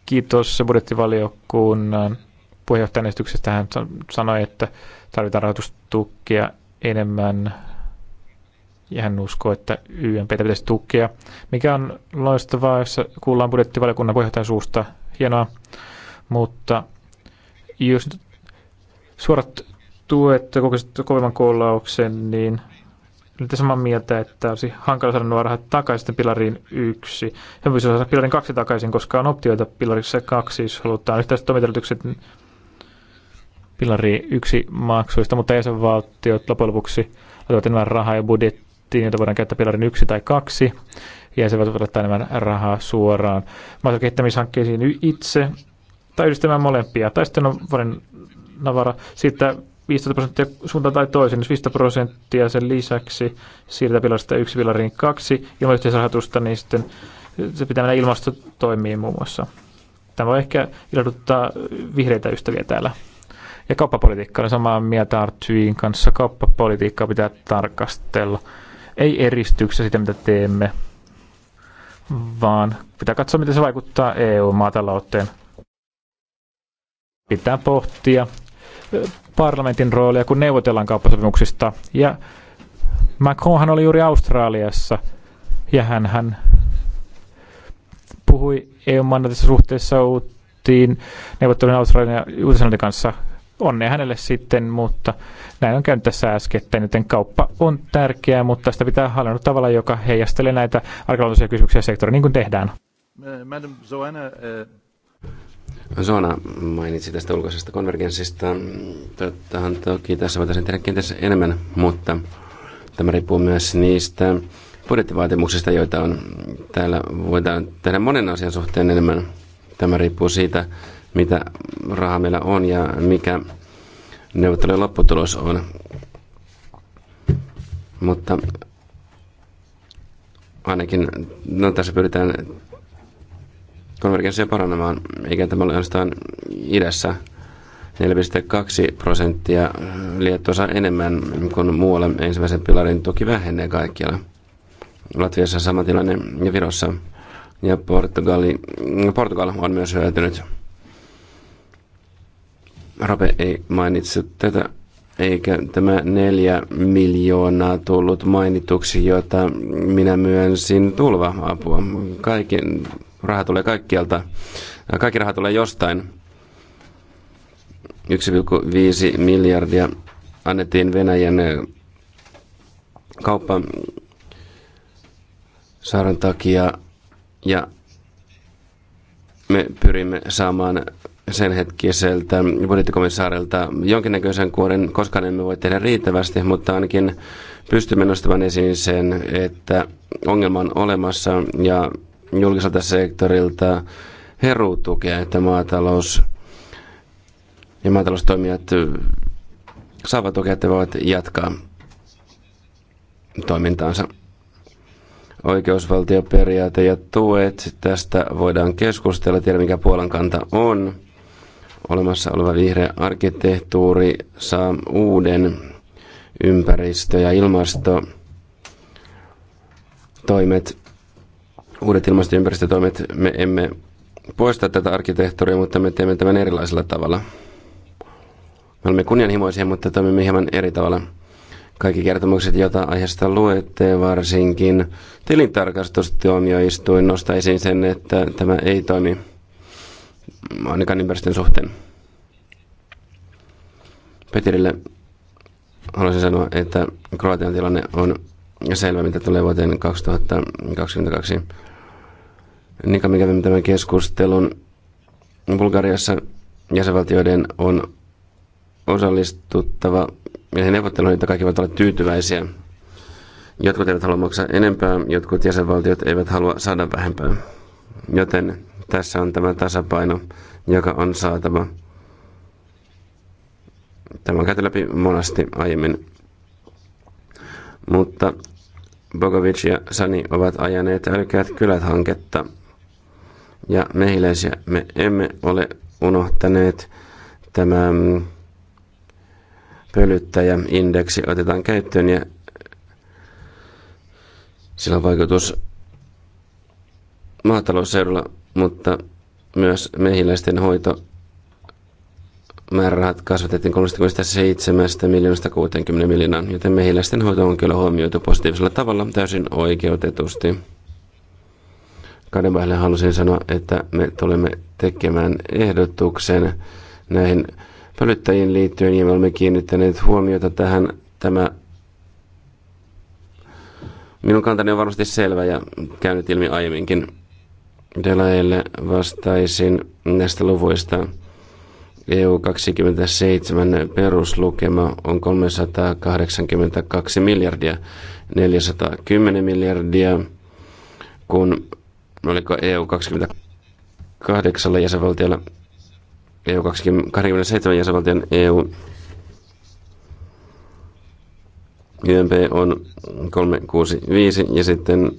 Kiitos budjettivaliokunnan puheenjohtajan esityksestä. Hän sanoi, että tarvitaan rahoitustukia enemmän ja hän uskoo, että YMP pitäisi tukea, mikä on loistavaa, jos kuullaan budjettivaliokunnan puheenjohtajan suusta. Hienoa. Mutta jos suorat että kokoiset kovemman koulauksen niin olette samaa mieltä, että olisi hankala saada nuo rahat takaisin pilariin yksi. hän voisi saada pilarin kaksi takaisin, koska on optioita pilarissa kaksi, jos halutaan yhtäiset toimintaedellytykset pilari yksi maksuista, mutta jäsenvaltiot loppujen lopuksi laitavat enemmän rahaa ja budjettiin, jota voidaan käyttää pilarin yksi tai kaksi. Jäsenvaltiot ottaa enemmän rahaa suoraan maaseudun kehittämishankkeisiin itse tai yhdistämään molempia. Tai sitten on varin navara siitä 15 prosenttia suuntaan tai toiseen, jos 15 prosenttia sen lisäksi siirtää pilarista yksi pilariin kaksi ilman yhteisrahoitusta, niin sitten se pitää mennä ilmastotoimiin muun muassa. Tämä voi ehkä ilahduttaa vihreitä ystäviä täällä. Ja kauppapolitiikka on samaa mieltä Artyin kanssa. Kauppapolitiikkaa pitää tarkastella. Ei eristyksessä sitä, mitä teemme, vaan pitää katsoa, miten se vaikuttaa EU-maatalouteen. Pitää pohtia parlamentin roolia, kun neuvotellaan kauppasopimuksista. Ja Macronhan oli juuri Australiassa, ja hän, hän puhui EU-mandatissa suhteessa uuttiin neuvottelujen Australian ja Uutisanotin kanssa. Onnea hänelle sitten, mutta näin on käynyt tässä äskettäin, joten kauppa on tärkeää, mutta sitä pitää hallinnut tavalla, joka heijastelee näitä arkaluontoisia kysymyksiä sektorin, niin kuin tehdään. Madam Zoana, uh... Zona mainitsi tästä ulkoisesta konvergenssista. Tottahan toki tässä voitaisiin tehdä kenties enemmän, mutta tämä riippuu myös niistä budjettivaatimuksista, joita on. Täällä voidaan tehdä monen asian suhteen enemmän. Tämä riippuu siitä, mitä rahaa meillä on ja mikä neuvottelujen lopputulos on. Mutta ainakin, no tässä pyritään konvergenssia paranemaan, eikä tämä ole ainoastaan idässä 4,2 prosenttia Liettuossa enemmän kuin muualla. Ensimmäisen pilarin tuki vähenee kaikkialla. Latviassa sama tilanne ja Virossa. Ja Portugali, Portugal on myös hyötynyt. Rope ei mainitse tätä, eikä tämä neljä miljoonaa tullut mainituksi, jota minä myönsin tulva-apua. Kaiken Raha tulee kaikkialta. Kaikki raha tulee jostain. 1,5 miljardia annettiin Venäjän eh, kauppa saaren takia ja me pyrimme saamaan sen hetkiseltä budjettikomissaarilta jonkinnäköisen kuoren. koska emme voi tehdä riittävästi, mutta ainakin pystymme nostamaan esiin sen, että ongelma on olemassa ja julkiselta sektorilta heruutukea, että maatalous ja maataloustoimijat saavat tukea, että voivat jatkaa toimintaansa. Oikeusvaltioperiaate ja tuet, tästä voidaan keskustella, tiedä mikä Puolan kanta on. Olemassa oleva vihreä arkkitehtuuri saa uuden ympäristö- ja ilmasto toimet uudet ilmasto- ja ympäristötoimet, me emme poista tätä arkkitehtuuria, mutta me teemme tämän erilaisella tavalla. Me olemme kunnianhimoisia, mutta toimimme hieman eri tavalla. Kaikki kertomukset, joita aiheesta luette, varsinkin tilintarkastustuomioistuin nostaisin sen, että tämä ei toimi ainakaan ympäristön suhteen. Petirille haluaisin sanoa, että Kroatian tilanne on selvä, mitä tulee vuoteen 2022. Niin kuin kävimme tämän keskustelun Bulgariassa jäsenvaltioiden on osallistuttava näihin neuvotteluihin, että kaikki voivat olla tyytyväisiä. Jotkut eivät halua maksaa enempää, jotkut jäsenvaltiot eivät halua saada vähempää. Joten tässä on tämä tasapaino, joka on saatava. Tämä on käyty läpi monasti aiemmin. Mutta Bogovic ja Sani ovat ajaneet älykäät kylät-hanketta. Ja mehiläisiä me emme ole unohtaneet. Tämä mm, pölyttäjäindeksi otetaan käyttöön ja sillä on vaikutus maatalousseudulla, mutta myös mehiläisten hoito määrärahat kasvatettiin 37 miljoonasta 60 miljoonaan, joten mehiläisten hoito on kyllä huomioitu positiivisella tavalla täysin oikeutetusti. Kadenbähille halusin sanoa, että me tulemme tekemään ehdotuksen näihin pölyttäjiin liittyen ja me olemme kiinnittäneet huomiota tähän. Tämä minun kantani on varmasti selvä ja käynyt ilmi aiemminkin. Delaille vastaisin näistä luvuista. EU27 peruslukema on 382 miljardia, 410 miljardia, kun oliko EU28 jäsenvaltiolla, EU27 jäsenvaltion EU YMP on 365 ja sitten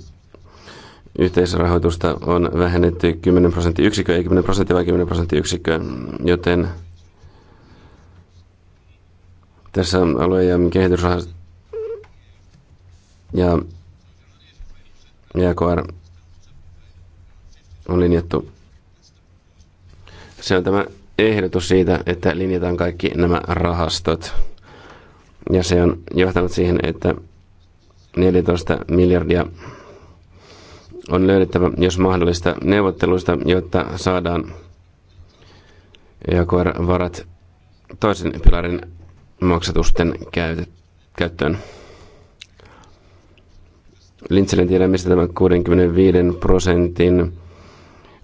Yhteisrahoitusta on vähennetty 10 prosenttiyksikköä, ei 10 prosenttia, vaan 10 prosenttiyksikköä, joten tässä alue- ja kehitysrahoitus ja EKR on linjattu. Se on tämä ehdotus siitä, että linjataan kaikki nämä rahastot. Ja se on johtanut siihen, että 14 miljardia on löydettävä, jos mahdollista, neuvotteluista, jotta saadaan ekr varat toisen pilarin maksatusten käyttöön. Lintselin tiedä, mistä tämä 65 prosentin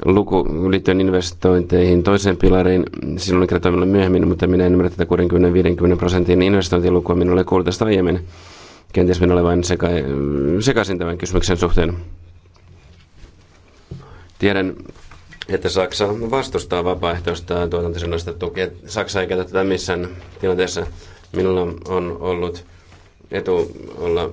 luku liittyen investointeihin toiseen pilariin. Silloin kertoo minulle myöhemmin, mutta minä en ymmärrä tätä 60-50 prosentin investointilukua. Minulle kuuluu aiemmin. Kenties minä olen vain sekaisin tämän kysymyksen suhteen. Tiedän, että Saksa vastustaa vapaaehtoista tuotantosidonnaista tukea. Saksa ei käytä tätä missään tilanteessa. Minulla on ollut etu olla...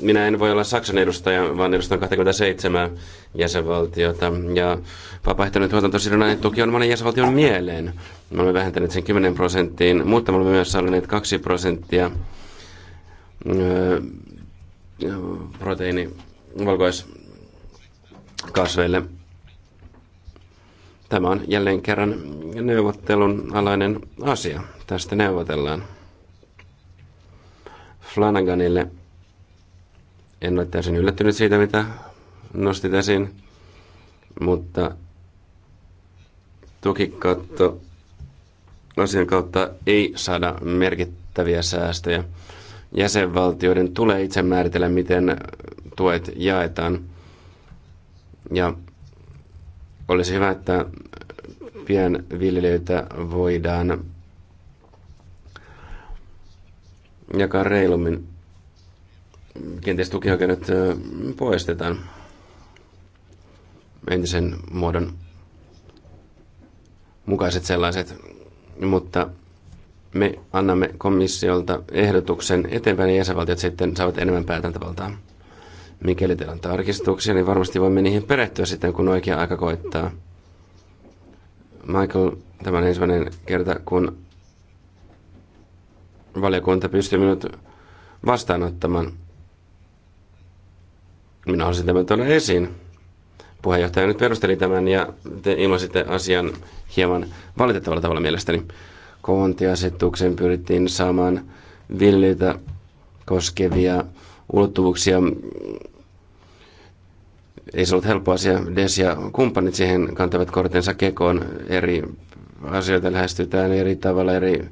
Minä en voi olla Saksan edustaja, vaan edustan 27 jäsenvaltiota. Ja vapaaehtoinen tuotantosidonnainen tuki on monen jäsenvaltion mieleen. Me olemme vähentäneet sen 10 prosenttiin, mutta me olemme myös sallineet 2 prosenttia öö, proteiini valkoiskasveille. Tämä on jälleen kerran neuvottelun alainen asia. Tästä neuvotellaan. Flanaganille en ole täysin yllättynyt siitä, mitä nostit esiin, mutta tukikatto asian kautta ei saada merkittäviä säästöjä. Jäsenvaltioiden tulee itse määritellä, miten tuet jaetaan. Ja olisi hyvä, että pienviljelijöitä voidaan jakaa reilummin. Kenties tukioikeudet poistetaan entisen muodon mukaiset sellaiset, mutta me annamme komissiolta ehdotuksen eteenpäin ja jäsenvaltiot sitten saavat enemmän päätäntävaltaa. Mikäli teillä on tarkistuksia, niin varmasti voimme niihin perehtyä sitten, kun oikea aika koittaa. Michael, tämä on ensimmäinen kerta, kun valiokunta pystyy minut vastaanottamaan. Minä olisin tämän tuonne esiin. Puheenjohtaja nyt perusteli tämän ja te ilmaisitte asian hieman valitettavalla tavalla mielestäni. Koontiasetuksen pyrittiin saamaan villiitä koskevia ulottuvuuksia ei se ollut helppo asia. Des ja kumppanit siihen kantavat kortensa kekoon. Eri asioita lähestytään eri tavalla eri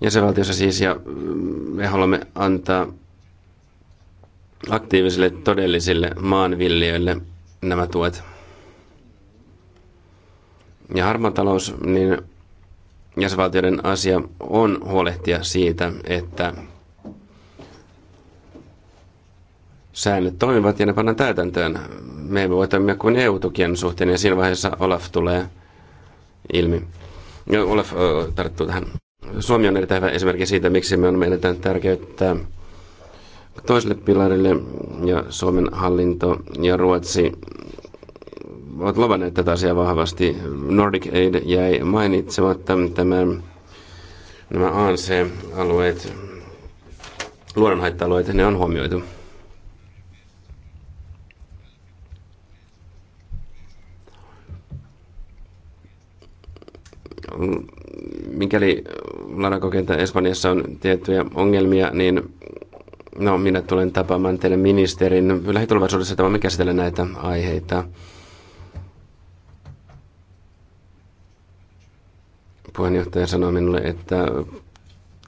jäsenvaltiossa siis. Ja mm, me haluamme antaa aktiivisille todellisille maanviljelijöille nämä tuet. Ja harmaa talous, niin jäsenvaltioiden asia on huolehtia siitä, että säännöt toimivat ja ne pannaan täytäntöön. Me emme voi toimia kuin EU-tukien suhteen ja siinä vaiheessa Olaf tulee ilmi. Olaf tarttuu tähän. Suomi on erittäin hyvä esimerkki siitä, miksi me on meidän tärkeyttä toiselle pilarille ja Suomen hallinto ja Ruotsi ovat lovanneet tätä asiaa vahvasti. Nordic Aid jäi mainitsematta tämän, nämä ANC-alueet, luonnonhaitta-alueet, ne on huomioitu. mikäli larakokenta Espanjassa on tiettyjä ongelmia, niin no, minä tulen tapaamaan teille ministerin lähitulevaisuudessa, että me käsitellä näitä aiheita. Puheenjohtaja sanoi minulle, että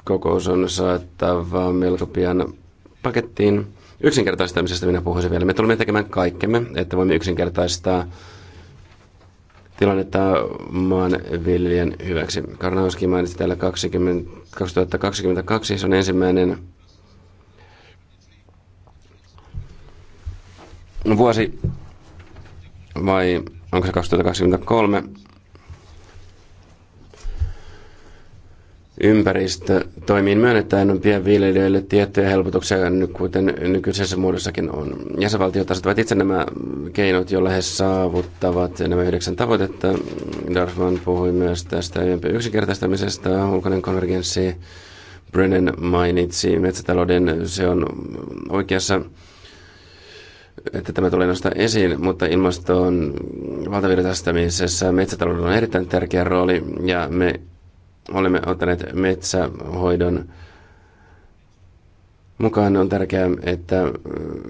kokous on saattava melko pian pakettiin. Yksinkertaistamisesta minä puhuisin vielä. Me tulemme tekemään kaikkemme, että voimme yksinkertaistaa tilannetta maanviljelijän hyväksi. Karnauski mainitsi täällä 20, 2022, se on ensimmäinen vuosi, vai onko se 2023, Toimiin myönnetään on pienviljelijöille tiettyjä helpotuksia, kuten nykyisessä muodossakin on. Jäsenvaltiot asettavat itse nämä keinot, joilla he saavuttavat nämä yhdeksän tavoitetta. Darfman puhui myös tästä yksinkertaistamisesta, ulkoinen konvergenssi. Brennan mainitsi metsätalouden, se on oikeassa että tämä tulee nostaa esiin, mutta ilmaston valtavirtaistamisessa metsätalouden on erittäin tärkeä rooli ja me olemme ottaneet metsähoidon mukaan. On tärkeää, että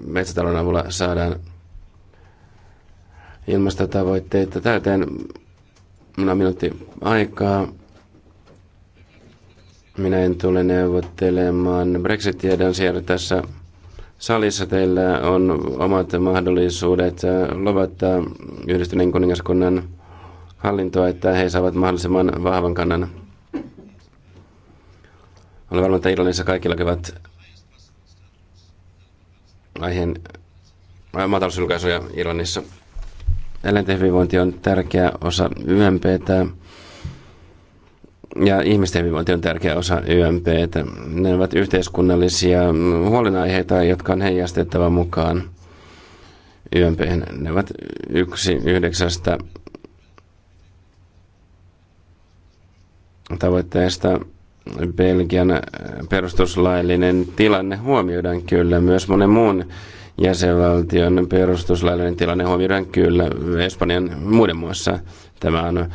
metsätalon avulla saadaan ilmastotavoitteita täyteen. Minulla on minuutti aikaa. Minä en tule neuvottelemaan Brexit-tiedon siellä tässä salissa. Teillä on omat mahdollisuudet lopettaa yhdistyneen kuningaskunnan hallintoa, että he saavat mahdollisimman vahvan kannan olen varma, että Irlannissa kaikilla kevät aiheen maatalousulkaisuja Irlannissa. Eläinten hyvinvointi on tärkeä osa YMPtä ja ihmisten hyvinvointi on tärkeä osa YMPtä. Ne ovat yhteiskunnallisia huolenaiheita, jotka on heijastettava mukaan YMP. Ne ovat yksi yhdeksästä tavoitteesta Belgian perustuslaillinen tilanne huomioidaan kyllä, myös monen muun jäsenvaltion perustuslaillinen tilanne huomioidaan kyllä Espanjan muiden muassa. Tämä on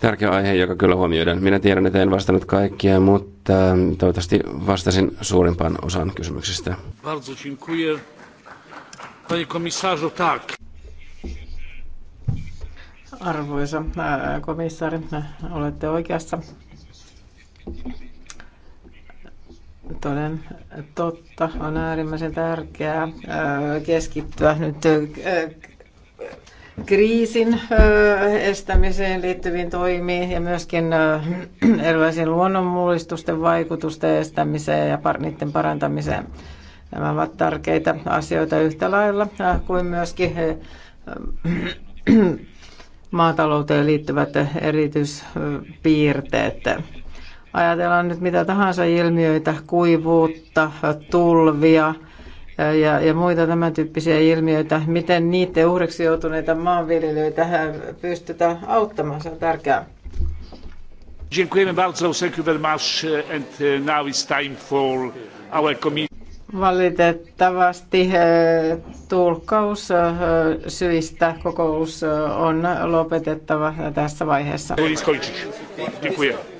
tärkeä aihe, joka kyllä huomioidaan. Minä tiedän, että en vastannut kaikkia, mutta toivottavasti vastasin suurimpaan osaan kysymyksistä. Arvoisa komissaari, olette oikeassa. Toden totta, on äärimmäisen tärkeää keskittyä nyt kriisin estämiseen liittyviin toimiin ja myöskin erilaisiin luonnonmullistusten vaikutusten estämiseen ja niiden parantamiseen. Nämä ovat tärkeitä asioita yhtä lailla kuin myöskin [CLEARS THROAT] maatalouteen liittyvät erityispiirteet. Ajatellaan nyt mitä tahansa ilmiöitä, kuivuutta, tulvia ja, ja muita tämän tyyppisiä ilmiöitä. Miten niiden uhreksi joutuneita maanviljelijöitä äh, pystytään auttamaan, se on tärkeää. Dziękujemy bardzo, thank you very much, uh, and uh, now it's time for our committee. Valitettavasti uh, tulkkaus syistä kokous on lopetettava tässä vaiheessa. Dziękuję.